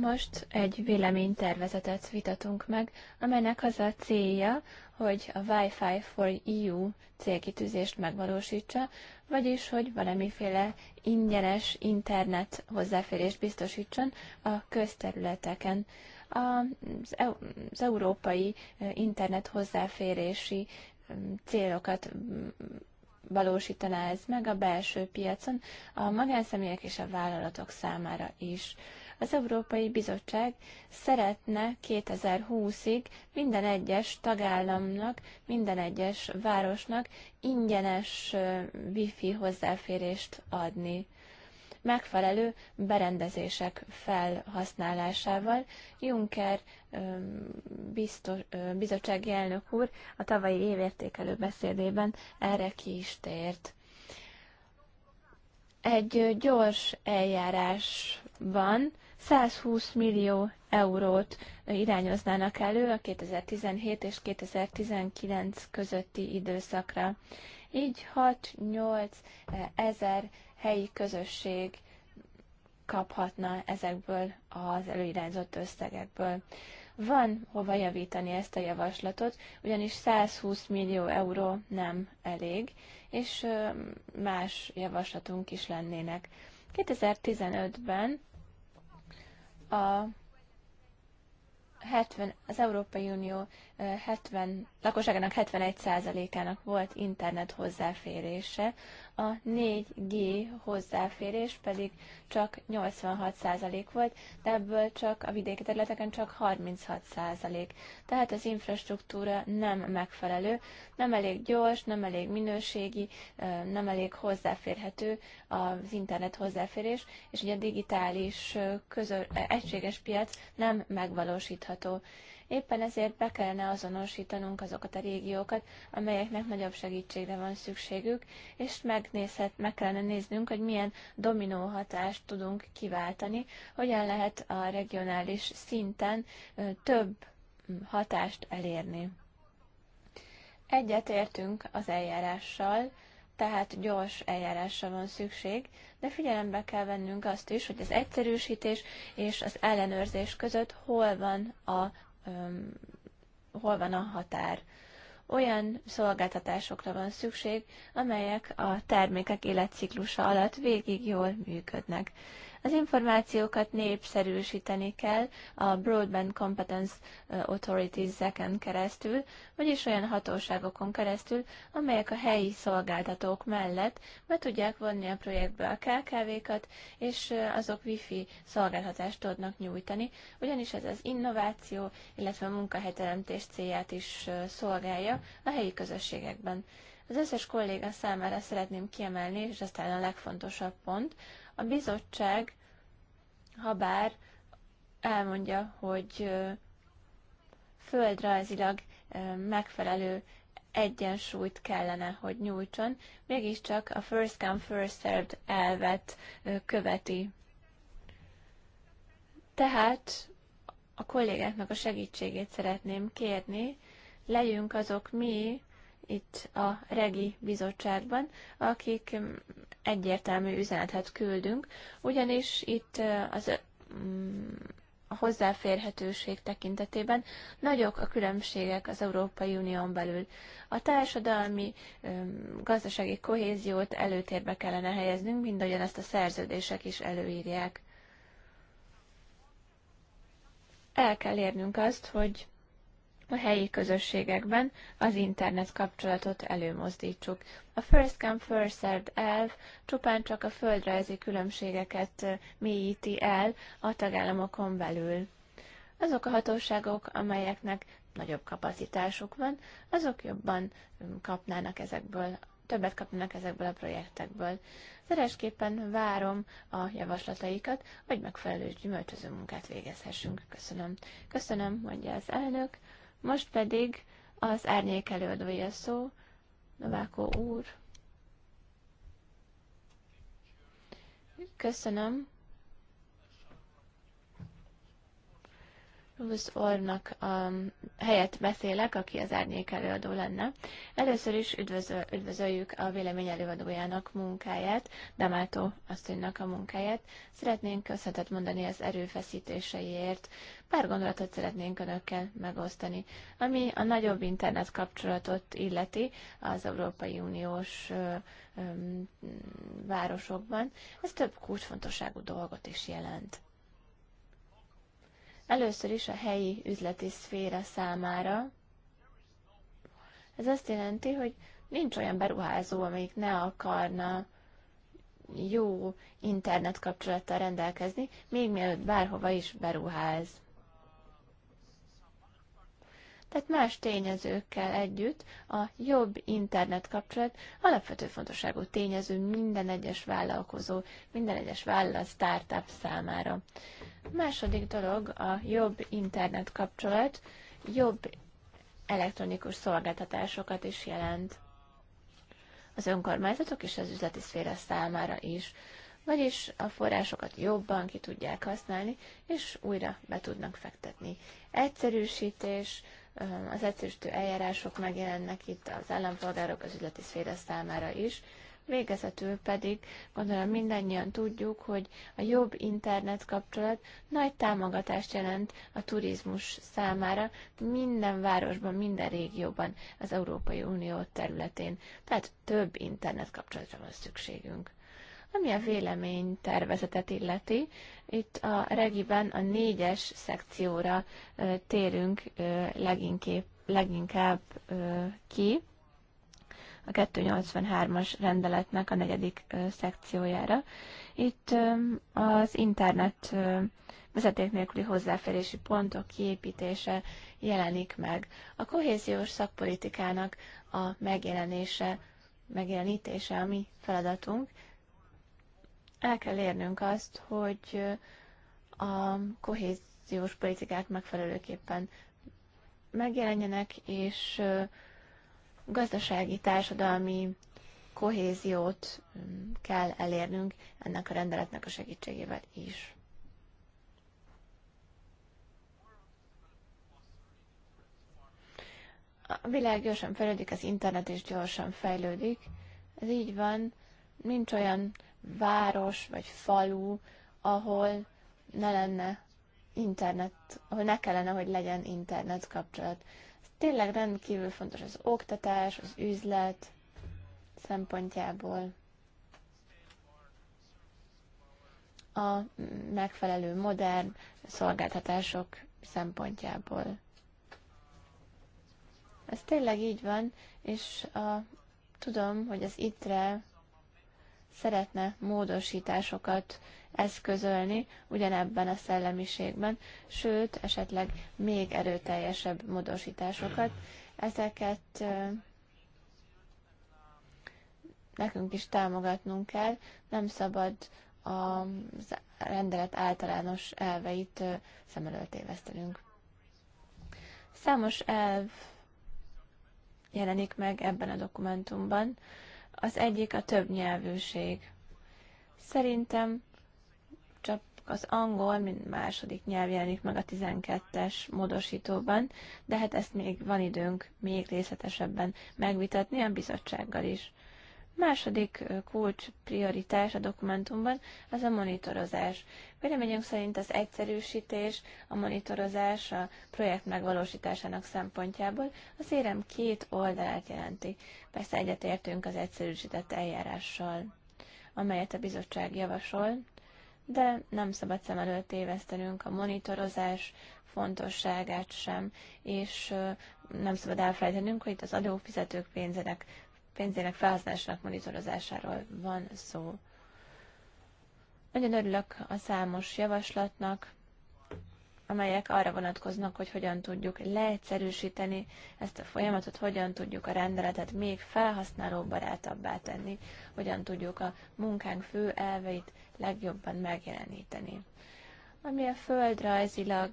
Most egy véleménytervezetet vitatunk meg, amelynek az a célja, hogy a Wi-Fi for EU célkitűzést megvalósítsa, vagyis hogy valamiféle ingyenes internet hozzáférést biztosítson a közterületeken. Az, e az európai internet hozzáférési célokat valósítaná ez meg a belső piacon a magánszemélyek és a vállalatok számára is. Az Európai Bizottság szeretne 2020-ig minden egyes tagállamnak, minden egyes városnak ingyenes wifi hozzáférést adni megfelelő berendezések felhasználásával. Juncker biztos, bizottsági elnök úr a tavalyi évértékelő beszédében erre ki is tért. Egy gyors eljárás van, 120 millió eurót irányoznának elő a 2017 és 2019 közötti időszakra. Így 6-8 ezer helyi közösség kaphatna ezekből az előirányzott összegekből. Van hova javítani ezt a javaslatot, ugyanis 120 millió euró nem elég, és más javaslatunk is lennének. 2015-ben a 70, az Európai Unió 70, lakosságának 71%-ának volt internet hozzáférése, a 4G hozzáférés pedig csak 86% volt, de ebből csak a vidéki területeken csak 36%. Tehát az infrastruktúra nem megfelelő, nem elég gyors, nem elég minőségi, nem elég hozzáférhető az internet hozzáférés, és ugye a digitális közö, egységes piac nem megvalósítható Éppen ezért be kellene azonosítanunk azokat a régiókat, amelyeknek nagyobb segítségre van szükségük, és megnézhet, meg kellene néznünk, hogy milyen dominó hatást tudunk kiváltani, hogyan lehet a regionális szinten több hatást elérni. Egyetértünk az eljárással, tehát gyors eljárásra van szükség, de figyelembe kell vennünk azt is, hogy az egyszerűsítés és az ellenőrzés között hol van a um, hol van a határ. Olyan szolgáltatásokra van szükség, amelyek a termékek életciklusa alatt végig jól működnek. Az információkat népszerűsíteni kell a Broadband Competence Authorities-eken keresztül, vagyis olyan hatóságokon keresztül, amelyek a helyi szolgáltatók mellett be tudják vonni a projektbe a KKV-kat, és azok wifi szolgáltatást tudnak nyújtani, ugyanis ez az innováció, illetve a munkahelyteremtés célját is szolgálja a helyi közösségekben. Az összes kolléga számára szeretném kiemelni, és aztán a legfontosabb pont, a bizottság, ha bár elmondja, hogy földrajzilag megfelelő egyensúlyt kellene, hogy nyújtson, mégiscsak a first come, first served elvet követi. Tehát a kollégáknak a segítségét szeretném kérni, legyünk azok mi, itt a Regi Bizottságban, akik egyértelmű üzenetet küldünk, ugyanis itt az mm, a hozzáférhetőség tekintetében nagyok a különbségek az Európai Unión belül. A társadalmi gazdasági kohéziót előtérbe kellene helyeznünk, mindahogyan ezt a szerződések is előírják. El kell érnünk azt, hogy a helyi közösségekben az internet kapcsolatot előmozdítsuk. A first come first served elv csupán csak a földrajzi különbségeket mélyíti el a tagállamokon belül. Azok a hatóságok, amelyeknek nagyobb kapacitásuk van, azok jobban kapnának ezekből többet kapnak ezekből a projektekből. Szeresképpen várom a javaslataikat, hogy megfelelő gyümölcsöző munkát végezhessünk. Köszönöm. Köszönöm, mondja az elnök. Most pedig az árnyék előadója szó, Novákó úr. Köszönöm. Busz Ornak a helyett beszélek, aki az árnyék előadó lenne. Először is üdvözöl, üdvözöljük a vélemény előadójának munkáját, Damátó asszonynak a munkáját. Szeretnénk köszönetet mondani az erőfeszítéseiért. Pár gondolatot szeretnénk önökkel megosztani. Ami a nagyobb internet kapcsolatot illeti az Európai Uniós ö, ö, városokban, ez több kulcsfontosságú dolgot is jelent Először is a helyi üzleti szféra számára. Ez azt jelenti, hogy nincs olyan beruházó, amelyik ne akarna jó internet kapcsolattal rendelkezni, még mielőtt bárhova is beruház tehát más tényezőkkel együtt a jobb internet kapcsolat alapvető fontosságú tényező minden egyes vállalkozó, minden egyes vállalat startup számára. A második dolog a jobb internet kapcsolat, jobb elektronikus szolgáltatásokat is jelent az önkormányzatok és az üzleti szféra számára is. Vagyis a forrásokat jobban ki tudják használni, és újra be tudnak fektetni. Egyszerűsítés, az egyszerűsítő eljárások megjelennek itt az állampolgárok az üzleti szféra számára is. Végezetül pedig gondolom mindannyian tudjuk, hogy a jobb internet kapcsolat nagy támogatást jelent a turizmus számára minden városban, minden régióban az Európai Unió területén. Tehát több internet kapcsolatra van szükségünk. Ami a tervezetet illeti, itt a regiben a négyes szekcióra ö, térünk ö, leginkább, leginkább ö, ki, a 283-as rendeletnek a negyedik ö, szekciójára. Itt ö, az internet ö, vezeték nélküli hozzáférési pontok kiépítése jelenik meg. A kohéziós szakpolitikának a megjelenése, megjelenítése a mi feladatunk, el kell érnünk azt, hogy a kohéziós politikák megfelelőképpen megjelenjenek, és gazdasági, társadalmi kohéziót kell elérnünk ennek a rendeletnek a segítségével is. A világ gyorsan fejlődik, az internet is gyorsan fejlődik. Ez így van. Nincs olyan város vagy falu, ahol ne lenne internet, ahol ne kellene, hogy legyen internet kapcsolat. Ez tényleg rendkívül fontos az oktatás, az üzlet szempontjából. A megfelelő modern szolgáltatások szempontjából. Ez tényleg így van, és a, tudom, hogy az ITRE szeretne módosításokat eszközölni ugyanebben a szellemiségben, sőt, esetleg még erőteljesebb módosításokat. Ezeket nekünk is támogatnunk kell, nem szabad a rendelet általános elveit szem előtt évesztenünk. Számos elv jelenik meg ebben a dokumentumban, az egyik a többnyelvűség. Szerintem csak az angol, mint második nyelv jelenik meg a 12-es módosítóban, de hát ezt még van időnk még részletesebben megvitatni a bizottsággal is. Második kulcs prioritás a dokumentumban az a monitorozás. Véleményünk szerint az egyszerűsítés, a monitorozás a projekt megvalósításának szempontjából az érem két oldalát jelenti. Persze egyetértünk az egyszerűsített eljárással, amelyet a bizottság javasol, de nem szabad szem előtt tévesztenünk a monitorozás fontosságát sem, és nem szabad elfelejtenünk, hogy itt az adófizetők pénzének pénzének felhasználásának monitorozásáról van szó. Nagyon örülök a számos javaslatnak, amelyek arra vonatkoznak, hogy hogyan tudjuk leegyszerűsíteni ezt a folyamatot, hogyan tudjuk a rendeletet még felhasználóbarátabbá tenni, hogyan tudjuk a munkánk fő elveit legjobban megjeleníteni. Ami a földrajzilag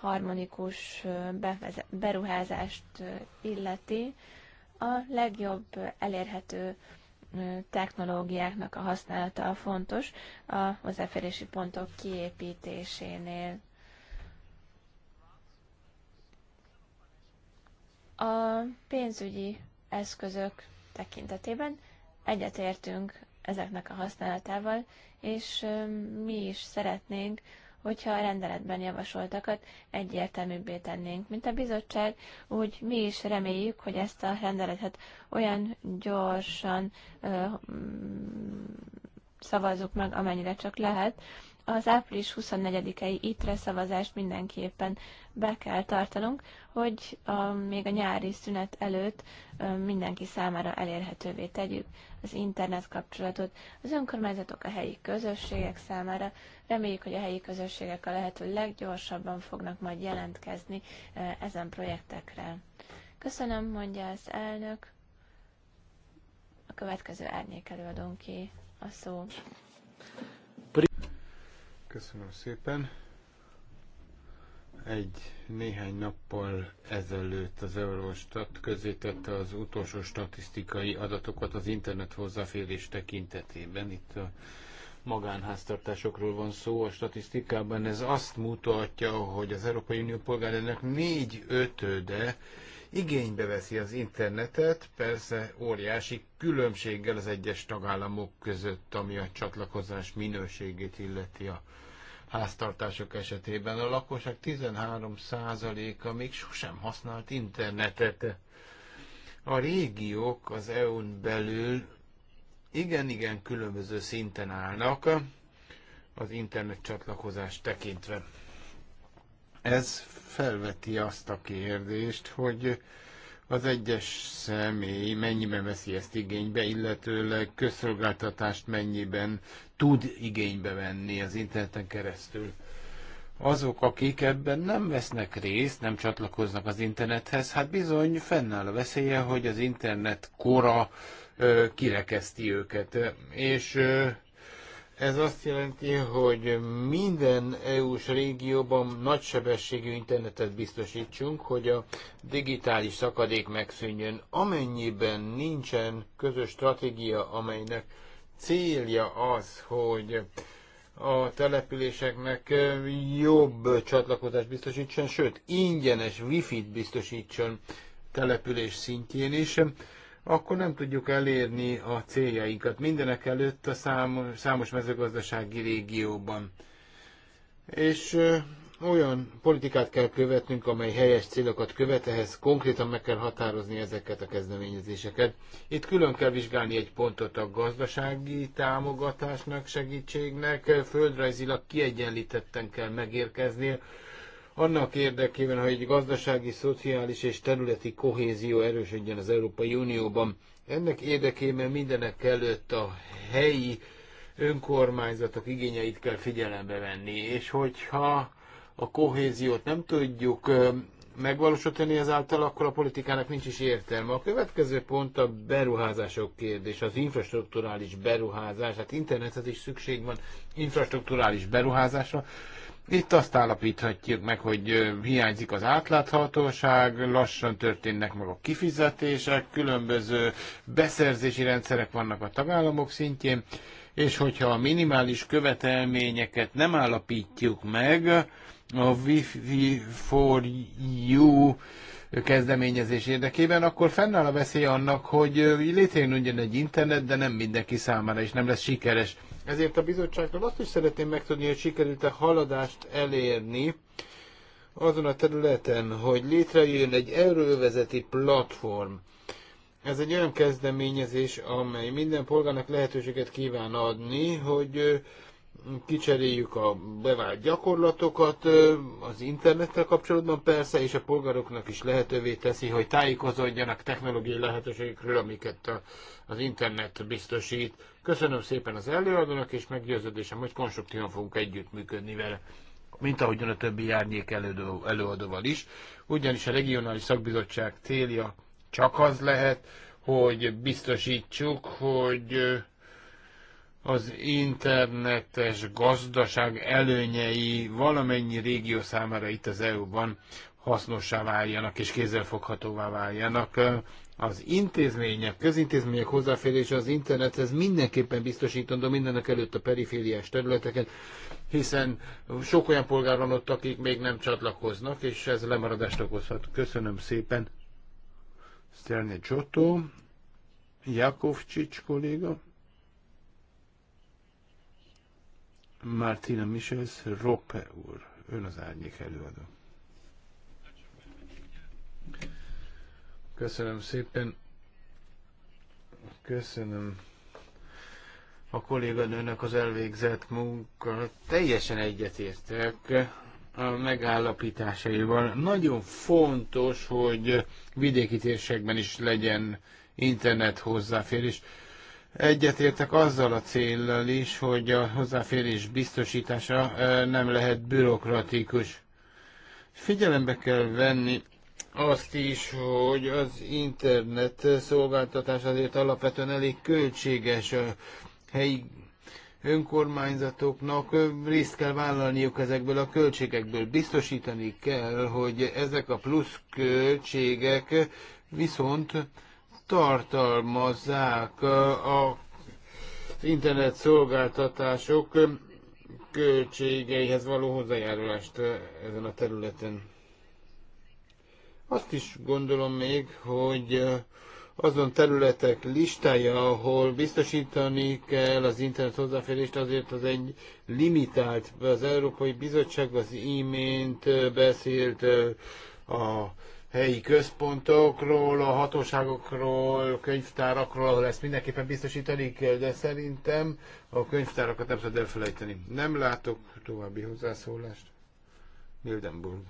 harmonikus beruházást illeti, a legjobb elérhető technológiáknak a használata a fontos a hozzáférési pontok kiépítésénél. A pénzügyi eszközök tekintetében egyetértünk ezeknek a használatával, és mi is szeretnénk hogyha a rendeletben javasoltakat egyértelműbbé tennénk, mint a bizottság, úgy mi is reméljük, hogy ezt a rendeletet olyan gyorsan ö, mm, szavazzuk meg, amennyire csak lehet. Az április 24-i ITRE szavazást mindenképpen be kell tartanunk, hogy a, még a nyári szünet előtt ö, mindenki számára elérhetővé tegyük az internet kapcsolatot az önkormányzatok, a helyi közösségek számára, Reméljük, hogy a helyi közösségek a lehető leggyorsabban fognak majd jelentkezni ezen projektekre. Köszönöm, mondja az elnök. A következő árnyék ki a szó. Köszönöm szépen. Egy néhány nappal ezelőtt az Eurostat tette az utolsó statisztikai adatokat az internet hozzáférés tekintetében. Itt a magánháztartásokról van szó. A statisztikában ez azt mutatja, hogy az Európai Unió polgárának négy ötöde igénybe veszi az internetet, persze óriási különbséggel az egyes tagállamok között, ami a csatlakozás minőségét illeti a háztartások esetében. A lakosság 13%-a még sosem használt internetet. A régiók az EU-n belül igen-igen különböző szinten állnak az internet csatlakozást tekintve. Ez felveti azt a kérdést, hogy az egyes személy mennyiben veszi ezt igénybe, illetőleg közszolgáltatást mennyiben tud igénybe venni az interneten keresztül. Azok, akik ebben nem vesznek részt, nem csatlakoznak az internethez, hát bizony fennáll a veszélye, hogy az internet kora kirekeszti őket. És ez azt jelenti, hogy minden EU-s régióban nagysebességű internetet biztosítsunk, hogy a digitális szakadék megszűnjön. Amennyiben nincsen közös stratégia, amelynek célja az, hogy a településeknek jobb csatlakozást biztosítson, sőt, ingyenes wifi-t biztosítson település szintjén is, akkor nem tudjuk elérni a céljainkat. Mindenek előtt a számos, számos mezőgazdasági régióban. És ö, olyan politikát kell követnünk, amely helyes célokat követ, ehhez konkrétan meg kell határozni ezeket a kezdeményezéseket. Itt külön kell vizsgálni egy pontot a gazdasági támogatásnak, segítségnek, földrajzilag kiegyenlítetten kell megérkeznie, annak érdekében, hogy gazdasági, szociális és területi kohézió erősödjön az Európai Unióban. Ennek érdekében mindenek előtt a helyi önkormányzatok igényeit kell figyelembe venni, és hogyha a kohéziót nem tudjuk megvalósítani ezáltal, akkor a politikának nincs is értelme. A következő pont a beruházások kérdés, az infrastruktúrális beruházás. Hát internethez is szükség van infrastruktúrális beruházásra, itt azt állapíthatjuk meg, hogy hiányzik az átláthatóság, lassan történnek meg a kifizetések, különböző beszerzési rendszerek vannak a tagállamok szintjén, és hogyha a minimális követelményeket nem állapítjuk meg, a Wi-Fi for You kezdeményezés érdekében, akkor fennáll a veszély annak, hogy létrejön ugyan egy internet, de nem mindenki számára, és nem lesz sikeres. Ezért a bizottságtól azt is szeretném megtudni, hogy sikerült-e haladást elérni azon a területen, hogy létrejön egy erővezeti platform. Ez egy olyan kezdeményezés, amely minden polgárnak lehetőséget kíván adni, hogy kicseréljük a bevált gyakorlatokat az internettel kapcsolatban persze, és a polgároknak is lehetővé teszi, hogy tájékozódjanak technológiai lehetőségekről, amiket a az internet biztosít. Köszönöm szépen az előadónak, és meggyőződésem, hogy konstruktívan fogunk együttműködni vele mint ahogyan a többi járnyék előadó, előadóval is, ugyanis a regionális szakbizottság célja csak az lehet, hogy biztosítsuk, hogy az internetes gazdaság előnyei valamennyi régió számára itt az EU-ban hasznossá váljanak és kézzelfoghatóvá váljanak. Az intézmények, közintézmények hozzáférése az internethez mindenképpen biztosítandó mindenek előtt a perifériás területeken, hiszen sok olyan polgár van ott, akik még nem csatlakoznak, és ez lemaradást okozhat. Köszönöm szépen. Sterne Giotto, Jakovcsics kolléga. Martina Michels, Roppe úr, ön az árnyék előadó. Köszönöm szépen. Köszönöm a kolléganőnek az elvégzett munka. Teljesen egyetértek a megállapításaival. Nagyon fontos, hogy vidéki térségben is legyen internet hozzáférés. Egyetértek azzal a céllal is, hogy a hozzáférés biztosítása nem lehet bürokratikus. Figyelembe kell venni azt is, hogy az internet szolgáltatás azért alapvetően elég költséges a helyi önkormányzatoknak részt kell vállalniuk ezekből a költségekből. Biztosítani kell, hogy ezek a plusz költségek viszont tartalmazzák a internet szolgáltatások költségeihez való hozzájárulást ezen a területen. Azt is gondolom még, hogy azon területek listája, ahol biztosítani kell az internet hozzáférést, azért az egy limitált. Az Európai Bizottság az imént beszélt a helyi központokról, a hatóságokról, a könyvtárakról, ahol ezt mindenképpen biztosítani kell, de szerintem a könyvtárakat nem szabad elfelejteni. Nem látok további hozzászólást. Mildenburg.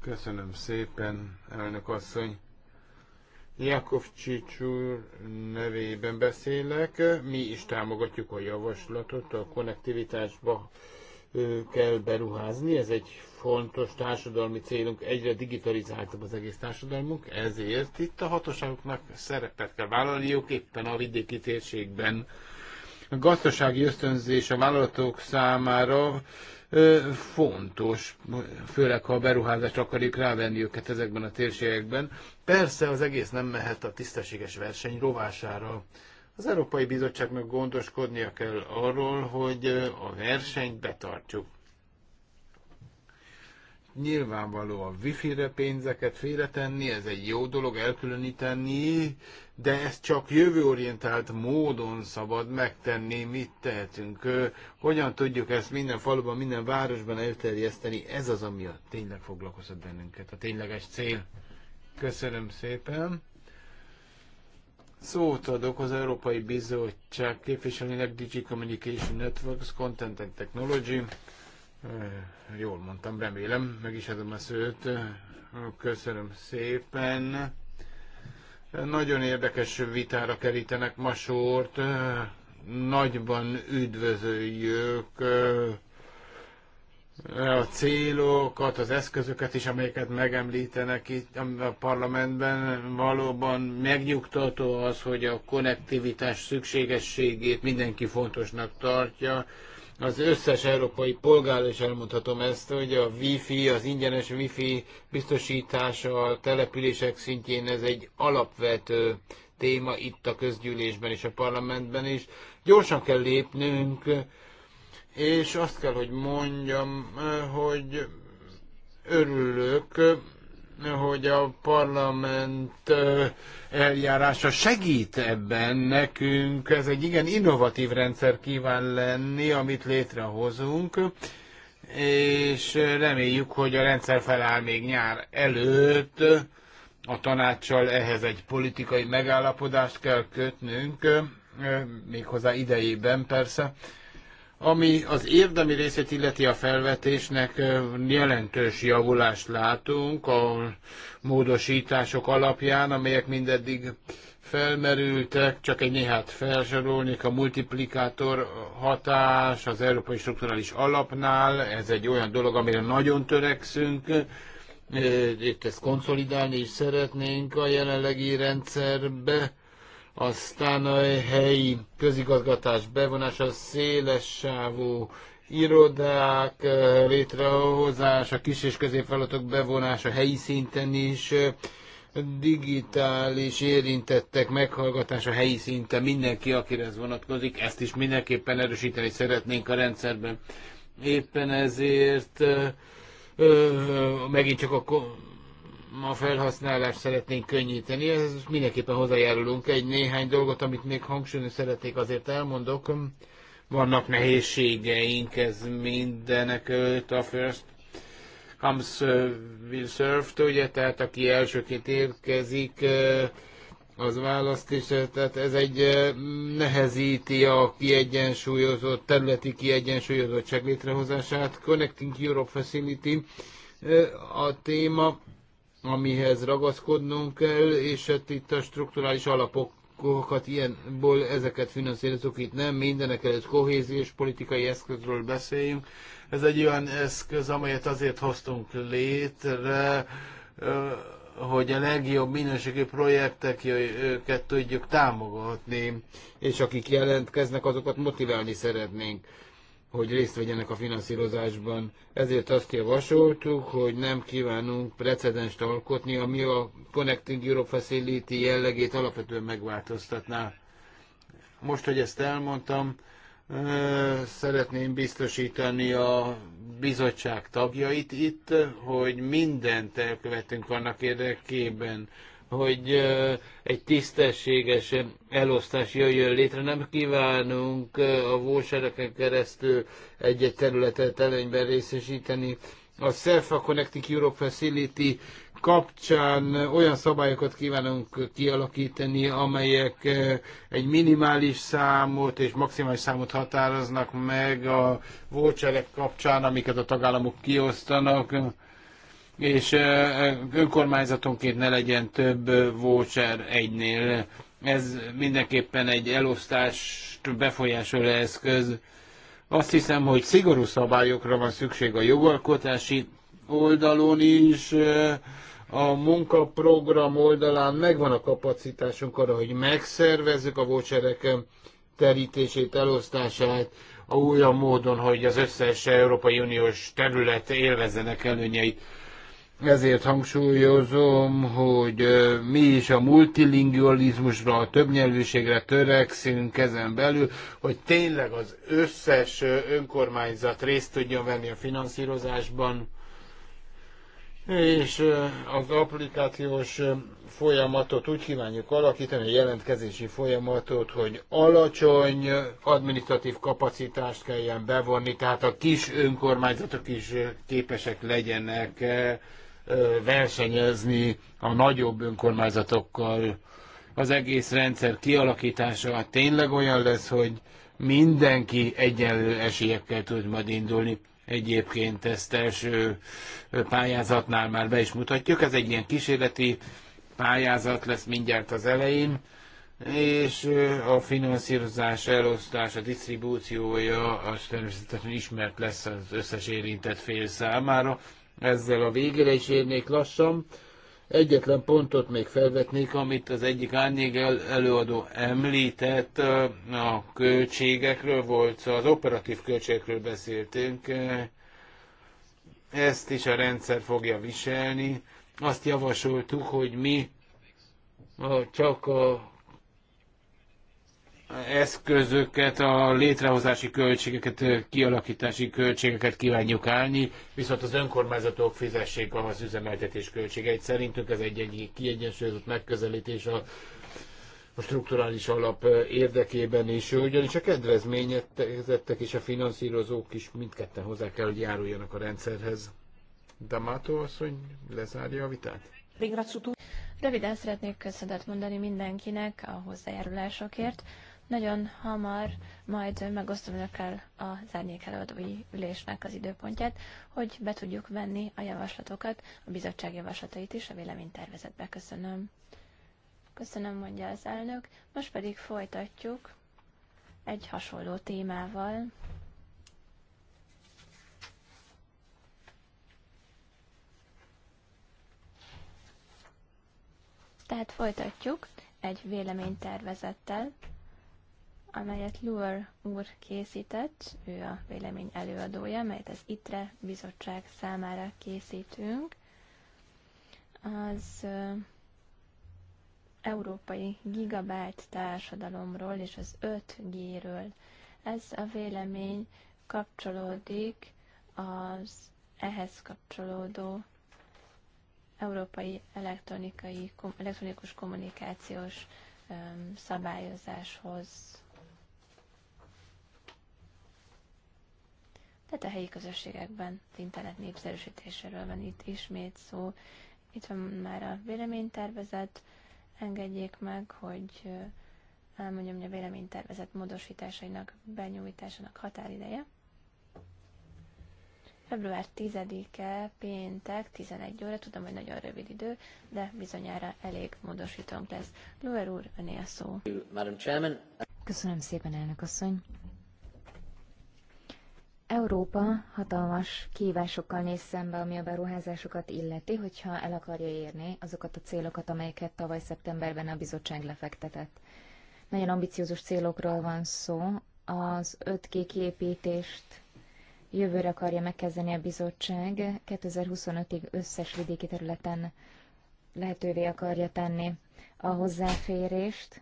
Köszönöm szépen, elnök asszony. Jakov Csicsúr nevében beszélek. Mi is támogatjuk a javaslatot a konnektivitásba kell beruházni, ez egy fontos társadalmi célunk, egyre digitalizáltabb az egész társadalmunk, ezért itt a hatóságoknak szerepet kell vállalniuk éppen a vidéki térségben. A gazdasági ösztönzés a vállalatok számára ö, fontos, főleg ha a beruházást akarjuk rávenni őket ezekben a térségekben. Persze az egész nem mehet a tisztességes verseny rovására. Az Európai Bizottságnak gondoskodnia kell arról, hogy a versenyt betartjuk. Nyilvánvaló a wifi-re pénzeket félretenni, ez egy jó dolog elkülöníteni, de ezt csak jövőorientált módon szabad megtenni, mit tehetünk, hogyan tudjuk ezt minden faluban, minden városban elterjeszteni, ez az, ami a tényleg foglalkoztat bennünket, a tényleges cél. Köszönöm szépen! Szót adok az Európai Bizottság képviselőnek Digi Communication Networks Content and Technology. Jól mondtam, remélem, meg is adom a szőt. Köszönöm szépen. Nagyon érdekes vitára kerítenek ma sort. Nagyban üdvözöljük a célokat, az eszközöket is, amelyeket megemlítenek itt a parlamentben, valóban megnyugtató az, hogy a konnektivitás szükségességét mindenki fontosnak tartja. Az összes európai polgár is elmondhatom ezt, hogy a wifi, az ingyenes wifi biztosítása a települések szintjén ez egy alapvető téma itt a közgyűlésben és a parlamentben is. Gyorsan kell lépnünk, és azt kell, hogy mondjam, eh, hogy örülök, eh, hogy a parlament eh, eljárása segít ebben nekünk. Ez egy igen innovatív rendszer kíván lenni, amit létrehozunk, és reméljük, hogy a rendszer feláll még nyár előtt. A tanácssal ehhez egy politikai megállapodást kell kötnünk, méghozzá idejében persze ami az érdemi részét illeti a felvetésnek, jelentős javulást látunk a módosítások alapján, amelyek mindeddig felmerültek, csak egy néhát felsorolnék, a multiplikátor hatás az Európai Strukturális Alapnál, ez egy olyan dolog, amire nagyon törekszünk, itt ezt konszolidálni is szeretnénk a jelenlegi rendszerbe, aztán a helyi közigazgatás bevonása, széles sávú irodák eh, létrehozása, kis és középvállalatok bevonása helyi szinten is, eh, digitális érintettek meghallgatása helyi szinten, mindenki, akire ez vonatkozik, ezt is mindenképpen erősíteni szeretnénk a rendszerben. Éppen ezért eh, megint csak a a felhasználást szeretnénk könnyíteni, ez mindenképpen hozzájárulunk. Egy néhány dolgot, amit még hangsúlyozni szeretnék, azért elmondok. Vannak nehézségeink, ez mindenek előtt a first comes uh, will served, ugye, tehát aki elsőként érkezik, uh, az választ is, uh, tehát ez egy nehezíti a kiegyensúlyozott, területi kiegyensúlyozottság létrehozását. Connecting Europe Facility a téma, amihez ragaszkodnunk kell, és hát itt a strukturális alapokat ilyenból ezeket finanszírozunk, itt nem mindenek előtt kohéziós politikai eszközről beszéljünk. Ez egy olyan eszköz, amelyet azért hoztunk létre, hogy a legjobb minőségű projekteket tudjuk támogatni, és akik jelentkeznek, azokat motiválni szeretnénk hogy részt vegyenek a finanszírozásban. Ezért azt javasoltuk, hogy nem kívánunk precedenst alkotni, ami a Connecting Europe Facility jellegét alapvetően megváltoztatná. Most, hogy ezt elmondtam, szeretném biztosítani a bizottság tagjait itt, hogy mindent elkövetünk annak érdekében, hogy egy tisztességes elosztás jöjjön létre. Nem kívánunk a vósereken keresztül egy-egy területet előnyben részesíteni. A SERFA Connecting Europe Facility kapcsán olyan szabályokat kívánunk kialakítani, amelyek egy minimális számot és maximális számot határoznak meg a voucherek kapcsán, amiket a tagállamok kiosztanak és önkormányzatonként ne legyen több voucher egynél. Ez mindenképpen egy elosztást befolyásoló eszköz. Azt hiszem, hogy szigorú szabályokra van szükség a jogalkotási oldalon is, a munkaprogram oldalán megvan a kapacitásunk arra, hogy megszervezzük a vócserek terítését, elosztását, olyan módon, hogy az összes Európai Uniós terület élvezzenek előnyeit. Ezért hangsúlyozom, hogy mi is a multilingualizmusra, a többnyelvűségre törekszünk ezen belül, hogy tényleg az összes önkormányzat részt tudjon venni a finanszírozásban, és az applikációs folyamatot úgy kívánjuk alakítani, a jelentkezési folyamatot, hogy alacsony administratív kapacitást kelljen bevonni, tehát a kis önkormányzatok is képesek legyenek versenyezni a nagyobb önkormányzatokkal. Az egész rendszer kialakítása hát tényleg olyan lesz, hogy mindenki egyenlő esélyekkel tud majd indulni. Egyébként ezt első pályázatnál már be is mutatjuk. Ez egy ilyen kísérleti pályázat lesz mindjárt az elején, és a finanszírozás, elosztás, a disztribúciója az természetesen ismert lesz az összes érintett fél számára ezzel a végére is érnék lassan. Egyetlen pontot még felvetnék, amit az egyik árnyék előadó említett, a költségekről volt, az operatív költségekről beszéltünk, ezt is a rendszer fogja viselni. Azt javasoltuk, hogy mi csak a eszközöket, a létrehozási költségeket, kialakítási költségeket kívánjuk állni, viszont az önkormányzatok fizessék az üzemeltetés költségeit. Szerintünk ez egy, egy kiegyensúlyozott megközelítés a, a strukturális alap érdekében is, ugyanis a kedvezményezettek és a finanszírozók is mindketten hozzá kell, hogy járuljanak a rendszerhez. Damato asszony lezárja a vitát. Röviden szeretnék köszönetet mondani mindenkinek a hozzájárulásokért. Nagyon hamar majd megosztom önökkel az árnyék előadói ülésnek az időpontját, hogy be tudjuk venni a javaslatokat, a bizottság javaslatait is a véleménytervezetbe. Köszönöm. Köszönöm, mondja az elnök. Most pedig folytatjuk egy hasonló témával. Tehát folytatjuk egy véleménytervezettel amelyet Luer úr készített, ő a vélemény előadója, melyet az ITRE bizottság számára készítünk, az európai gigabájt társadalomról és az 5G-ről. Ez a vélemény kapcsolódik az ehhez kapcsolódó európai elektronikai, elektronikus kommunikációs szabályozáshoz. tehát a helyi közösségekben az internet népszerűsítéséről van itt ismét szó. Itt van már a véleménytervezet, engedjék meg, hogy elmondjam, hogy a véleménytervezet módosításainak benyújtásának határideje. Február 10-e, péntek, 11 óra, tudom, hogy nagyon rövid idő, de bizonyára elég módosítónk lesz. Lóer úr, öné a szó. Köszönöm szépen, elnök asszony. Európa hatalmas kívásokkal néz szembe, ami a beruházásokat illeti, hogyha el akarja érni azokat a célokat, amelyeket tavaly szeptemberben a bizottság lefektetett. Nagyon ambiciózus célokról van szó. Az 5G kiépítést jövőre akarja megkezdeni a bizottság, 2025-ig összes vidéki területen lehetővé akarja tenni a hozzáférést.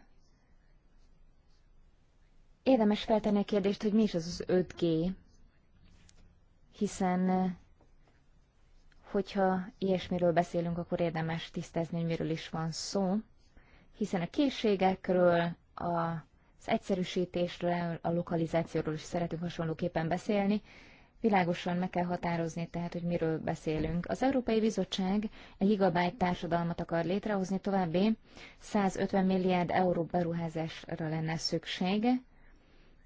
Érdemes feltenni a kérdést, hogy mi is az az 5G, hiszen eh, hogyha ilyesmiről beszélünk, akkor érdemes tisztázni, hogy miről is van szó, hiszen a készségekről, az egyszerűsítésről, a lokalizációról is szeretünk hasonlóképpen beszélni, Világosan meg kell határozni tehát, hogy miről beszélünk. Az Európai Bizottság egy gigabyte társadalmat akar létrehozni, további 150 milliárd euró beruházásra lenne szüksége.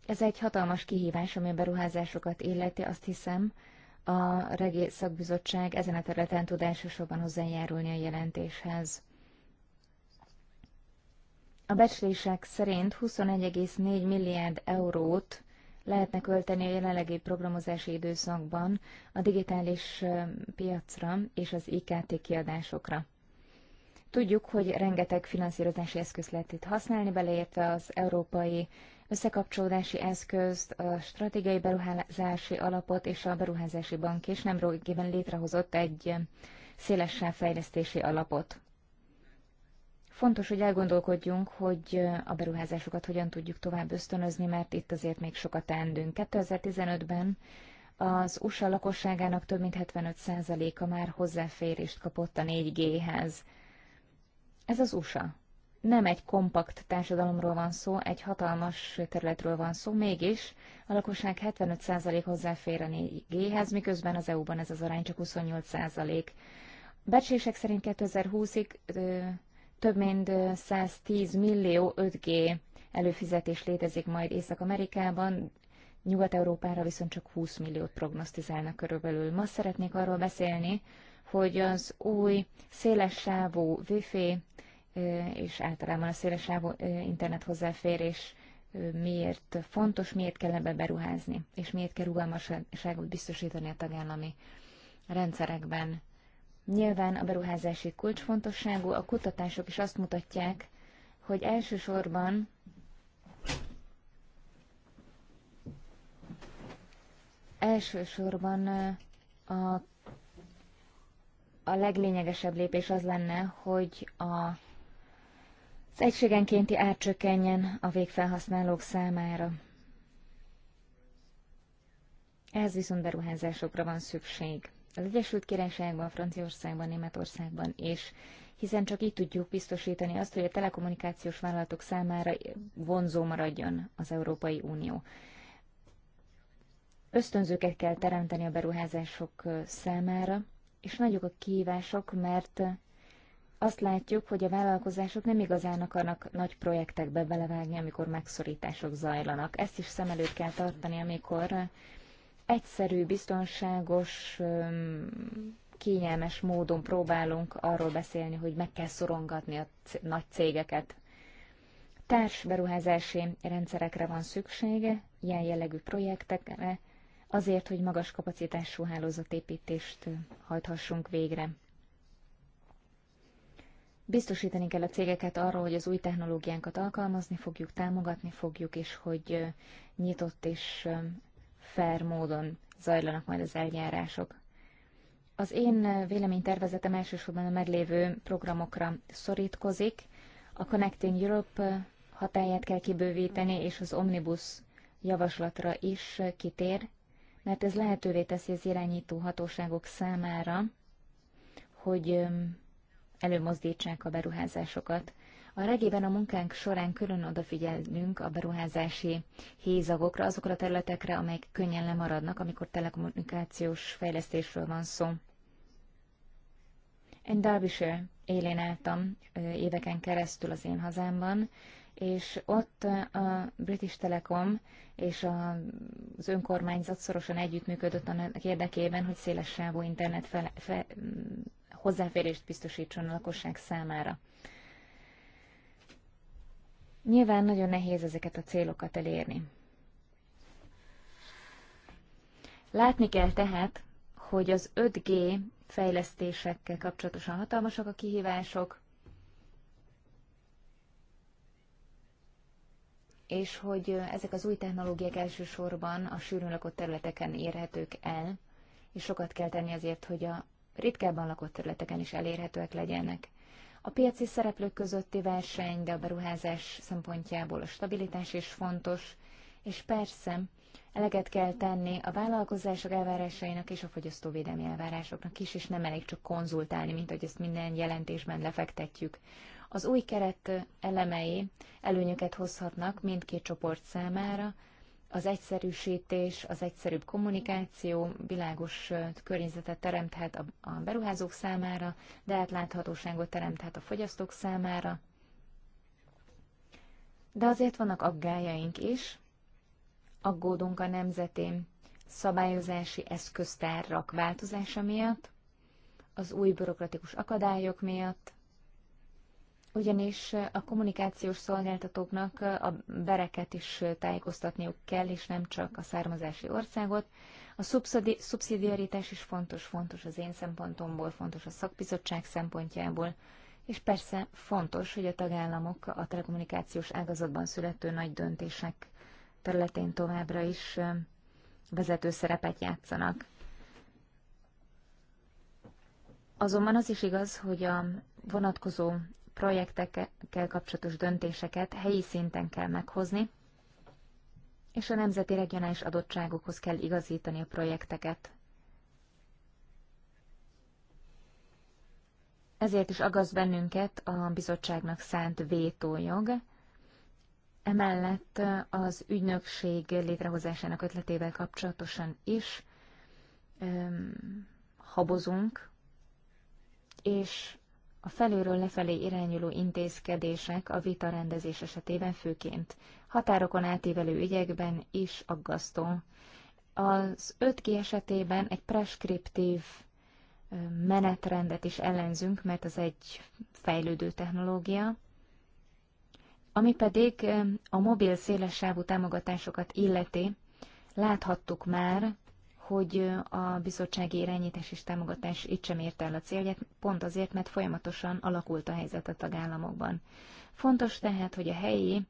Ez egy hatalmas kihívás, ami a beruházásokat illeti, azt hiszem, a Regi Szakbizottság ezen a területen tud elsősorban hozzájárulni a jelentéshez. A becslések szerint 21,4 milliárd eurót lehetne költeni a jelenlegi programozási időszakban a digitális piacra és az IKT kiadásokra. Tudjuk, hogy rengeteg finanszírozási eszközt lehet itt használni, beleértve az európai összekapcsolódási eszközt, a stratégiai beruházási alapot és a beruházási bank is nemrégiben létrehozott egy szélessel fejlesztési alapot. Fontos, hogy elgondolkodjunk, hogy a beruházásokat hogyan tudjuk tovább ösztönözni, mert itt azért még sokat teendünk. 2015-ben az USA lakosságának több mint 75%-a már hozzáférést kapott a 4G-hez. Ez az USA nem egy kompakt társadalomról van szó, egy hatalmas területről van szó, mégis a lakosság 75% hozzáfér a 4G-hez, miközben az EU-ban ez az arány csak 28%. Becslések szerint 2020-ig több mint 110 millió 5G előfizetés létezik majd Észak-Amerikában, Nyugat-Európára viszont csak 20 milliót prognosztizálnak körülbelül. Ma szeretnék arról beszélni, hogy az új szélessávú wifi és általában a szélesávú internet hozzáférés miért fontos, miért kell ebbe beruházni, és miért kell rugalmasságot biztosítani a tagállami rendszerekben. Nyilván a beruházási kulcsfontosságú, a kutatások is azt mutatják, hogy elsősorban elsősorban a, a leglényegesebb lépés az lenne, hogy a az egységenkénti ár csökkenjen a végfelhasználók számára. Ez viszont beruházásokra van szükség. Az Egyesült Királyságban, Franciaországban, Németországban és hiszen csak így tudjuk biztosítani azt, hogy a telekommunikációs vállalatok számára vonzó maradjon az Európai Unió. Ösztönzőket kell teremteni a beruházások számára, és nagyok a kihívások, mert azt látjuk, hogy a vállalkozások nem igazán akarnak nagy projektekbe belevágni, amikor megszorítások zajlanak. Ezt is szem előtt kell tartani, amikor egyszerű, biztonságos, kényelmes módon próbálunk arról beszélni, hogy meg kell szorongatni a nagy cégeket. Társberuházási rendszerekre van szüksége, ilyen jellegű projektekre, azért, hogy magas kapacitású hálózatépítést hajthassunk végre. Biztosítani kell a cégeket arról, hogy az új technológiánkat alkalmazni fogjuk, támogatni fogjuk, és hogy nyitott és fair módon zajlanak majd az eljárások. Az én véleménytervezetem elsősorban a meglévő programokra szorítkozik. A Connecting Europe hatáját kell kibővíteni, és az Omnibus javaslatra is kitér, mert ez lehetővé teszi az irányító hatóságok számára, hogy előmozdítsák a beruházásokat. A regében a munkánk során külön odafigyelünk a beruházási hézagokra, azokra a területekre, amelyek könnyen lemaradnak, amikor telekommunikációs fejlesztésről van szó. Én Derbyshire élén álltam éveken keresztül az én hazámban, és ott a British Telecom és az önkormányzat szorosan együttműködött annak érdekében, hogy széles sávú internet fel, fe, hozzáférést biztosítson a lakosság számára. Nyilván nagyon nehéz ezeket a célokat elérni. Látni kell tehát, hogy az 5G fejlesztésekkel kapcsolatosan hatalmasak a kihívások, és hogy ezek az új technológiák elsősorban a sűrűn lakott területeken érhetők el, és sokat kell tenni azért, hogy a ritkábban lakott területeken is elérhetőek legyenek. A piaci szereplők közötti verseny, de a beruházás szempontjából a stabilitás is fontos, és persze eleget kell tenni a vállalkozások elvárásainak és a fogyasztóvédelmi elvárásoknak is, és nem elég csak konzultálni, mint hogy ezt minden jelentésben lefektetjük. Az új keret elemei előnyöket hozhatnak mindkét csoport számára, az egyszerűsítés, az egyszerűbb kommunikáció világos környezetet teremthet a beruházók számára, de átláthatóságot teremthet a fogyasztók számára. De azért vannak aggájaink is. Aggódunk a nemzeti szabályozási eszköztárrak változása miatt, az új bürokratikus akadályok miatt, ugyanis a kommunikációs szolgáltatóknak a bereket is tájékoztatniuk kell, és nem csak a származási országot. A szubszidiaritás is fontos, fontos az én szempontomból, fontos a szakbizottság szempontjából, és persze fontos, hogy a tagállamok a telekommunikációs ágazatban születő nagy döntések területén továbbra is vezető szerepet játszanak. Azonban az is igaz, hogy a vonatkozó projektekkel kapcsolatos döntéseket helyi szinten kell meghozni, és a nemzeti regionális adottságokhoz kell igazítani a projekteket. Ezért is agaz bennünket a bizottságnak szánt vétójog. Emellett az ügynökség létrehozásának ötletével kapcsolatosan is öm, habozunk, és a felülről lefelé irányuló intézkedések a vita rendezés esetében főként határokon átívelő ügyekben is aggasztó. Az 5G esetében egy preskriptív menetrendet is ellenzünk, mert ez egy fejlődő technológia, ami pedig a mobil szélessávú támogatásokat illeti, láthattuk már, hogy a bizottsági irányítás és támogatás itt sem ért el a célját, pont azért, mert folyamatosan alakult a helyzet a tagállamokban. Fontos tehát, hogy a helyi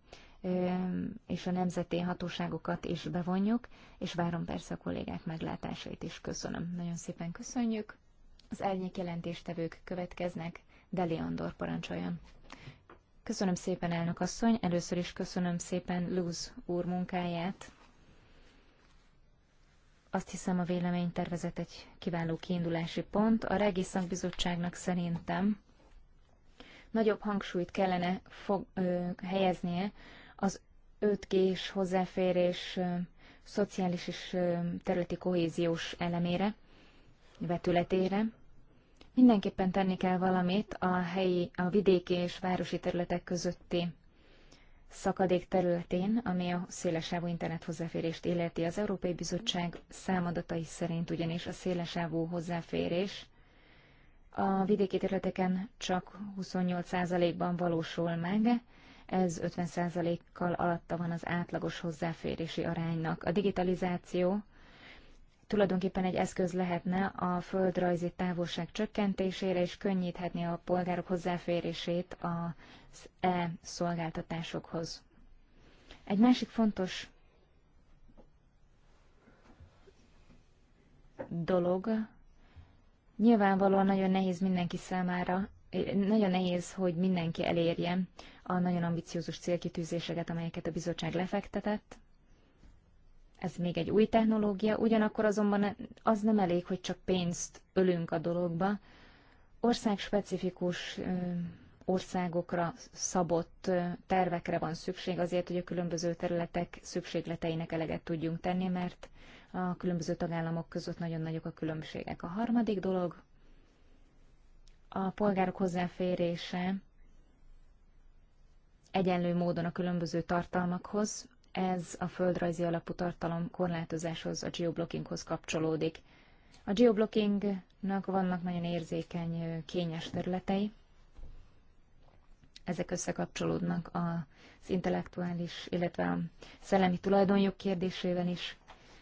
és a nemzeti hatóságokat is bevonjuk, és várom persze a kollégák meglátásait is. Köszönöm. Nagyon szépen köszönjük. Az elnyék jelentéstevők következnek. Deli Andor parancsoljon. Köszönöm szépen, elnök asszony. Először is köszönöm szépen Luz úr munkáját. Azt hiszem a véleménytervezet egy kiváló kiindulási pont. A Regi Szakbizottságnak szerintem nagyobb hangsúlyt kellene fog, ö, helyeznie az 5G-s hozzáférés ö, szociális és ö, területi kohéziós elemére, vetületére. Mindenképpen tenni kell valamit a helyi, a vidéki és városi területek közötti szakadék területén, ami a szélesávú internet hozzáférést illeti. Az Európai Bizottság számadatai szerint ugyanis a szélesávú hozzáférés a vidéki területeken csak 28%-ban valósul meg, ez 50%-kal alatta van az átlagos hozzáférési aránynak. A digitalizáció tulajdonképpen egy eszköz lehetne a földrajzi távolság csökkentésére, és könnyíthetné a polgárok hozzáférését az e-szolgáltatásokhoz. Egy másik fontos dolog, nyilvánvalóan nagyon nehéz mindenki számára, nagyon nehéz, hogy mindenki elérje a nagyon ambiciózus célkitűzéseket, amelyeket a bizottság lefektetett, ez még egy új technológia, ugyanakkor azonban az nem elég, hogy csak pénzt ölünk a dologba. Országspecifikus országokra szabott tervekre van szükség azért, hogy a különböző területek szükségleteinek eleget tudjunk tenni, mert a különböző tagállamok között nagyon nagyok a különbségek. A harmadik dolog a polgárok hozzáférése egyenlő módon a különböző tartalmakhoz, ez a földrajzi alapú tartalom korlátozáshoz, a geoblockinghoz kapcsolódik. A geoblockingnak vannak nagyon érzékeny, kényes területei. Ezek összekapcsolódnak az intellektuális, illetve a szellemi tulajdonjog kérdésével is,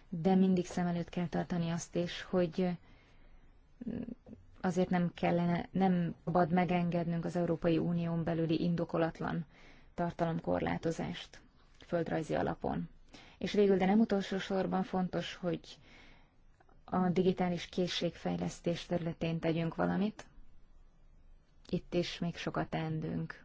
de mindig szem előtt kell tartani azt is, hogy azért nem kellene, nem bad megengednünk az Európai Unión belüli indokolatlan tartalomkorlátozást földrajzi alapon. És végül, de nem utolsó sorban fontos, hogy a digitális készségfejlesztés területén tegyünk valamit. Itt is még sokat teendünk.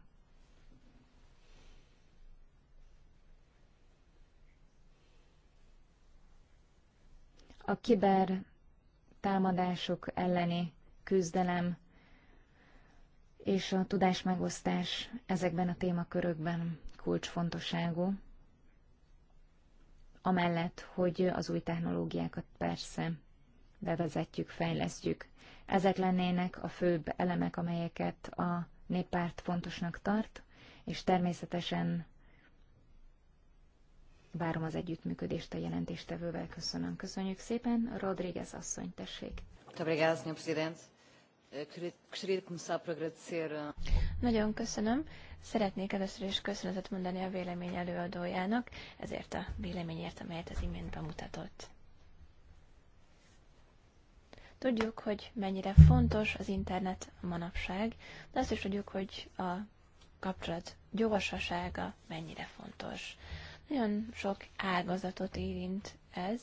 A kiber támadások elleni küzdelem és a tudásmegosztás ezekben a témakörökben kulcsfontosságú amellett, hogy az új technológiákat persze bevezetjük, fejlesztjük. Ezek lennének a főbb elemek, amelyeket a néppárt fontosnak tart, és természetesen várom az együttműködést a jelentéstevővel. Köszönöm. Köszönjük szépen. Rodríguez asszony, tessék. Eh, eh. Nagyon köszönöm. Szeretnék először is köszönetet mondani a vélemény előadójának, ezért a véleményért, amelyet az imént bemutatott. Tudjuk, hogy mennyire fontos az internet manapság, de azt is tudjuk, hogy a kapcsolat gyorsasága mennyire fontos. Nagyon sok ágazatot érint ez,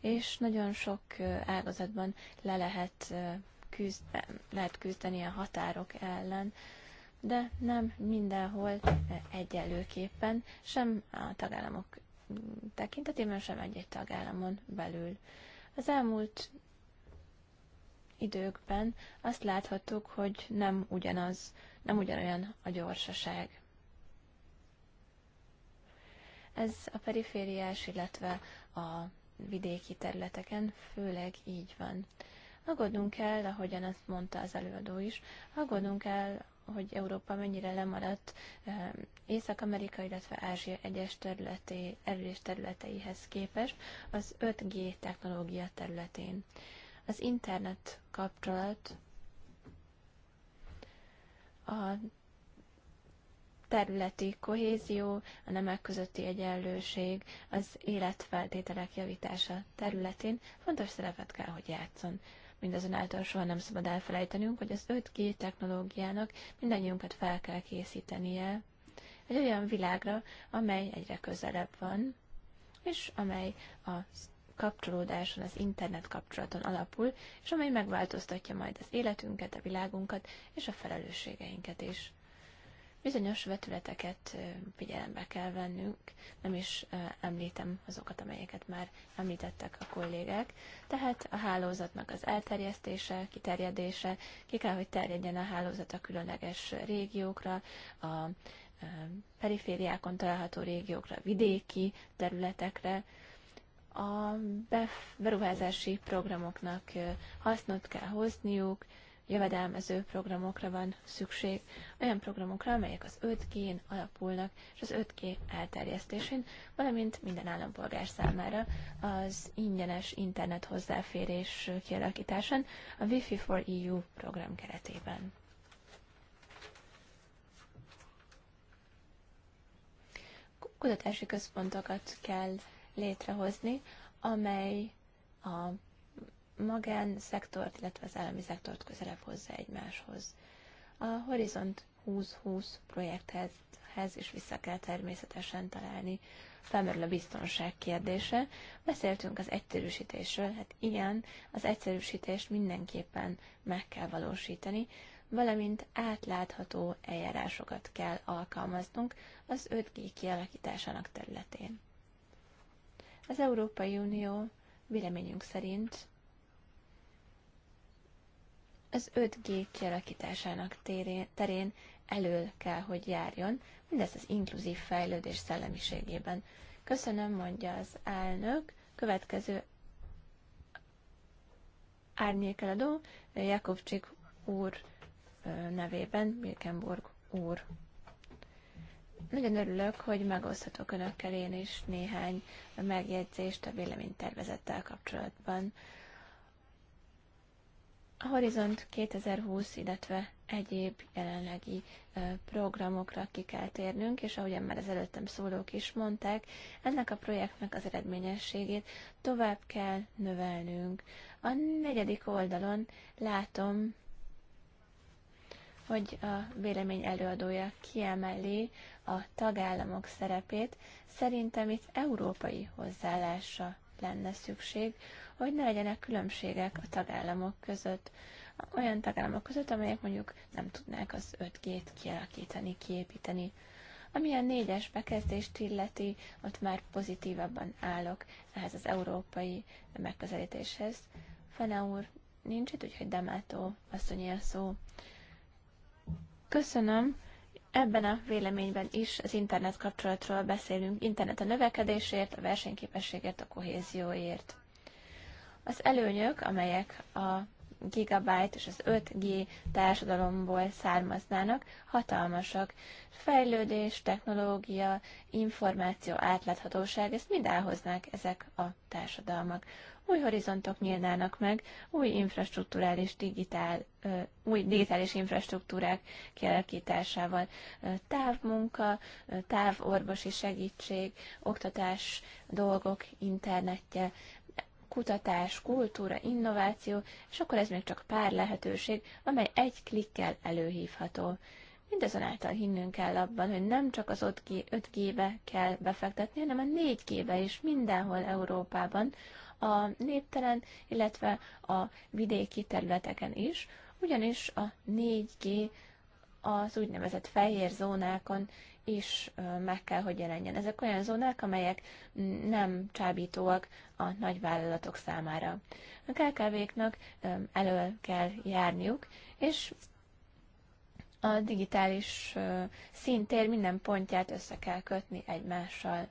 és nagyon sok eh, ágazatban le lehet küzd, lehet küzdeni a határok ellen, de nem mindenhol e, egyelőképpen, sem a tagállamok tekintetében, sem egy-egy tagállamon belül. Az elmúlt időkben azt láthattuk, hogy nem ugyanaz, nem ugyanolyan a gyorsaság. Ez a perifériás, illetve a vidéki területeken főleg így van. Aggódnunk kell, ahogyan ezt mondta az előadó is, aggódnunk kell, hogy Európa mennyire lemaradt Észak-Amerika, illetve Ázsia egyes területé, erős területeihez képest az 5G technológia területén. Az internet kapcsolat a területi kohézió, a nemek közötti egyenlőség, az életfeltételek javítása területén fontos szerepet kell, hogy játszon. Mindazonáltal soha nem szabad elfelejtenünk, hogy az 5G technológiának mindannyiunkat fel kell készítenie egy olyan világra, amely egyre közelebb van, és amely a kapcsolódáson, az internet kapcsolaton alapul, és amely megváltoztatja majd az életünket, a világunkat és a felelősségeinket is. Bizonyos vetületeket figyelembe kell vennünk, nem is említem azokat, amelyeket már említettek a kollégák. Tehát a hálózatnak az elterjesztése, kiterjedése, ki kell, hogy terjedjen a hálózat a különleges régiókra, a perifériákon található régiókra, vidéki területekre, a beruházási programoknak hasznot kell hozniuk, jövedelmező programokra van szükség, olyan programokra, amelyek az 5G-n alapulnak, és az 5G elterjesztésén, valamint minden állampolgár számára az ingyenes internet hozzáférés kialakításán a Wi-Fi for EU program keretében. Kutatási központokat kell létrehozni, amely a magán szektort, illetve az állami szektort közelebb hozza egymáshoz. A Horizont 2020 projekthez is vissza kell természetesen találni. Felmerül a biztonság kérdése. Beszéltünk az egyszerűsítésről, hát igen, az egyszerűsítést mindenképpen meg kell valósítani, valamint átlátható eljárásokat kell alkalmaznunk az 5G kialakításának területén. Az Európai Unió véleményünk szerint az 5G kialakításának terén elől kell, hogy járjon, mindezt az inkluzív fejlődés szellemiségében. Köszönöm, mondja az elnök. Következő árnyékeladó Jakobcsik úr nevében, Birkenburg úr. Nagyon örülök, hogy megoszthatok Önökkel én is néhány megjegyzést a véleménytervezettel kapcsolatban. A Horizont 2020, illetve egyéb jelenlegi programokra ki kell térnünk, és ahogyan már az előttem szólók is mondták, ennek a projektnek az eredményességét tovább kell növelnünk. A negyedik oldalon látom, hogy a vélemény előadója kiemeli a tagállamok szerepét, szerintem itt európai hozzáállása lenne szükség, hogy ne legyenek különbségek a tagállamok között. Olyan tagállamok között, amelyek mondjuk nem tudnák az 5G-t kialakítani, kiépíteni. Ami a négyes bekezdést illeti, ott már pozitívabban állok ehhez az európai megközelítéshez. Fene úr nincs itt, úgyhogy Demátó asszonyé a szó. Köszönöm. Ebben a véleményben is az internet kapcsolatról beszélünk. Internet a növekedésért, a versenyképességért, a kohézióért. Az előnyök, amelyek a gigabyte és az 5G társadalomból származnának, hatalmasak. Fejlődés, technológia, információ, átláthatóság, ezt mind elhoznák ezek a társadalmak. Új horizontok nyílnának meg, új infrastruktúrális digitál, új digitális infrastruktúrák kialakításával. Távmunka, távorvosi segítség, oktatás dolgok internetje, kutatás, kultúra, innováció, és akkor ez még csak pár lehetőség, amely egy klikkel előhívható. Mindazonáltal hinnünk kell abban, hogy nem csak az 5G-be kell befektetni, hanem a 4G-be is mindenhol Európában, a néptelen, illetve a vidéki területeken is, ugyanis a 4G az úgynevezett fehér zónákon is meg kell, hogy jelenjen. Ezek olyan zónák, amelyek nem csábítóak a nagyvállalatok számára. A KKV-knak elő kell járniuk, és a digitális szintér minden pontját össze kell kötni egymással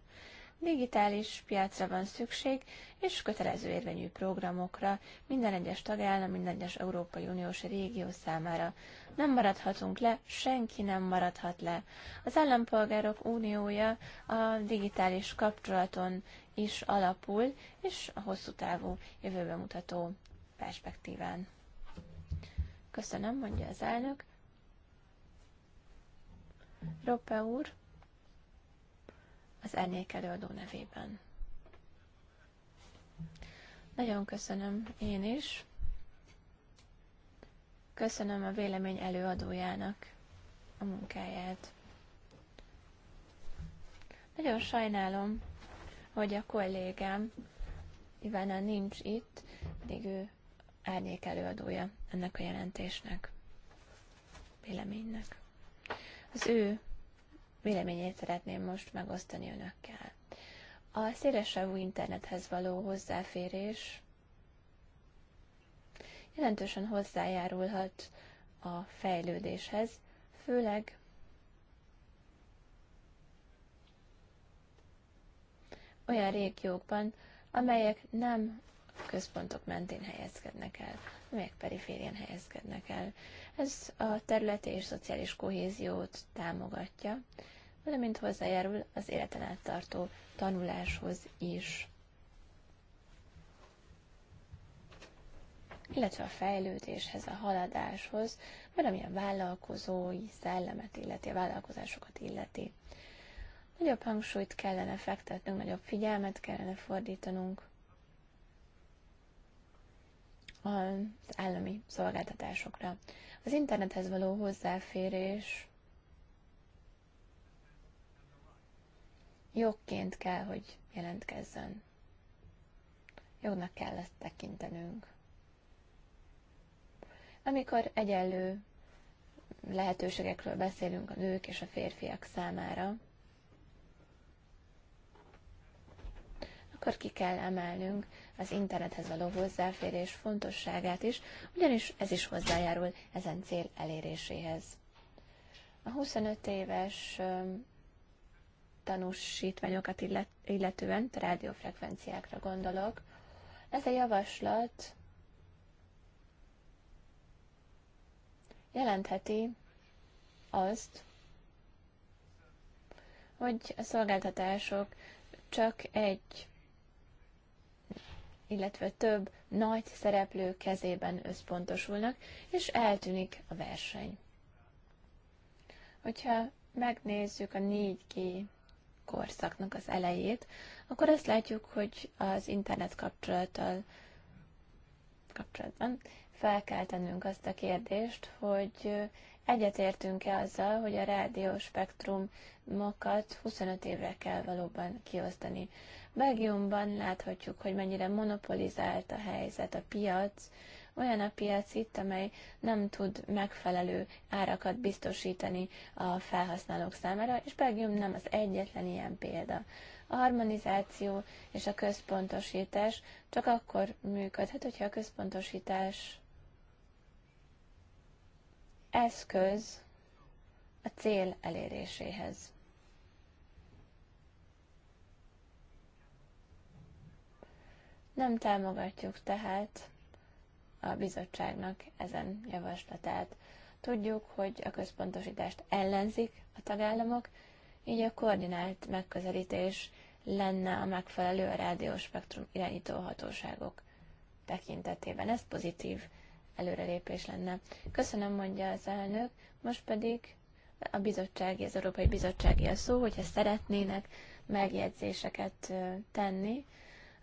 digitális piacra van szükség, és kötelező érvényű programokra minden egyes tagállam, minden egyes Európai Uniós régió számára. Nem maradhatunk le, senki nem maradhat le. Az állampolgárok uniója a digitális kapcsolaton is alapul, és a hosszú távú jövőbe mutató perspektíván. Köszönöm, mondja az elnök. Roppe úr az Ernék előadó nevében. Nagyon köszönöm én is. Köszönöm a vélemény előadójának a munkáját. Nagyon sajnálom, hogy a kollégám Ivana nincs itt, pedig ő árnyék előadója ennek a jelentésnek, véleménynek. Az ő véleményét szeretném most megosztani önökkel. A szélesávú internethez való hozzáférés jelentősen hozzájárulhat a fejlődéshez, főleg olyan régiókban, amelyek nem központok mentén helyezkednek el amelyek periférien helyezkednek el. Ez a területi és szociális kohéziót támogatja, valamint hozzájárul az életen át tartó tanuláshoz is. illetve a fejlődéshez, a haladáshoz, valamilyen vállalkozói szellemet illeti, a vállalkozásokat illeti. Nagyobb hangsúlyt kellene fektetnünk, nagyobb figyelmet kellene fordítanunk az állami szolgáltatásokra. Az internethez való hozzáférés jogként kell, hogy jelentkezzen. Jognak kell ezt tekintenünk. Amikor egyenlő lehetőségekről beszélünk a nők és a férfiak számára, akkor ki kell emelnünk az internethez való hozzáférés fontosságát is, ugyanis ez is hozzájárul ezen cél eléréséhez. A 25 éves tanúsítványokat illetően, a rádiófrekvenciákra gondolok. Ez a javaslat jelentheti azt, hogy a szolgáltatások csak egy illetve több nagy szereplő kezében összpontosulnak, és eltűnik a verseny. Hogyha megnézzük a 4G korszaknak az elejét, akkor azt látjuk, hogy az internet kapcsolattal kapcsolatban fel kell tennünk azt a kérdést, hogy egyetértünk-e azzal, hogy a rádióspektrumokat 25 évre kell valóban kiosztani. Belgiumban láthatjuk, hogy mennyire monopolizált a helyzet, a piac, olyan a piac itt, amely nem tud megfelelő árakat biztosítani a felhasználók számára, és Belgium nem az egyetlen ilyen példa. A harmonizáció és a központosítás csak akkor működhet, hogyha a központosítás eszköz a cél eléréséhez. Nem támogatjuk tehát a bizottságnak ezen javaslatát. Tudjuk, hogy a központosítást ellenzik a tagállamok, így a koordinált megközelítés lenne a megfelelő a rádióspektrum irányító hatóságok tekintetében. Ez pozitív előrelépés lenne. Köszönöm, mondja az elnök, most pedig a bizottsági, az Európai Bizottsági a szó, hogyha szeretnének megjegyzéseket tenni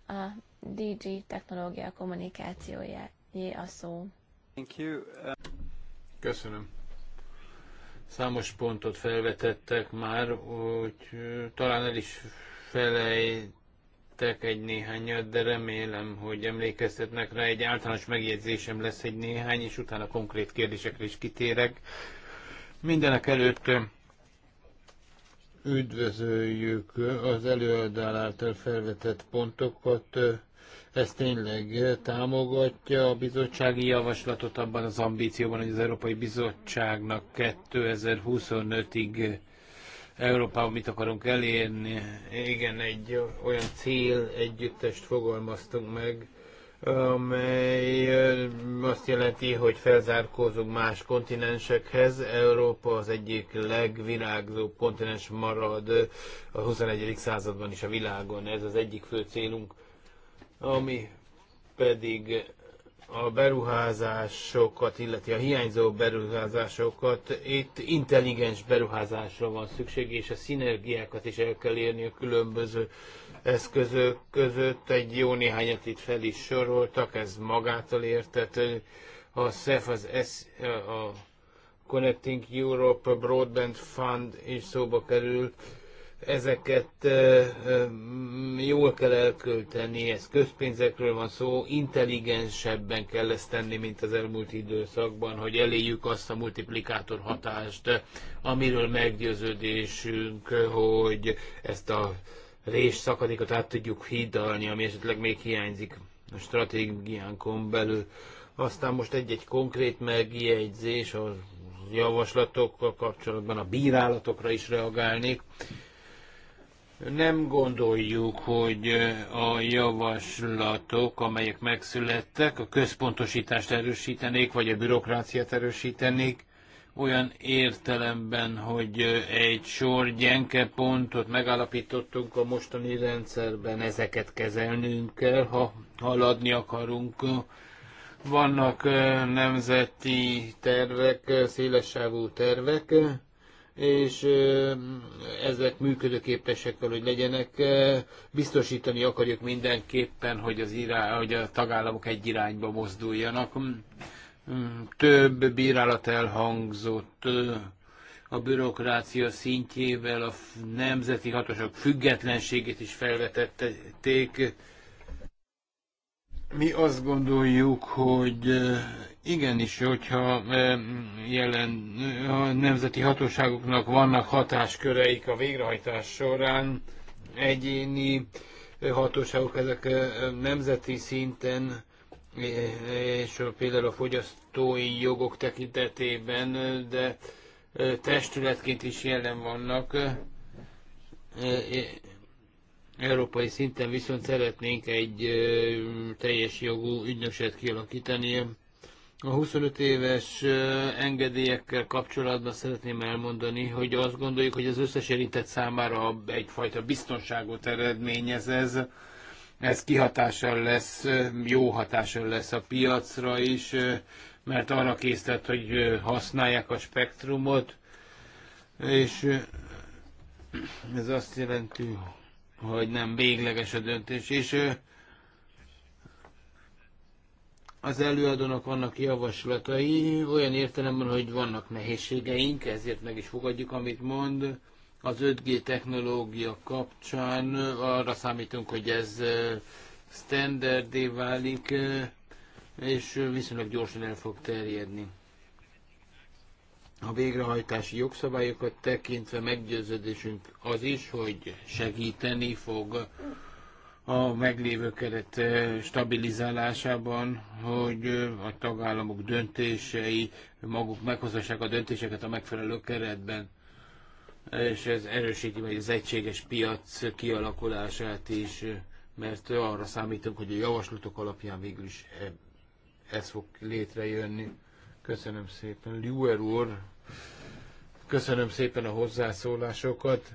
a DG technológia kommunikációja a szó. Thank you. Köszönöm. Számos pontot felvetettek már, hogy talán el is felejtek egy néhányat, de remélem, hogy emlékeztetnek rá. Egy általános megjegyzésem lesz egy néhány, és utána konkrét kérdésekre is kitérek. Mindenek előtt üdvözöljük az előadál által felvetett pontokat ez tényleg támogatja a bizottsági javaslatot abban az ambícióban, hogy az Európai Bizottságnak 2025-ig Európában mit akarunk elérni. Igen, egy olyan cél együttest fogalmaztunk meg, amely azt jelenti, hogy felzárkózunk más kontinensekhez. Európa az egyik legvirágzóbb kontinens marad a 21. században is a világon. Ez az egyik fő célunk ami pedig a beruházásokat, illeti a hiányzó beruházásokat, itt intelligens beruházásra van szükség, és a szinergiákat is el kell érni a különböző eszközök között. Egy jó néhányat itt fel is soroltak, ez magától értető. A SEF, az S, a Connecting Europe Broadband Fund is szóba került ezeket jól kell elkölteni, ez közpénzekről van szó, intelligensebben kell ezt tenni, mint az elmúlt időszakban, hogy eléjük azt a multiplikátor hatást, amiről meggyőződésünk, hogy ezt a rés szakadékot át tudjuk hidalni, ami esetleg még hiányzik a stratégiánkon belül. Aztán most egy-egy konkrét megjegyzés a javaslatokkal kapcsolatban a bírálatokra is reagálnék. Nem gondoljuk, hogy a javaslatok, amelyek megszülettek, a központosítást erősítenék, vagy a bürokráciát erősítenék, olyan értelemben, hogy egy sor gyenge pontot megállapítottunk a mostani rendszerben, ezeket kezelnünk kell, ha haladni akarunk. Vannak nemzeti tervek, szélesávú tervek, és ezek működőképesek kell, hogy legyenek. Biztosítani akarjuk mindenképpen, hogy, az irány, hogy a tagállamok egy irányba mozduljanak. Mm, mm, több bírálat elhangzott a bürokrácia szintjével, a nemzeti hatosok függetlenségét is felvetették, mi azt gondoljuk, hogy eh, igenis, hogyha eh, jelen a nemzeti hatóságoknak vannak hatásköreik a végrehajtás során, egyéni hatóságok ezek eh, nemzeti szinten, és például a fogyasztói jogok tekintetében, de testületként is jelen vannak Európai szinten viszont szeretnénk egy ö, teljes jogú ügynökséget kialakítani. A 25 éves engedélyekkel kapcsolatban szeretném elmondani, hogy azt gondoljuk, hogy az összes érintett számára egyfajta biztonságot eredményez ez. Ez kihatással lesz, jó hatással lesz a piacra is, mert arra készített, hogy használják a spektrumot, és ez azt jelenti, hogy nem végleges a döntés, és az előadónak vannak javaslatai, olyan értelemben, hogy vannak nehézségeink, ezért meg is fogadjuk, amit mond. Az 5G technológia kapcsán arra számítunk, hogy ez standardé válik, és viszonylag gyorsan el fog terjedni a végrehajtási jogszabályokat tekintve meggyőződésünk az is, hogy segíteni fog a meglévő keret eh, stabilizálásában, hogy eh, a tagállamok döntései maguk meghozassák a döntéseket a megfelelő keretben, és ez erősíti majd az egységes piac kialakulását is, mert arra számítunk, hogy a javaslatok alapján végül is eh, ez fog létrejönni. Köszönöm szépen. Liuer úr, Köszönöm szépen a hozzászólásokat.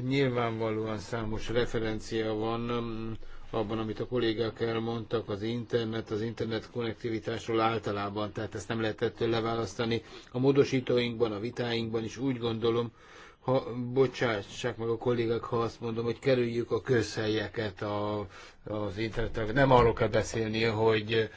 Nyilvánvalóan számos referencia van um, abban, amit a kollégák elmondtak, az internet, az internet konnektivitásról általában, tehát ezt nem lehet ettől leválasztani. A módosítóinkban, a vitáinkban is úgy gondolom, ha, bocsássák meg a kollégák, ha azt mondom, hogy kerüljük a közhelyeket a, az internetre. Nem arról kell beszélni, hogy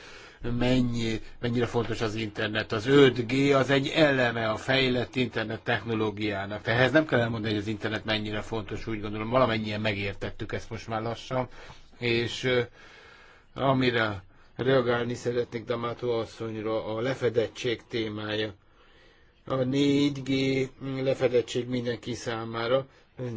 mennyi, mennyire fontos az internet. Az 5G az egy eleme a fejlett internet technológiának. Ehhez nem kell elmondani, hogy az internet mennyire fontos, úgy gondolom, valamennyien megértettük ezt most már lassan. És amire reagálni szeretnék Damátó asszonyra, a lefedettség témája. A 4G lefedettség mindenki számára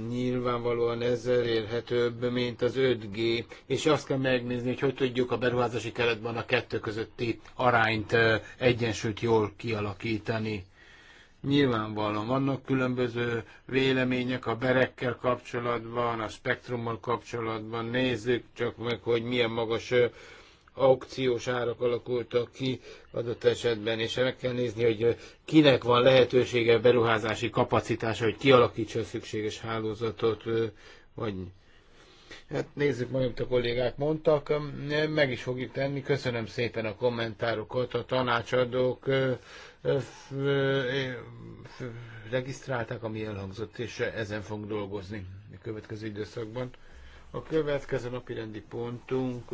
nyilvánvalóan ez elérhetőbb, mint az 5G, és azt kell megnézni, hogy hogy tudjuk a beruházási keretben a kettő közötti arányt, egyensúlyt jól kialakítani. Nyilvánvalóan vannak különböző vélemények a berekkel kapcsolatban, a spektrummal kapcsolatban. Nézzük csak meg, hogy milyen magas aukciós árak alakultak ki adott esetben, és meg kell nézni, hogy kinek van lehetősége, beruházási kapacitása, hogy kialakítsa a szükséges hálózatot, vagy Hát nézzük majd, amit a kollégák mondtak. Meg is fogjuk tenni. Köszönöm szépen a kommentárokat. A tanácsadók regisztrálták, ami elhangzott, és ezen fog dolgozni a következő időszakban. A következő napi rendi pontunk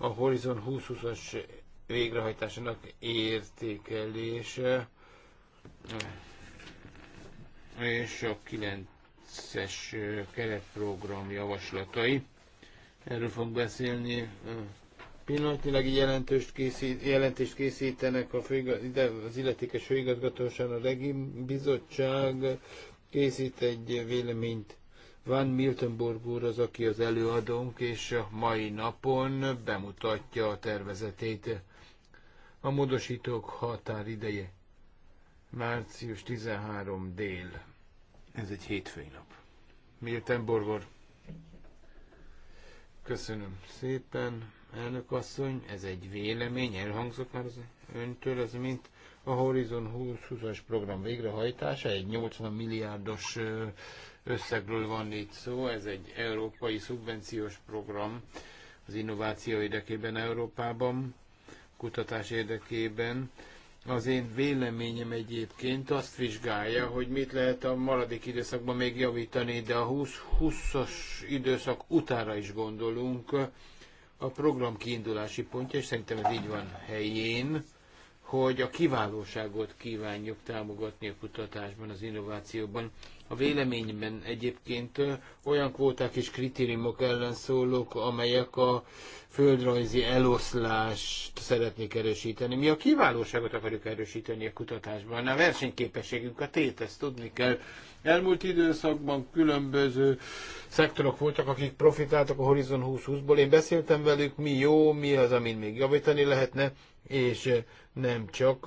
a Horizon 2020-as végrehajtásának értékelése és a 9-es keretprogram javaslatai. Erről fogunk beszélni. Pillanatnyilag jelentést, készít, jelentést készítenek a főigaz, ide az illetékes főigazgatóság, a Regi Bizottság készít egy véleményt van Miltenborg úr az, aki az előadónk, és a mai napon bemutatja a tervezetét. A módosítók határideje március 13 dél. Ez egy hétfői nap. Miltenborg úr. Köszönöm szépen, elnök asszony. Ez egy vélemény, elhangzott már az öntől, ez mint a Horizon 2020-as program végrehajtása, egy 80 milliárdos összegről van itt szó, ez egy európai szubvenciós program az innováció érdekében Európában, kutatás érdekében. Az én véleményem egyébként azt vizsgálja, hogy mit lehet a maradék időszakban még javítani, de a 20-20-as időszak utára is gondolunk. A program kiindulási pontja, és szerintem ez így van helyén, hogy a kiválóságot kívánjuk támogatni a kutatásban, az innovációban. A véleményben egyébként olyan kvóták és kritériumok ellen szólók, amelyek a földrajzi eloszlást szeretnék erősíteni. Mi a kiválóságot akarjuk erősíteni a kutatásban. A versenyképességünk a tét, ezt tudni kell. Elmúlt időszakban különböző szektorok voltak, akik profitáltak a Horizon 2020-ból. Én beszéltem velük, mi jó, mi az, amin még javítani lehetne, és nem csak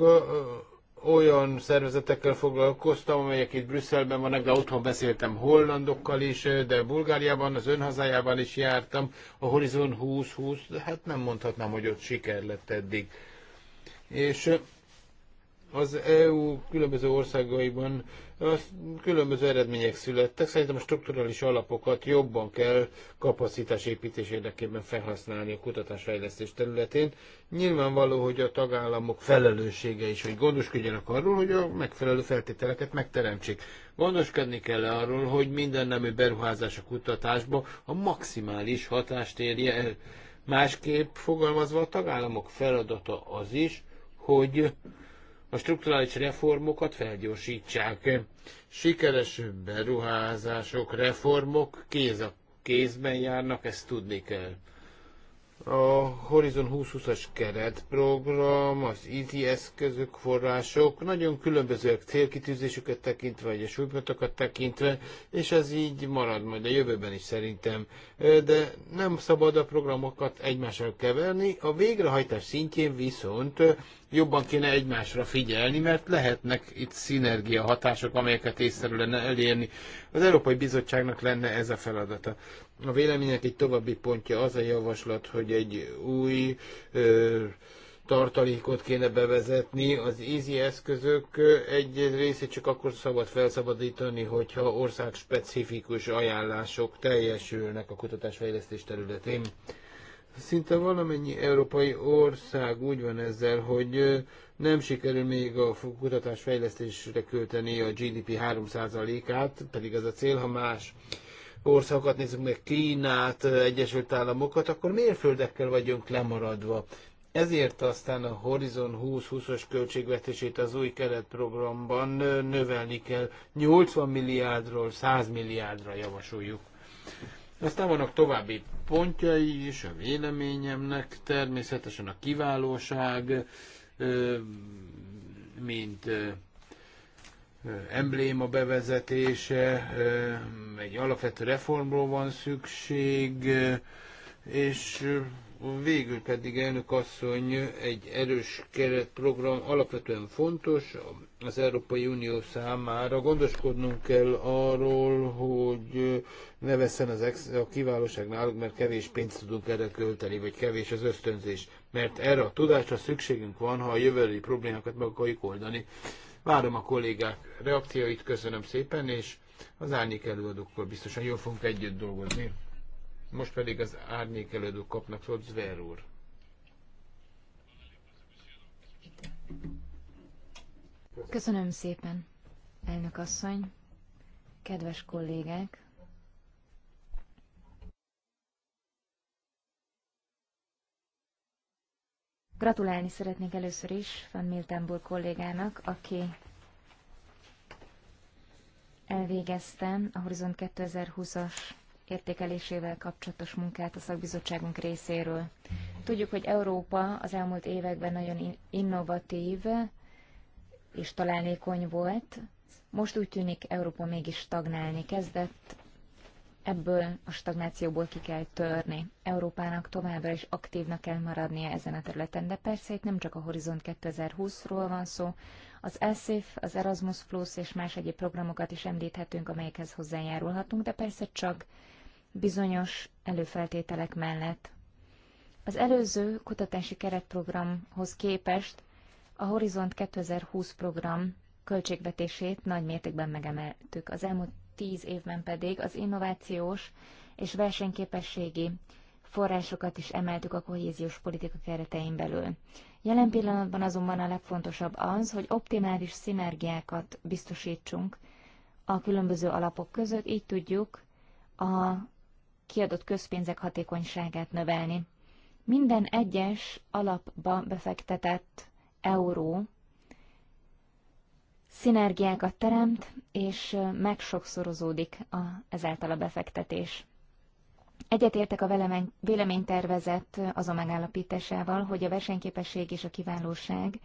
olyan szervezetekkel foglalkoztam, amelyek itt Brüsszelben vannak, de otthon beszéltem hollandokkal is, de Bulgáriában, az ön hazájában is jártam, a Horizon 2020, de hát nem mondhatnám, hogy ott siker lett eddig. És az EU különböző országaiban Különböző eredmények születtek, szerintem a strukturális alapokat jobban kell építés érdekében felhasználni a kutatásfejlesztés területén. Nyilvánvaló, hogy a tagállamok felelőssége is, hogy gondoskodjanak arról, hogy a megfelelő feltételeket megteremtsék. Gondoskodni kell arról, hogy minden nemű beruházás a kutatásba a maximális hatást érje el. Másképp fogalmazva a tagállamok feladata az is, hogy a strukturális reformokat felgyorsítsák. Sikeres beruházások, reformok kéz a kézben járnak, ezt tudni kell a Horizon 2020-as keretprogram, az IT eszközök, források nagyon különbözőek célkitűzésüket tekintve, vagy a súlypontokat tekintve, és ez így marad majd a jövőben is szerintem. De nem szabad a programokat egymással keverni, a végrehajtás szintjén viszont jobban kéne egymásra figyelni, mert lehetnek itt szinergia hatások, amelyeket észszerű lenne elérni. Az Európai Bizottságnak lenne ez a feladata. A vélemények egy további pontja az a javaslat, hogy egy új ö, tartalékot kéne bevezetni. Az ízi eszközök egy részét csak akkor szabad felszabadítani, hogyha ország specifikus ajánlások teljesülnek a kutatásfejlesztés területén. Szinte valamennyi európai ország úgy van ezzel, hogy nem sikerül még a kutatásfejlesztésre költeni a GDP 3%-át, pedig ez a cél, ha más országokat nézzük meg, Kínát, Egyesült Államokat, akkor mérföldekkel vagyunk lemaradva. Ezért aztán a Horizon 2020-as költségvetését az új keretprogramban növelni kell. 80 milliárdról 100 milliárdra javasoljuk. Aztán vannak további pontjai is a véleményemnek, természetesen a kiválóság, mint embléma bevezetése, eh, egy alapvető reformról van szükség, eh, és eh, végül pedig elnök asszony egy erős keretprogram alapvetően fontos az Európai Unió számára. Gondoskodnunk kell arról, hogy ne vesszen az ex- a kiválóság náluk, mert kevés pénzt tudunk erre költeni, vagy kevés az ösztönzés. Mert erre a tudásra szükségünk van, ha a jövőbeli problémákat meg akarjuk oldani. Várom a kollégák reakcióit, köszönöm szépen, és az árnyék előadókkal biztosan jól fogunk együtt dolgozni. Most pedig az árnyék előadók kapnak szót Zver úr. Köszönöm szépen, elnök asszony, kedves kollégák! Gratulálni szeretnék először is Van Miltenburg kollégának, aki elvégezte a Horizont 2020-as értékelésével kapcsolatos munkát a szakbizottságunk részéről. Tudjuk, hogy Európa az elmúlt években nagyon innovatív és találékony volt, most úgy tűnik Európa mégis stagnálni kezdett, ebből a stagnációból ki kell törni. Európának továbbra is aktívnak kell maradnia ezen a területen, de persze itt nem csak a Horizont 2020-ról van szó, az ESIF, az Erasmus Plus és más egyéb programokat is említhetünk, amelyekhez hozzájárulhatunk, de persze csak bizonyos előfeltételek mellett. Az előző kutatási keretprogramhoz képest a Horizont 2020 program költségvetését nagy mértékben megemeltük. Az elmúlt tíz évben pedig az innovációs és versenyképességi forrásokat is emeltük a kohéziós politika keretein belül. Jelen pillanatban azonban a legfontosabb az, hogy optimális szinergiákat biztosítsunk a különböző alapok között, így tudjuk a kiadott közpénzek hatékonyságát növelni. Minden egyes alapba befektetett euró szinergiákat teremt, és megsokszorozódik a, ezáltal a befektetés. Egyetértek a véleménytervezet az a megállapításával, hogy a versenyképesség és a kiválóság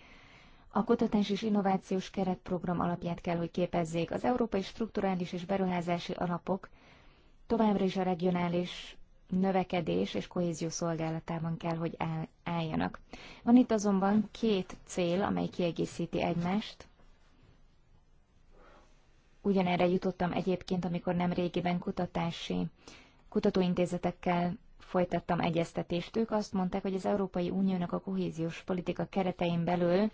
a kutatás és innovációs keretprogram alapját kell, hogy képezzék. Az európai strukturális és beruházási alapok továbbra is a regionális növekedés és kohézió szolgálatában kell, hogy álljanak. Van itt azonban két cél, amely kiegészíti egymást. Ugyanerre jutottam egyébként, amikor nem régiben kutatási kutatóintézetekkel folytattam egyeztetést. Ők azt mondták, hogy az Európai Uniónak a kohéziós politika keretein belül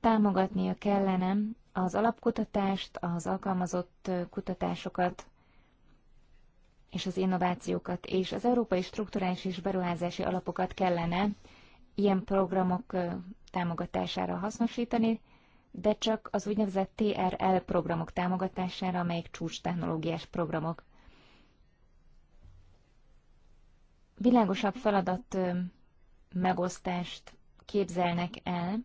támogatnia kellene az alapkutatást, az alkalmazott kutatásokat és az innovációkat, és az európai strukturális és beruházási alapokat kellene ilyen programok támogatására hasznosítani, de csak az úgynevezett TRL programok támogatására, amelyek csúcs technológiás programok. Világosabb feladat megosztást képzelnek el,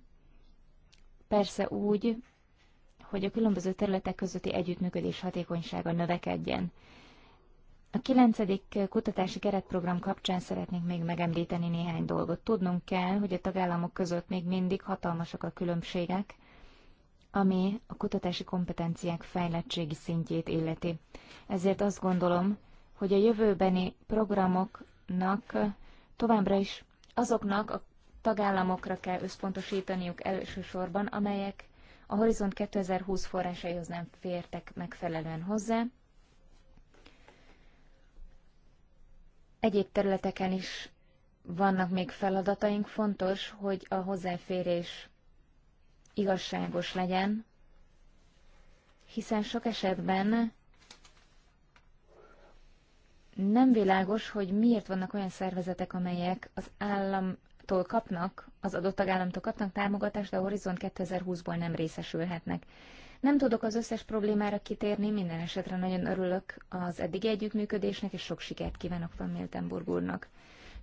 persze úgy, hogy a különböző területek közötti együttműködés hatékonysága növekedjen. A kilencedik kutatási keretprogram kapcsán szeretnék még megemlíteni néhány dolgot. Tudnunk kell, hogy a tagállamok között még mindig hatalmasak a különbségek ami a kutatási kompetenciák fejlettségi szintjét illeti. Ezért azt gondolom, hogy a jövőbeni programoknak továbbra is azoknak a tagállamokra kell összpontosítaniuk elsősorban, amelyek a Horizont 2020 forrásaihoz nem fértek megfelelően hozzá. Egyéb területeken is vannak még feladataink. Fontos, hogy a hozzáférés igazságos legyen, hiszen sok esetben nem világos, hogy miért vannak olyan szervezetek, amelyek az államtól kapnak, az adott tagállamtól kapnak támogatást, de a Horizon 2020-ból nem részesülhetnek. Nem tudok az összes problémára kitérni, minden esetre nagyon örülök az eddigi együttműködésnek, és sok sikert kívánok Van Miltenburg úrnak.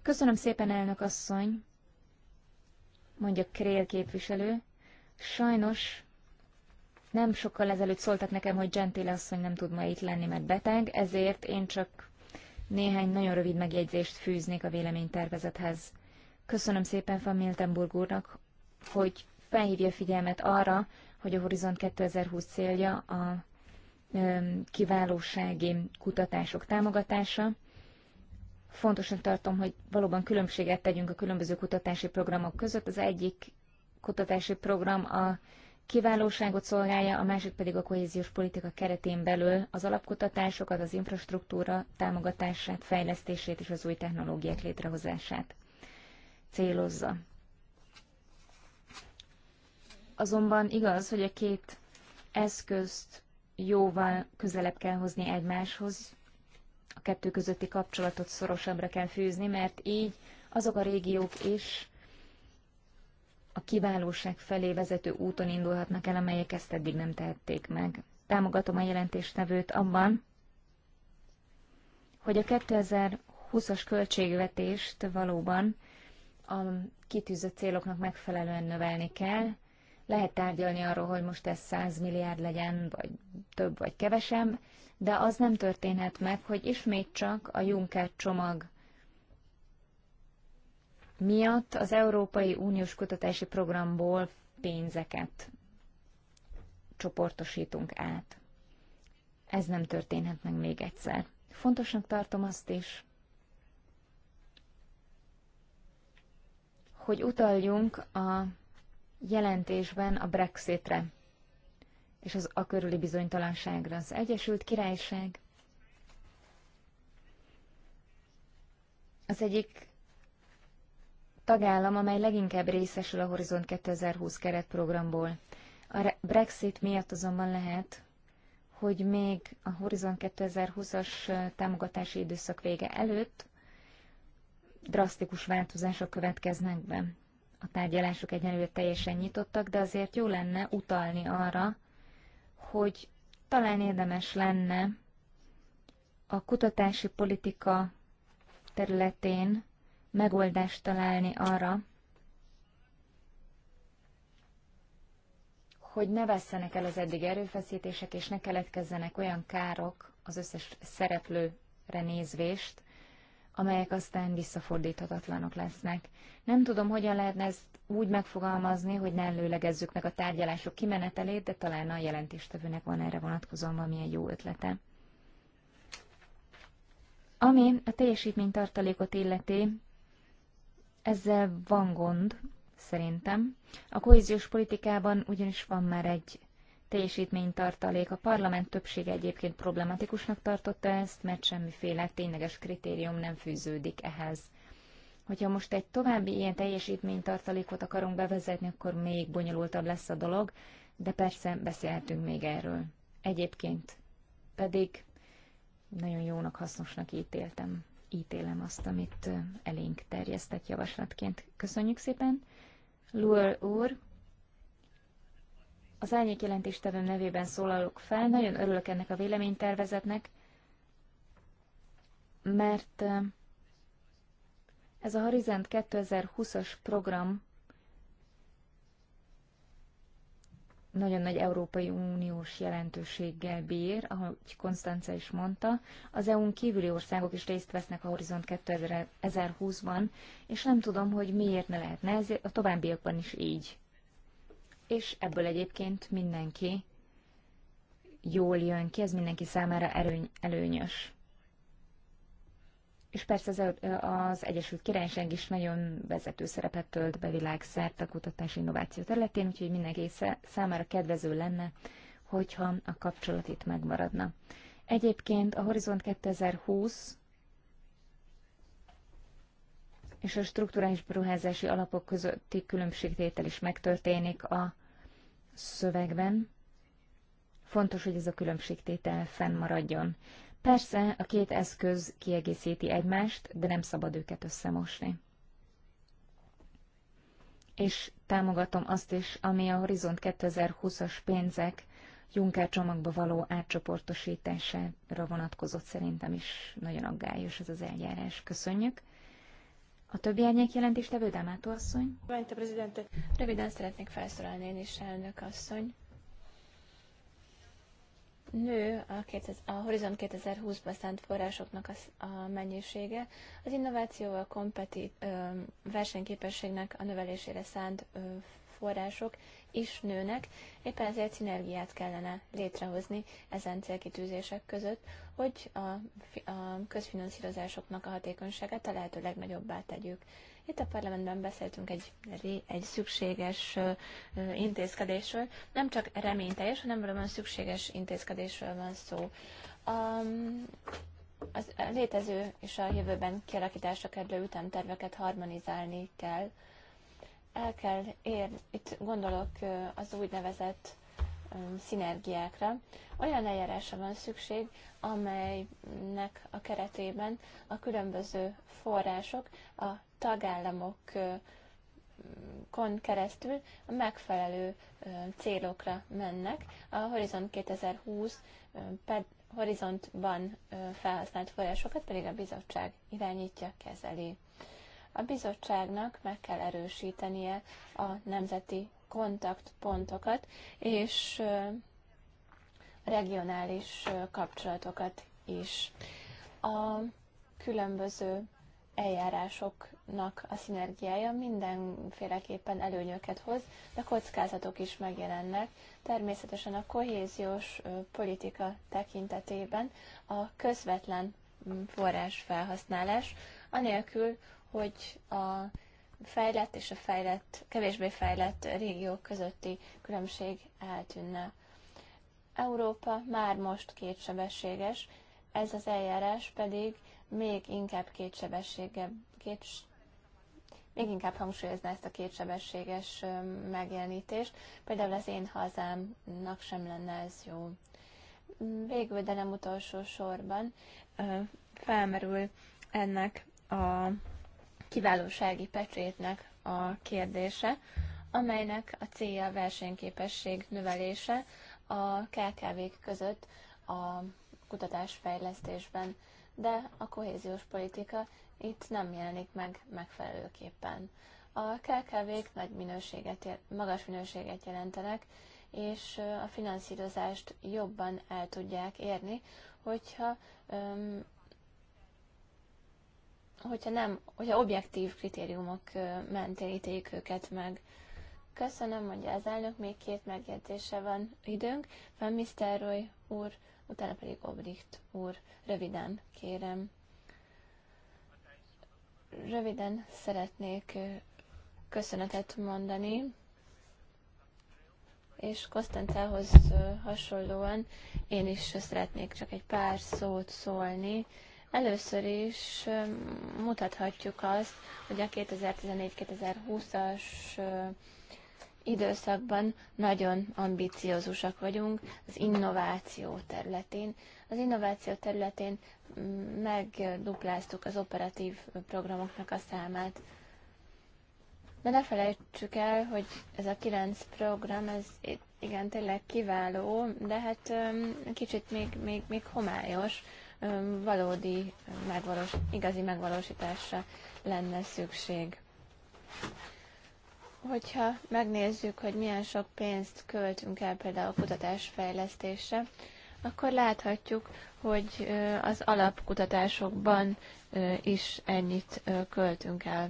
Köszönöm szépen, elnök asszony, mondja Krél képviselő. Sajnos nem sokkal ezelőtt szóltak nekem, hogy Gentile asszony nem tud ma itt lenni, mert beteg, ezért én csak néhány nagyon rövid megjegyzést fűznék a véleménytervezethez. Köszönöm szépen Van Miltenburg úrnak, hogy felhívja figyelmet arra, hogy a Horizont 2020 célja a kiválósági kutatások támogatása. Fontosnak tartom, hogy valóban különbséget tegyünk a különböző kutatási programok között. Az egyik kutatási program a kiválóságot szolgálja, a másik pedig a kohéziós politika keretén belül az alapkutatásokat, az infrastruktúra támogatását, fejlesztését és az új technológiák létrehozását célozza. Azonban igaz, hogy a két eszközt jóval közelebb kell hozni egymáshoz, a kettő közötti kapcsolatot szorosabbra kell fűzni, mert így azok a régiók is, a kiválóság felé vezető úton indulhatnak el, amelyek ezt eddig nem tehették meg. Támogatom a jelentéstevőt abban, hogy a 2020-as költségvetést valóban a kitűzött céloknak megfelelően növelni kell. Lehet tárgyalni arról, hogy most ez 100 milliárd legyen, vagy több, vagy kevesebb, de az nem történhet meg, hogy ismét csak a Juncker csomag miatt az Európai Uniós Kutatási Programból pénzeket csoportosítunk át. Ez nem történhet meg még egyszer. Fontosnak tartom azt is, hogy utaljunk a jelentésben a Brexitre és az a körüli bizonytalanságra. Az Egyesült Királyság az egyik tagállam, amely leginkább részesül a Horizont 2020 keretprogramból. A Brexit miatt azonban lehet, hogy még a Horizon 2020-as támogatási időszak vége előtt drasztikus változások következnek be. A tárgyalások egyenlőre teljesen nyitottak, de azért jó lenne utalni arra, hogy talán érdemes lenne a kutatási politika területén megoldást találni arra, hogy ne vesszenek el az eddig erőfeszítések, és ne keletkezzenek olyan károk az összes szereplőre nézvést, amelyek aztán visszafordíthatatlanok lesznek. Nem tudom, hogyan lehetne ezt úgy megfogalmazni, hogy ne előlegezzük meg a tárgyalások kimenetelét, de talán a jelentéstevőnek van erre vonatkozóan valamilyen jó ötlete. Ami a teljesítménytartalékot illeti, ezzel van gond, szerintem. A kohéziós politikában ugyanis van már egy teljesítménytartalék. A parlament többsége egyébként problematikusnak tartotta ezt, mert semmiféle tényleges kritérium nem fűződik ehhez. Hogyha most egy további ilyen teljesítménytartalékot akarunk bevezetni, akkor még bonyolultabb lesz a dolog, de persze beszélhetünk még erről. Egyébként pedig nagyon jónak, hasznosnak ítéltem ítélem azt, amit elénk terjesztett javaslatként. Köszönjük szépen! Luer úr, az elnyék jelentéstevőm nevében szólalok fel. Nagyon örülök ennek a véleménytervezetnek, mert ez a Horizont 2020-as program nagyon nagy Európai Uniós jelentőséggel bír, ahogy Konstanca is mondta. Az EU-n kívüli országok is részt vesznek a Horizont 2020-ban, és nem tudom, hogy miért ne lehetne ez a továbbiakban is így. És ebből egyébként mindenki jól jön ki, ez mindenki számára erőny, előnyös. És persze az, az Egyesült Királyság is nagyon vezető szerepet tölt be világszerte a kutatási innováció területén, úgyhogy mindenki számára kedvező lenne, hogyha a kapcsolat itt megmaradna. Egyébként a Horizont 2020 és a strukturális beruházási alapok közötti különbségtétel is megtörténik a szövegben. Fontos, hogy ez a különbségtétel fennmaradjon. Persze a két eszköz kiegészíti egymást, de nem szabad őket összemosni. És támogatom azt is, ami a Horizont 2020-as pénzek Juncker csomagba való átcsoportosítására vonatkozott szerintem is nagyon aggályos ez az eljárás. Köszönjük! A többi árnyék jelentéstevő Dámátó asszony. Röviden szeretnék felszólalni én is, elnök asszony nő a, 2000, a Horizon 2020 ban szánt forrásoknak a, a mennyisége, az innovációval kompetit ö, versenyképességnek a növelésére szánt ö, források is nőnek, éppen ezért szinergiát kellene létrehozni ezen célkitűzések között, hogy a, a közfinanszírozásoknak a hatékonyságát a lehető legnagyobbá tegyük. Itt a parlamentben beszéltünk egy, egy szükséges intézkedésről. Nem csak reményteljes, hanem valóban szükséges intézkedésről van szó. A, az létező és a jövőben kialakításra kerülő ütemterveket harmonizálni kell. El kell ér, itt gondolok az úgynevezett szinergiákra, olyan eljárásra van szükség, amelynek a keretében a különböző források a tagállamokon keresztül a megfelelő célokra mennek. A Horizont 2020 ped horizontban felhasznált forrásokat pedig a bizottság irányítja, kezeli. A bizottságnak meg kell erősítenie a nemzeti kontaktpontokat és regionális kapcsolatokat is. A különböző eljárásoknak a szinergiája mindenféleképpen előnyöket hoz, de kockázatok is megjelennek. Természetesen a kohéziós politika tekintetében a közvetlen forrás felhasználás, anélkül, hogy a fejlett és a fejlett, kevésbé fejlett régiók közötti különbség eltűnne. Európa már most kétsebességes, ez az eljárás pedig még inkább kétsebessége, két, még inkább hangsúlyozná ezt a kétsebességes megjelenítést. Például az én hazámnak sem lenne ez jó. Végül, de nem utolsó sorban felmerül ennek a kiválósági pecsétnek a kérdése, amelynek a célja a versenyképesség növelése a KKV-k között a kutatásfejlesztésben, de a kohéziós politika itt nem jelenik meg megfelelőképpen. A KKV-k nagy minőséget, magas minőséget jelentenek, és a finanszírozást jobban el tudják érni, hogyha öm, hogyha nem, hogyha objektív kritériumok mentén ítéljük őket meg. Köszönöm, mondja az elnök, még két megjegyzése van időnk, van Mr. Roy úr, utána pedig Obricht úr. Röviden, kérem. Röviden szeretnék köszönetet mondani, és Kostantához hasonlóan én is szeretnék csak egy pár szót szólni, Először is mutathatjuk azt, hogy a 2014-2020-as időszakban nagyon ambiciózusak vagyunk az innováció területén. Az innováció területén megdupláztuk az operatív programoknak a számát. De ne felejtsük el, hogy ez a kilenc program, ez igen, tényleg kiváló, de hát kicsit még, még, még homályos, valódi, megvalós, igazi megvalósításra lenne szükség. Hogyha megnézzük, hogy milyen sok pénzt költünk el például a kutatásfejlesztésre, akkor láthatjuk, hogy az alapkutatásokban is ennyit költünk el.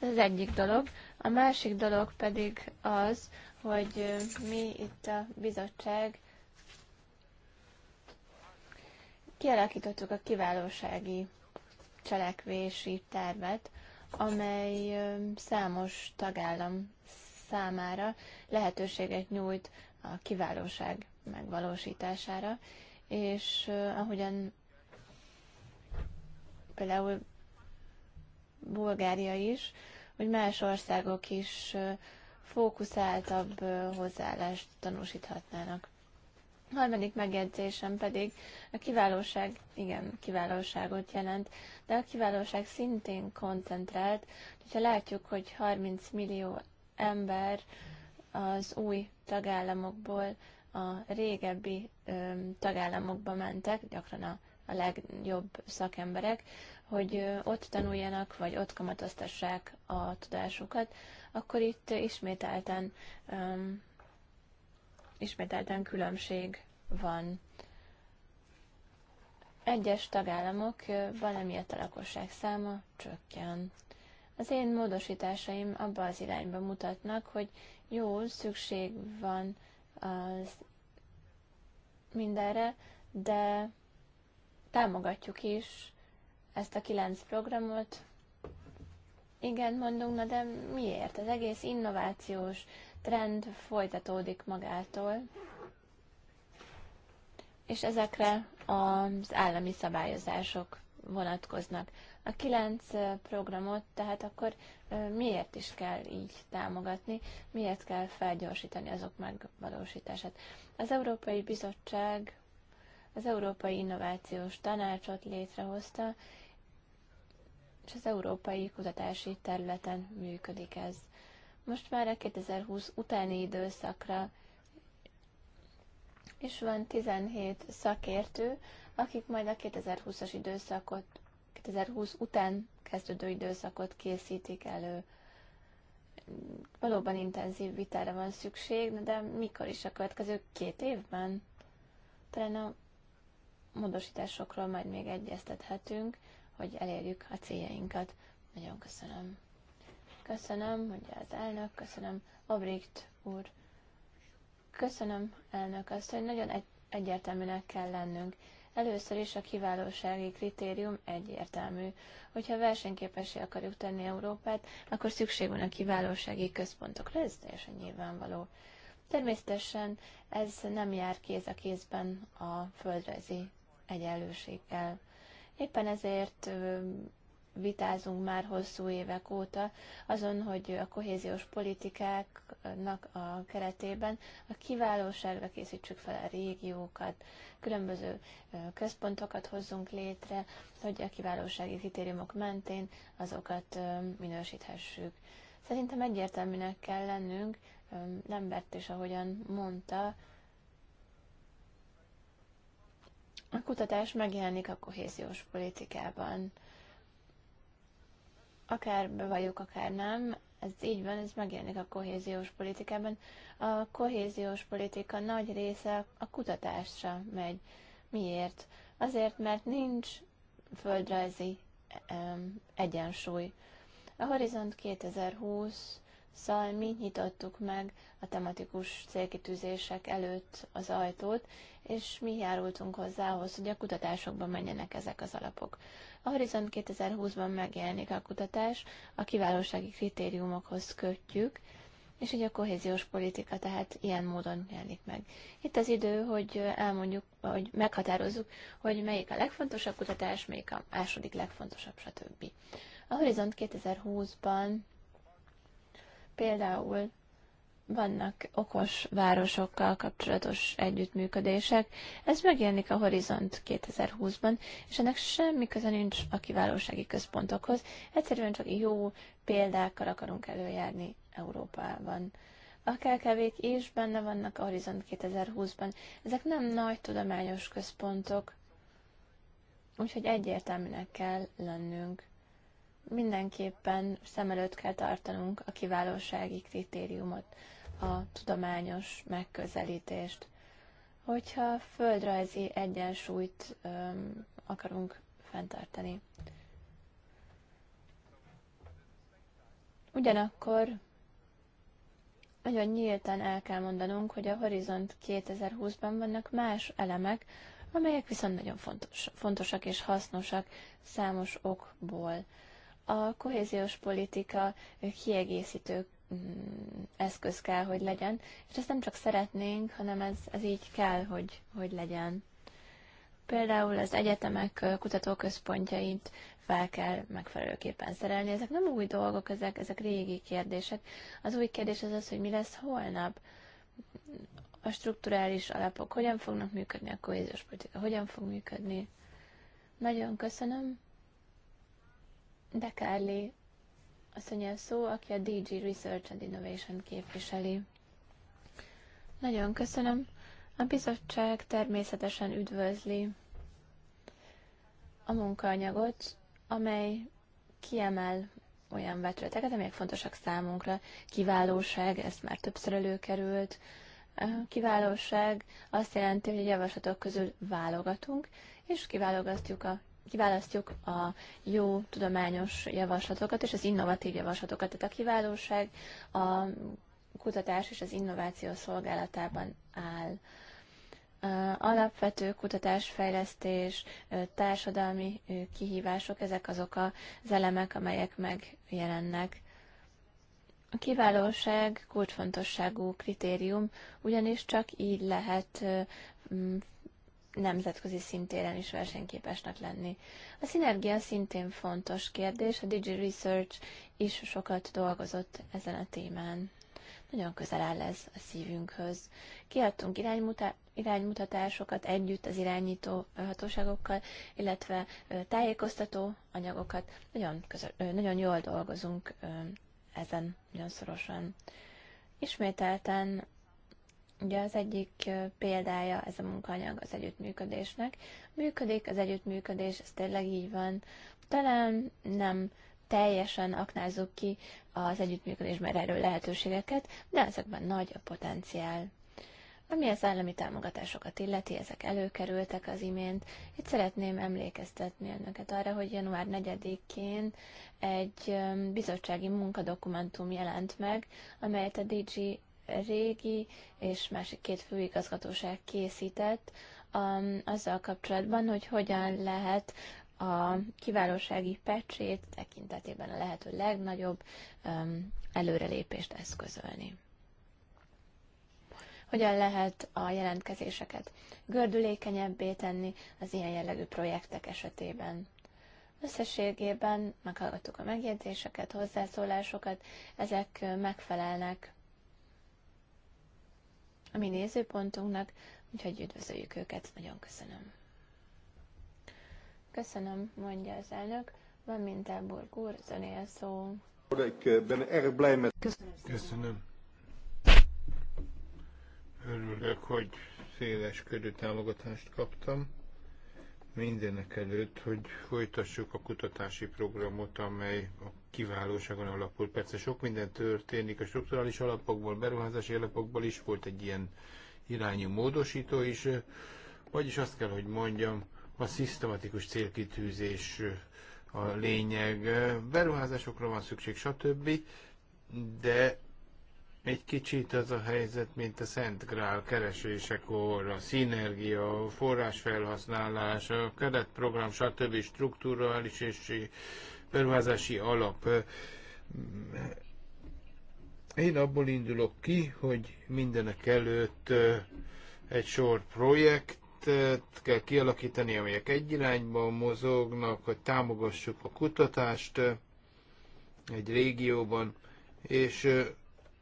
Ez az egyik dolog. A másik dolog pedig az, hogy mi itt a bizottság kialakítottuk a kiválósági cselekvési tervet, amely számos tagállam számára lehetőséget nyújt a kiválóság megvalósítására, és ahogyan például Bulgária is, hogy más országok is fókuszáltabb hozzáállást tanúsíthatnának. Harmadik megjegyzésem pedig a kiválóság, igen, kiválóságot jelent, de a kiválóság szintén koncentrált, hogyha látjuk, hogy 30 millió ember az új tagállamokból a régebbi ö, tagállamokba mentek, gyakran a, a legjobb szakemberek, hogy ö, ott tanuljanak, vagy ott kamatoztassák a tudásukat, akkor itt ismételten ö, ismételten különbség van. Egyes tagállamok valamiatt a lakosság száma csökken. Az én módosításaim abba az irányba mutatnak, hogy jó, szükség van az mindenre, de támogatjuk is ezt a kilenc programot. Igen, mondunk, na de miért? Az egész innovációs trend folytatódik magától, és ezekre az állami szabályozások vonatkoznak. A kilenc programot tehát akkor miért is kell így támogatni, miért kell felgyorsítani azok megvalósítását. Az Európai Bizottság az Európai Innovációs Tanácsot létrehozta, és az európai kutatási területen működik ez most már a 2020 utáni időszakra. És van 17 szakértő, akik majd a 2020-as időszakot, 2020 után kezdődő időszakot készítik elő. Valóban intenzív vitára van szükség, de mikor is a következő két évben? Talán a módosításokról majd még egyeztethetünk, hogy elérjük a céljainkat. Nagyon köszönöm. Köszönöm, mondja az elnök, köszönöm, Obrikt úr. Köszönöm, elnök, azt, hogy nagyon egy, egyértelműnek kell lennünk. Először is a kiválósági kritérium egyértelmű. Hogyha versenyképessé akarjuk tenni Európát, akkor szükség van a kiválósági központokra, ez teljesen nyilvánvaló. Természetesen ez nem jár kéz a kézben a földrajzi egyenlőséggel. Éppen ezért vitázunk már hosszú évek óta azon, hogy a kohéziós politikáknak a keretében a kiválóságra készítsük fel a régiókat, különböző központokat hozzunk létre, hogy a kiválósági kritériumok mentén azokat minősíthessük. Szerintem egyértelműnek kell lennünk, Lembert is ahogyan mondta, a kutatás megjelenik a kohéziós politikában akár bevalljuk, akár nem, ez így van, ez megjelenik a kohéziós politikában. A kohéziós politika nagy része a kutatásra megy. Miért? Azért, mert nincs földrajzi egyensúly. A Horizont 2020 Szóval mi nyitottuk meg a tematikus célkitűzések előtt az ajtót, és mi járultunk ahhoz, hogy a kutatásokban menjenek ezek az alapok. A Horizont 2020-ban megjelenik a kutatás, a kiválósági kritériumokhoz kötjük, és így a kohéziós politika tehát ilyen módon jelenik meg. Itt az idő, hogy elmondjuk, hogy meghatározzuk, hogy melyik a legfontosabb kutatás, melyik a második legfontosabb, stb. A Horizont 2020-ban Például vannak okos városokkal kapcsolatos együttműködések. Ez megjelenik a Horizont 2020-ban, és ennek semmi köze nincs a kiválósági központokhoz. Egyszerűen csak jó példákkal akarunk előjárni Európában. A KKV-k is benne vannak a Horizont 2020-ban. Ezek nem nagy tudományos központok, úgyhogy egyértelműnek kell lennünk mindenképpen szem előtt kell tartanunk a kiválósági kritériumot, a tudományos megközelítést. Hogyha földrajzi egyensúlyt öm, akarunk fenntartani. Ugyanakkor nagyon nyíltan el kell mondanunk, hogy a Horizont 2020-ban vannak más elemek, amelyek viszont nagyon fontos, fontosak és hasznosak számos okból a kohéziós politika kiegészítő mm, eszköz kell, hogy legyen, és ezt nem csak szeretnénk, hanem ez, ez így kell, hogy, hogy legyen. Például az egyetemek kutatóközpontjait fel kell megfelelőképpen szerelni. Ezek nem új dolgok, ezek, ezek régi kérdések. Az új kérdés az az, hogy mi lesz holnap. A strukturális alapok hogyan fognak működni, a kohéziós politika hogyan fog működni. Nagyon köszönöm. De Kárli a szó, aki a DG Research and Innovation képviseli. Nagyon köszönöm. A bizottság természetesen üdvözli a munkaanyagot, amely kiemel olyan vetületeket, amelyek fontosak számunkra. Kiválóság, ez már többször előkerült. kiválóság azt jelenti, hogy a javaslatok közül válogatunk, és kiválogatjuk a kiválasztjuk a jó tudományos javaslatokat és az innovatív javaslatokat, tehát a kiválóság a kutatás és az innováció szolgálatában áll. Alapvető kutatásfejlesztés, társadalmi kihívások, ezek azok az elemek, amelyek megjelennek. A kiválóság kulcsfontosságú kritérium, ugyanis csak így lehet nemzetközi szintéren is versenyképesnek lenni. A szinergia szintén fontos kérdés, a Digi Research is sokat dolgozott ezen a témán. Nagyon közel áll ez a szívünkhöz. Kiadtunk iránymutást, iránymutatásokat együtt az irányító hatóságokkal, illetve tájékoztató anyagokat. Nagyon, közel, nagyon jól dolgozunk ezen, nagyon szorosan. Ismételten Ugye az egyik példája ez a munkanyag az együttműködésnek. Működik az együttműködés, ez tényleg így van. Talán nem teljesen aknázzuk ki az együttműködésben erő lehetőségeket, de ezekben nagy a potenciál. Ami az állami támogatásokat illeti, ezek előkerültek az imént. Itt szeretném emlékeztetni önöket arra, hogy január 4-én egy bizottsági munkadokumentum jelent meg, amelyet a DG régi és másik két főigazgatóság készített um, azzal kapcsolatban, hogy hogyan lehet a kiválósági pecsét tekintetében a lehető legnagyobb um, előrelépést eszközölni. Hogyan lehet a jelentkezéseket gördülékenyebbé tenni az ilyen jellegű projektek esetében? Összességében meghallgattuk a megjegyzéseket, hozzászólásokat, ezek megfelelnek a mi nézőpontunknak, úgyhogy üdvözöljük őket, nagyon köszönöm. Köszönöm, mondja az elnök. Van Mintelburg úr, zönél szó. Köszönöm. Köszönöm. Örülök, hogy széles körű támogatást kaptam. Mindenek előtt, hogy folytassuk a kutatási programot, amely a kiválóságon alapul. Persze sok minden történik a strukturális alapokból, beruházási alapokból is volt egy ilyen irányú módosító is, vagyis azt kell, hogy mondjam, a szisztematikus célkitűzés a lényeg. Beruházásokra van szükség, stb. De egy kicsit az a helyzet, mint a Szent Grál keresésekor, a szinergia, a forrásfelhasználás, a keretprogram, stb. strukturális és beruházási alap. Én abból indulok ki, hogy mindenek előtt egy sor projekt, kell kialakítani, amelyek egy irányban mozognak, hogy támogassuk a kutatást egy régióban, és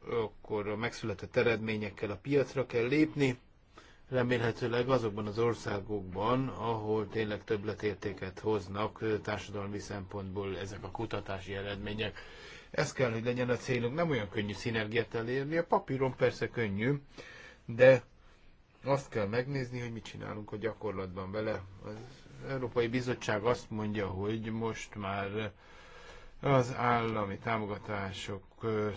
akkor a megszületett eredményekkel a piacra kell lépni remélhetőleg azokban az országokban, ahol tényleg többletértéket hoznak társadalmi szempontból ezek a kutatási eredmények. Ez kell, hogy legyen a célunk. Nem olyan könnyű szinergiát elérni. A papíron persze könnyű, de azt kell megnézni, hogy mit csinálunk a gyakorlatban vele. Az Európai Bizottság azt mondja, hogy most már az állami támogatások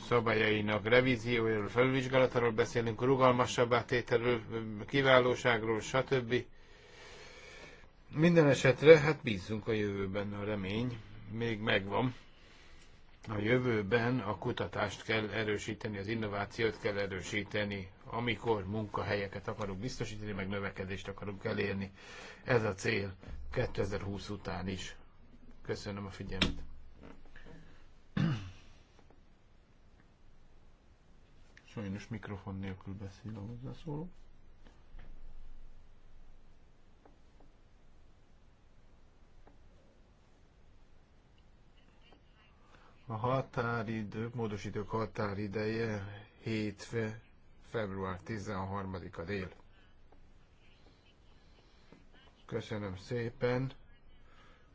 szabályainak revíziójáról, felvizsgálatáról beszélünk, rugalmasabbá tételről, kiválóságról, stb. Minden esetre, hát bízzunk a jövőben, a remény még megvan. A jövőben a kutatást kell erősíteni, az innovációt kell erősíteni, amikor munkahelyeket akarunk biztosítani, meg növekedést akarunk elérni. Ez a cél 2020 után is. Köszönöm a figyelmet! Sajnos mikrofon nélkül beszél a hozzászóló. A határidő, módosítók határideje hétfő, február 13-a dél. Köszönöm szépen.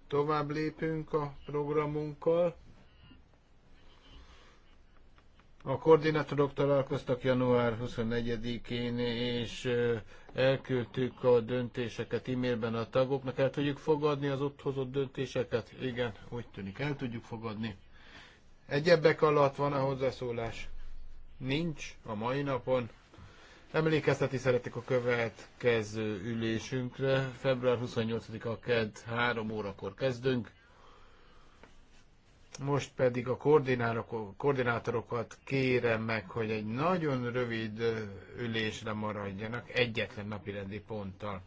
Tovább lépünk a programunkkal. A koordinátorok találkoztak január 24-én, és elküldtük a döntéseket e-mailben a tagoknak. El tudjuk fogadni az ott hozott döntéseket? Igen, úgy tűnik, el tudjuk fogadni. Egyebek alatt van a hozzászólás? Nincs a mai napon. Emlékeztetni szeretik a következő ülésünkre. Február 28-a KED 3 órakor kezdünk. Most pedig a koordinátorokat kérem meg, hogy egy nagyon rövid ülésre maradjanak egyetlen napirendi ponttal.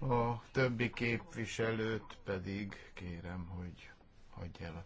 A többi képviselőt pedig kérem, hogy hagyja el a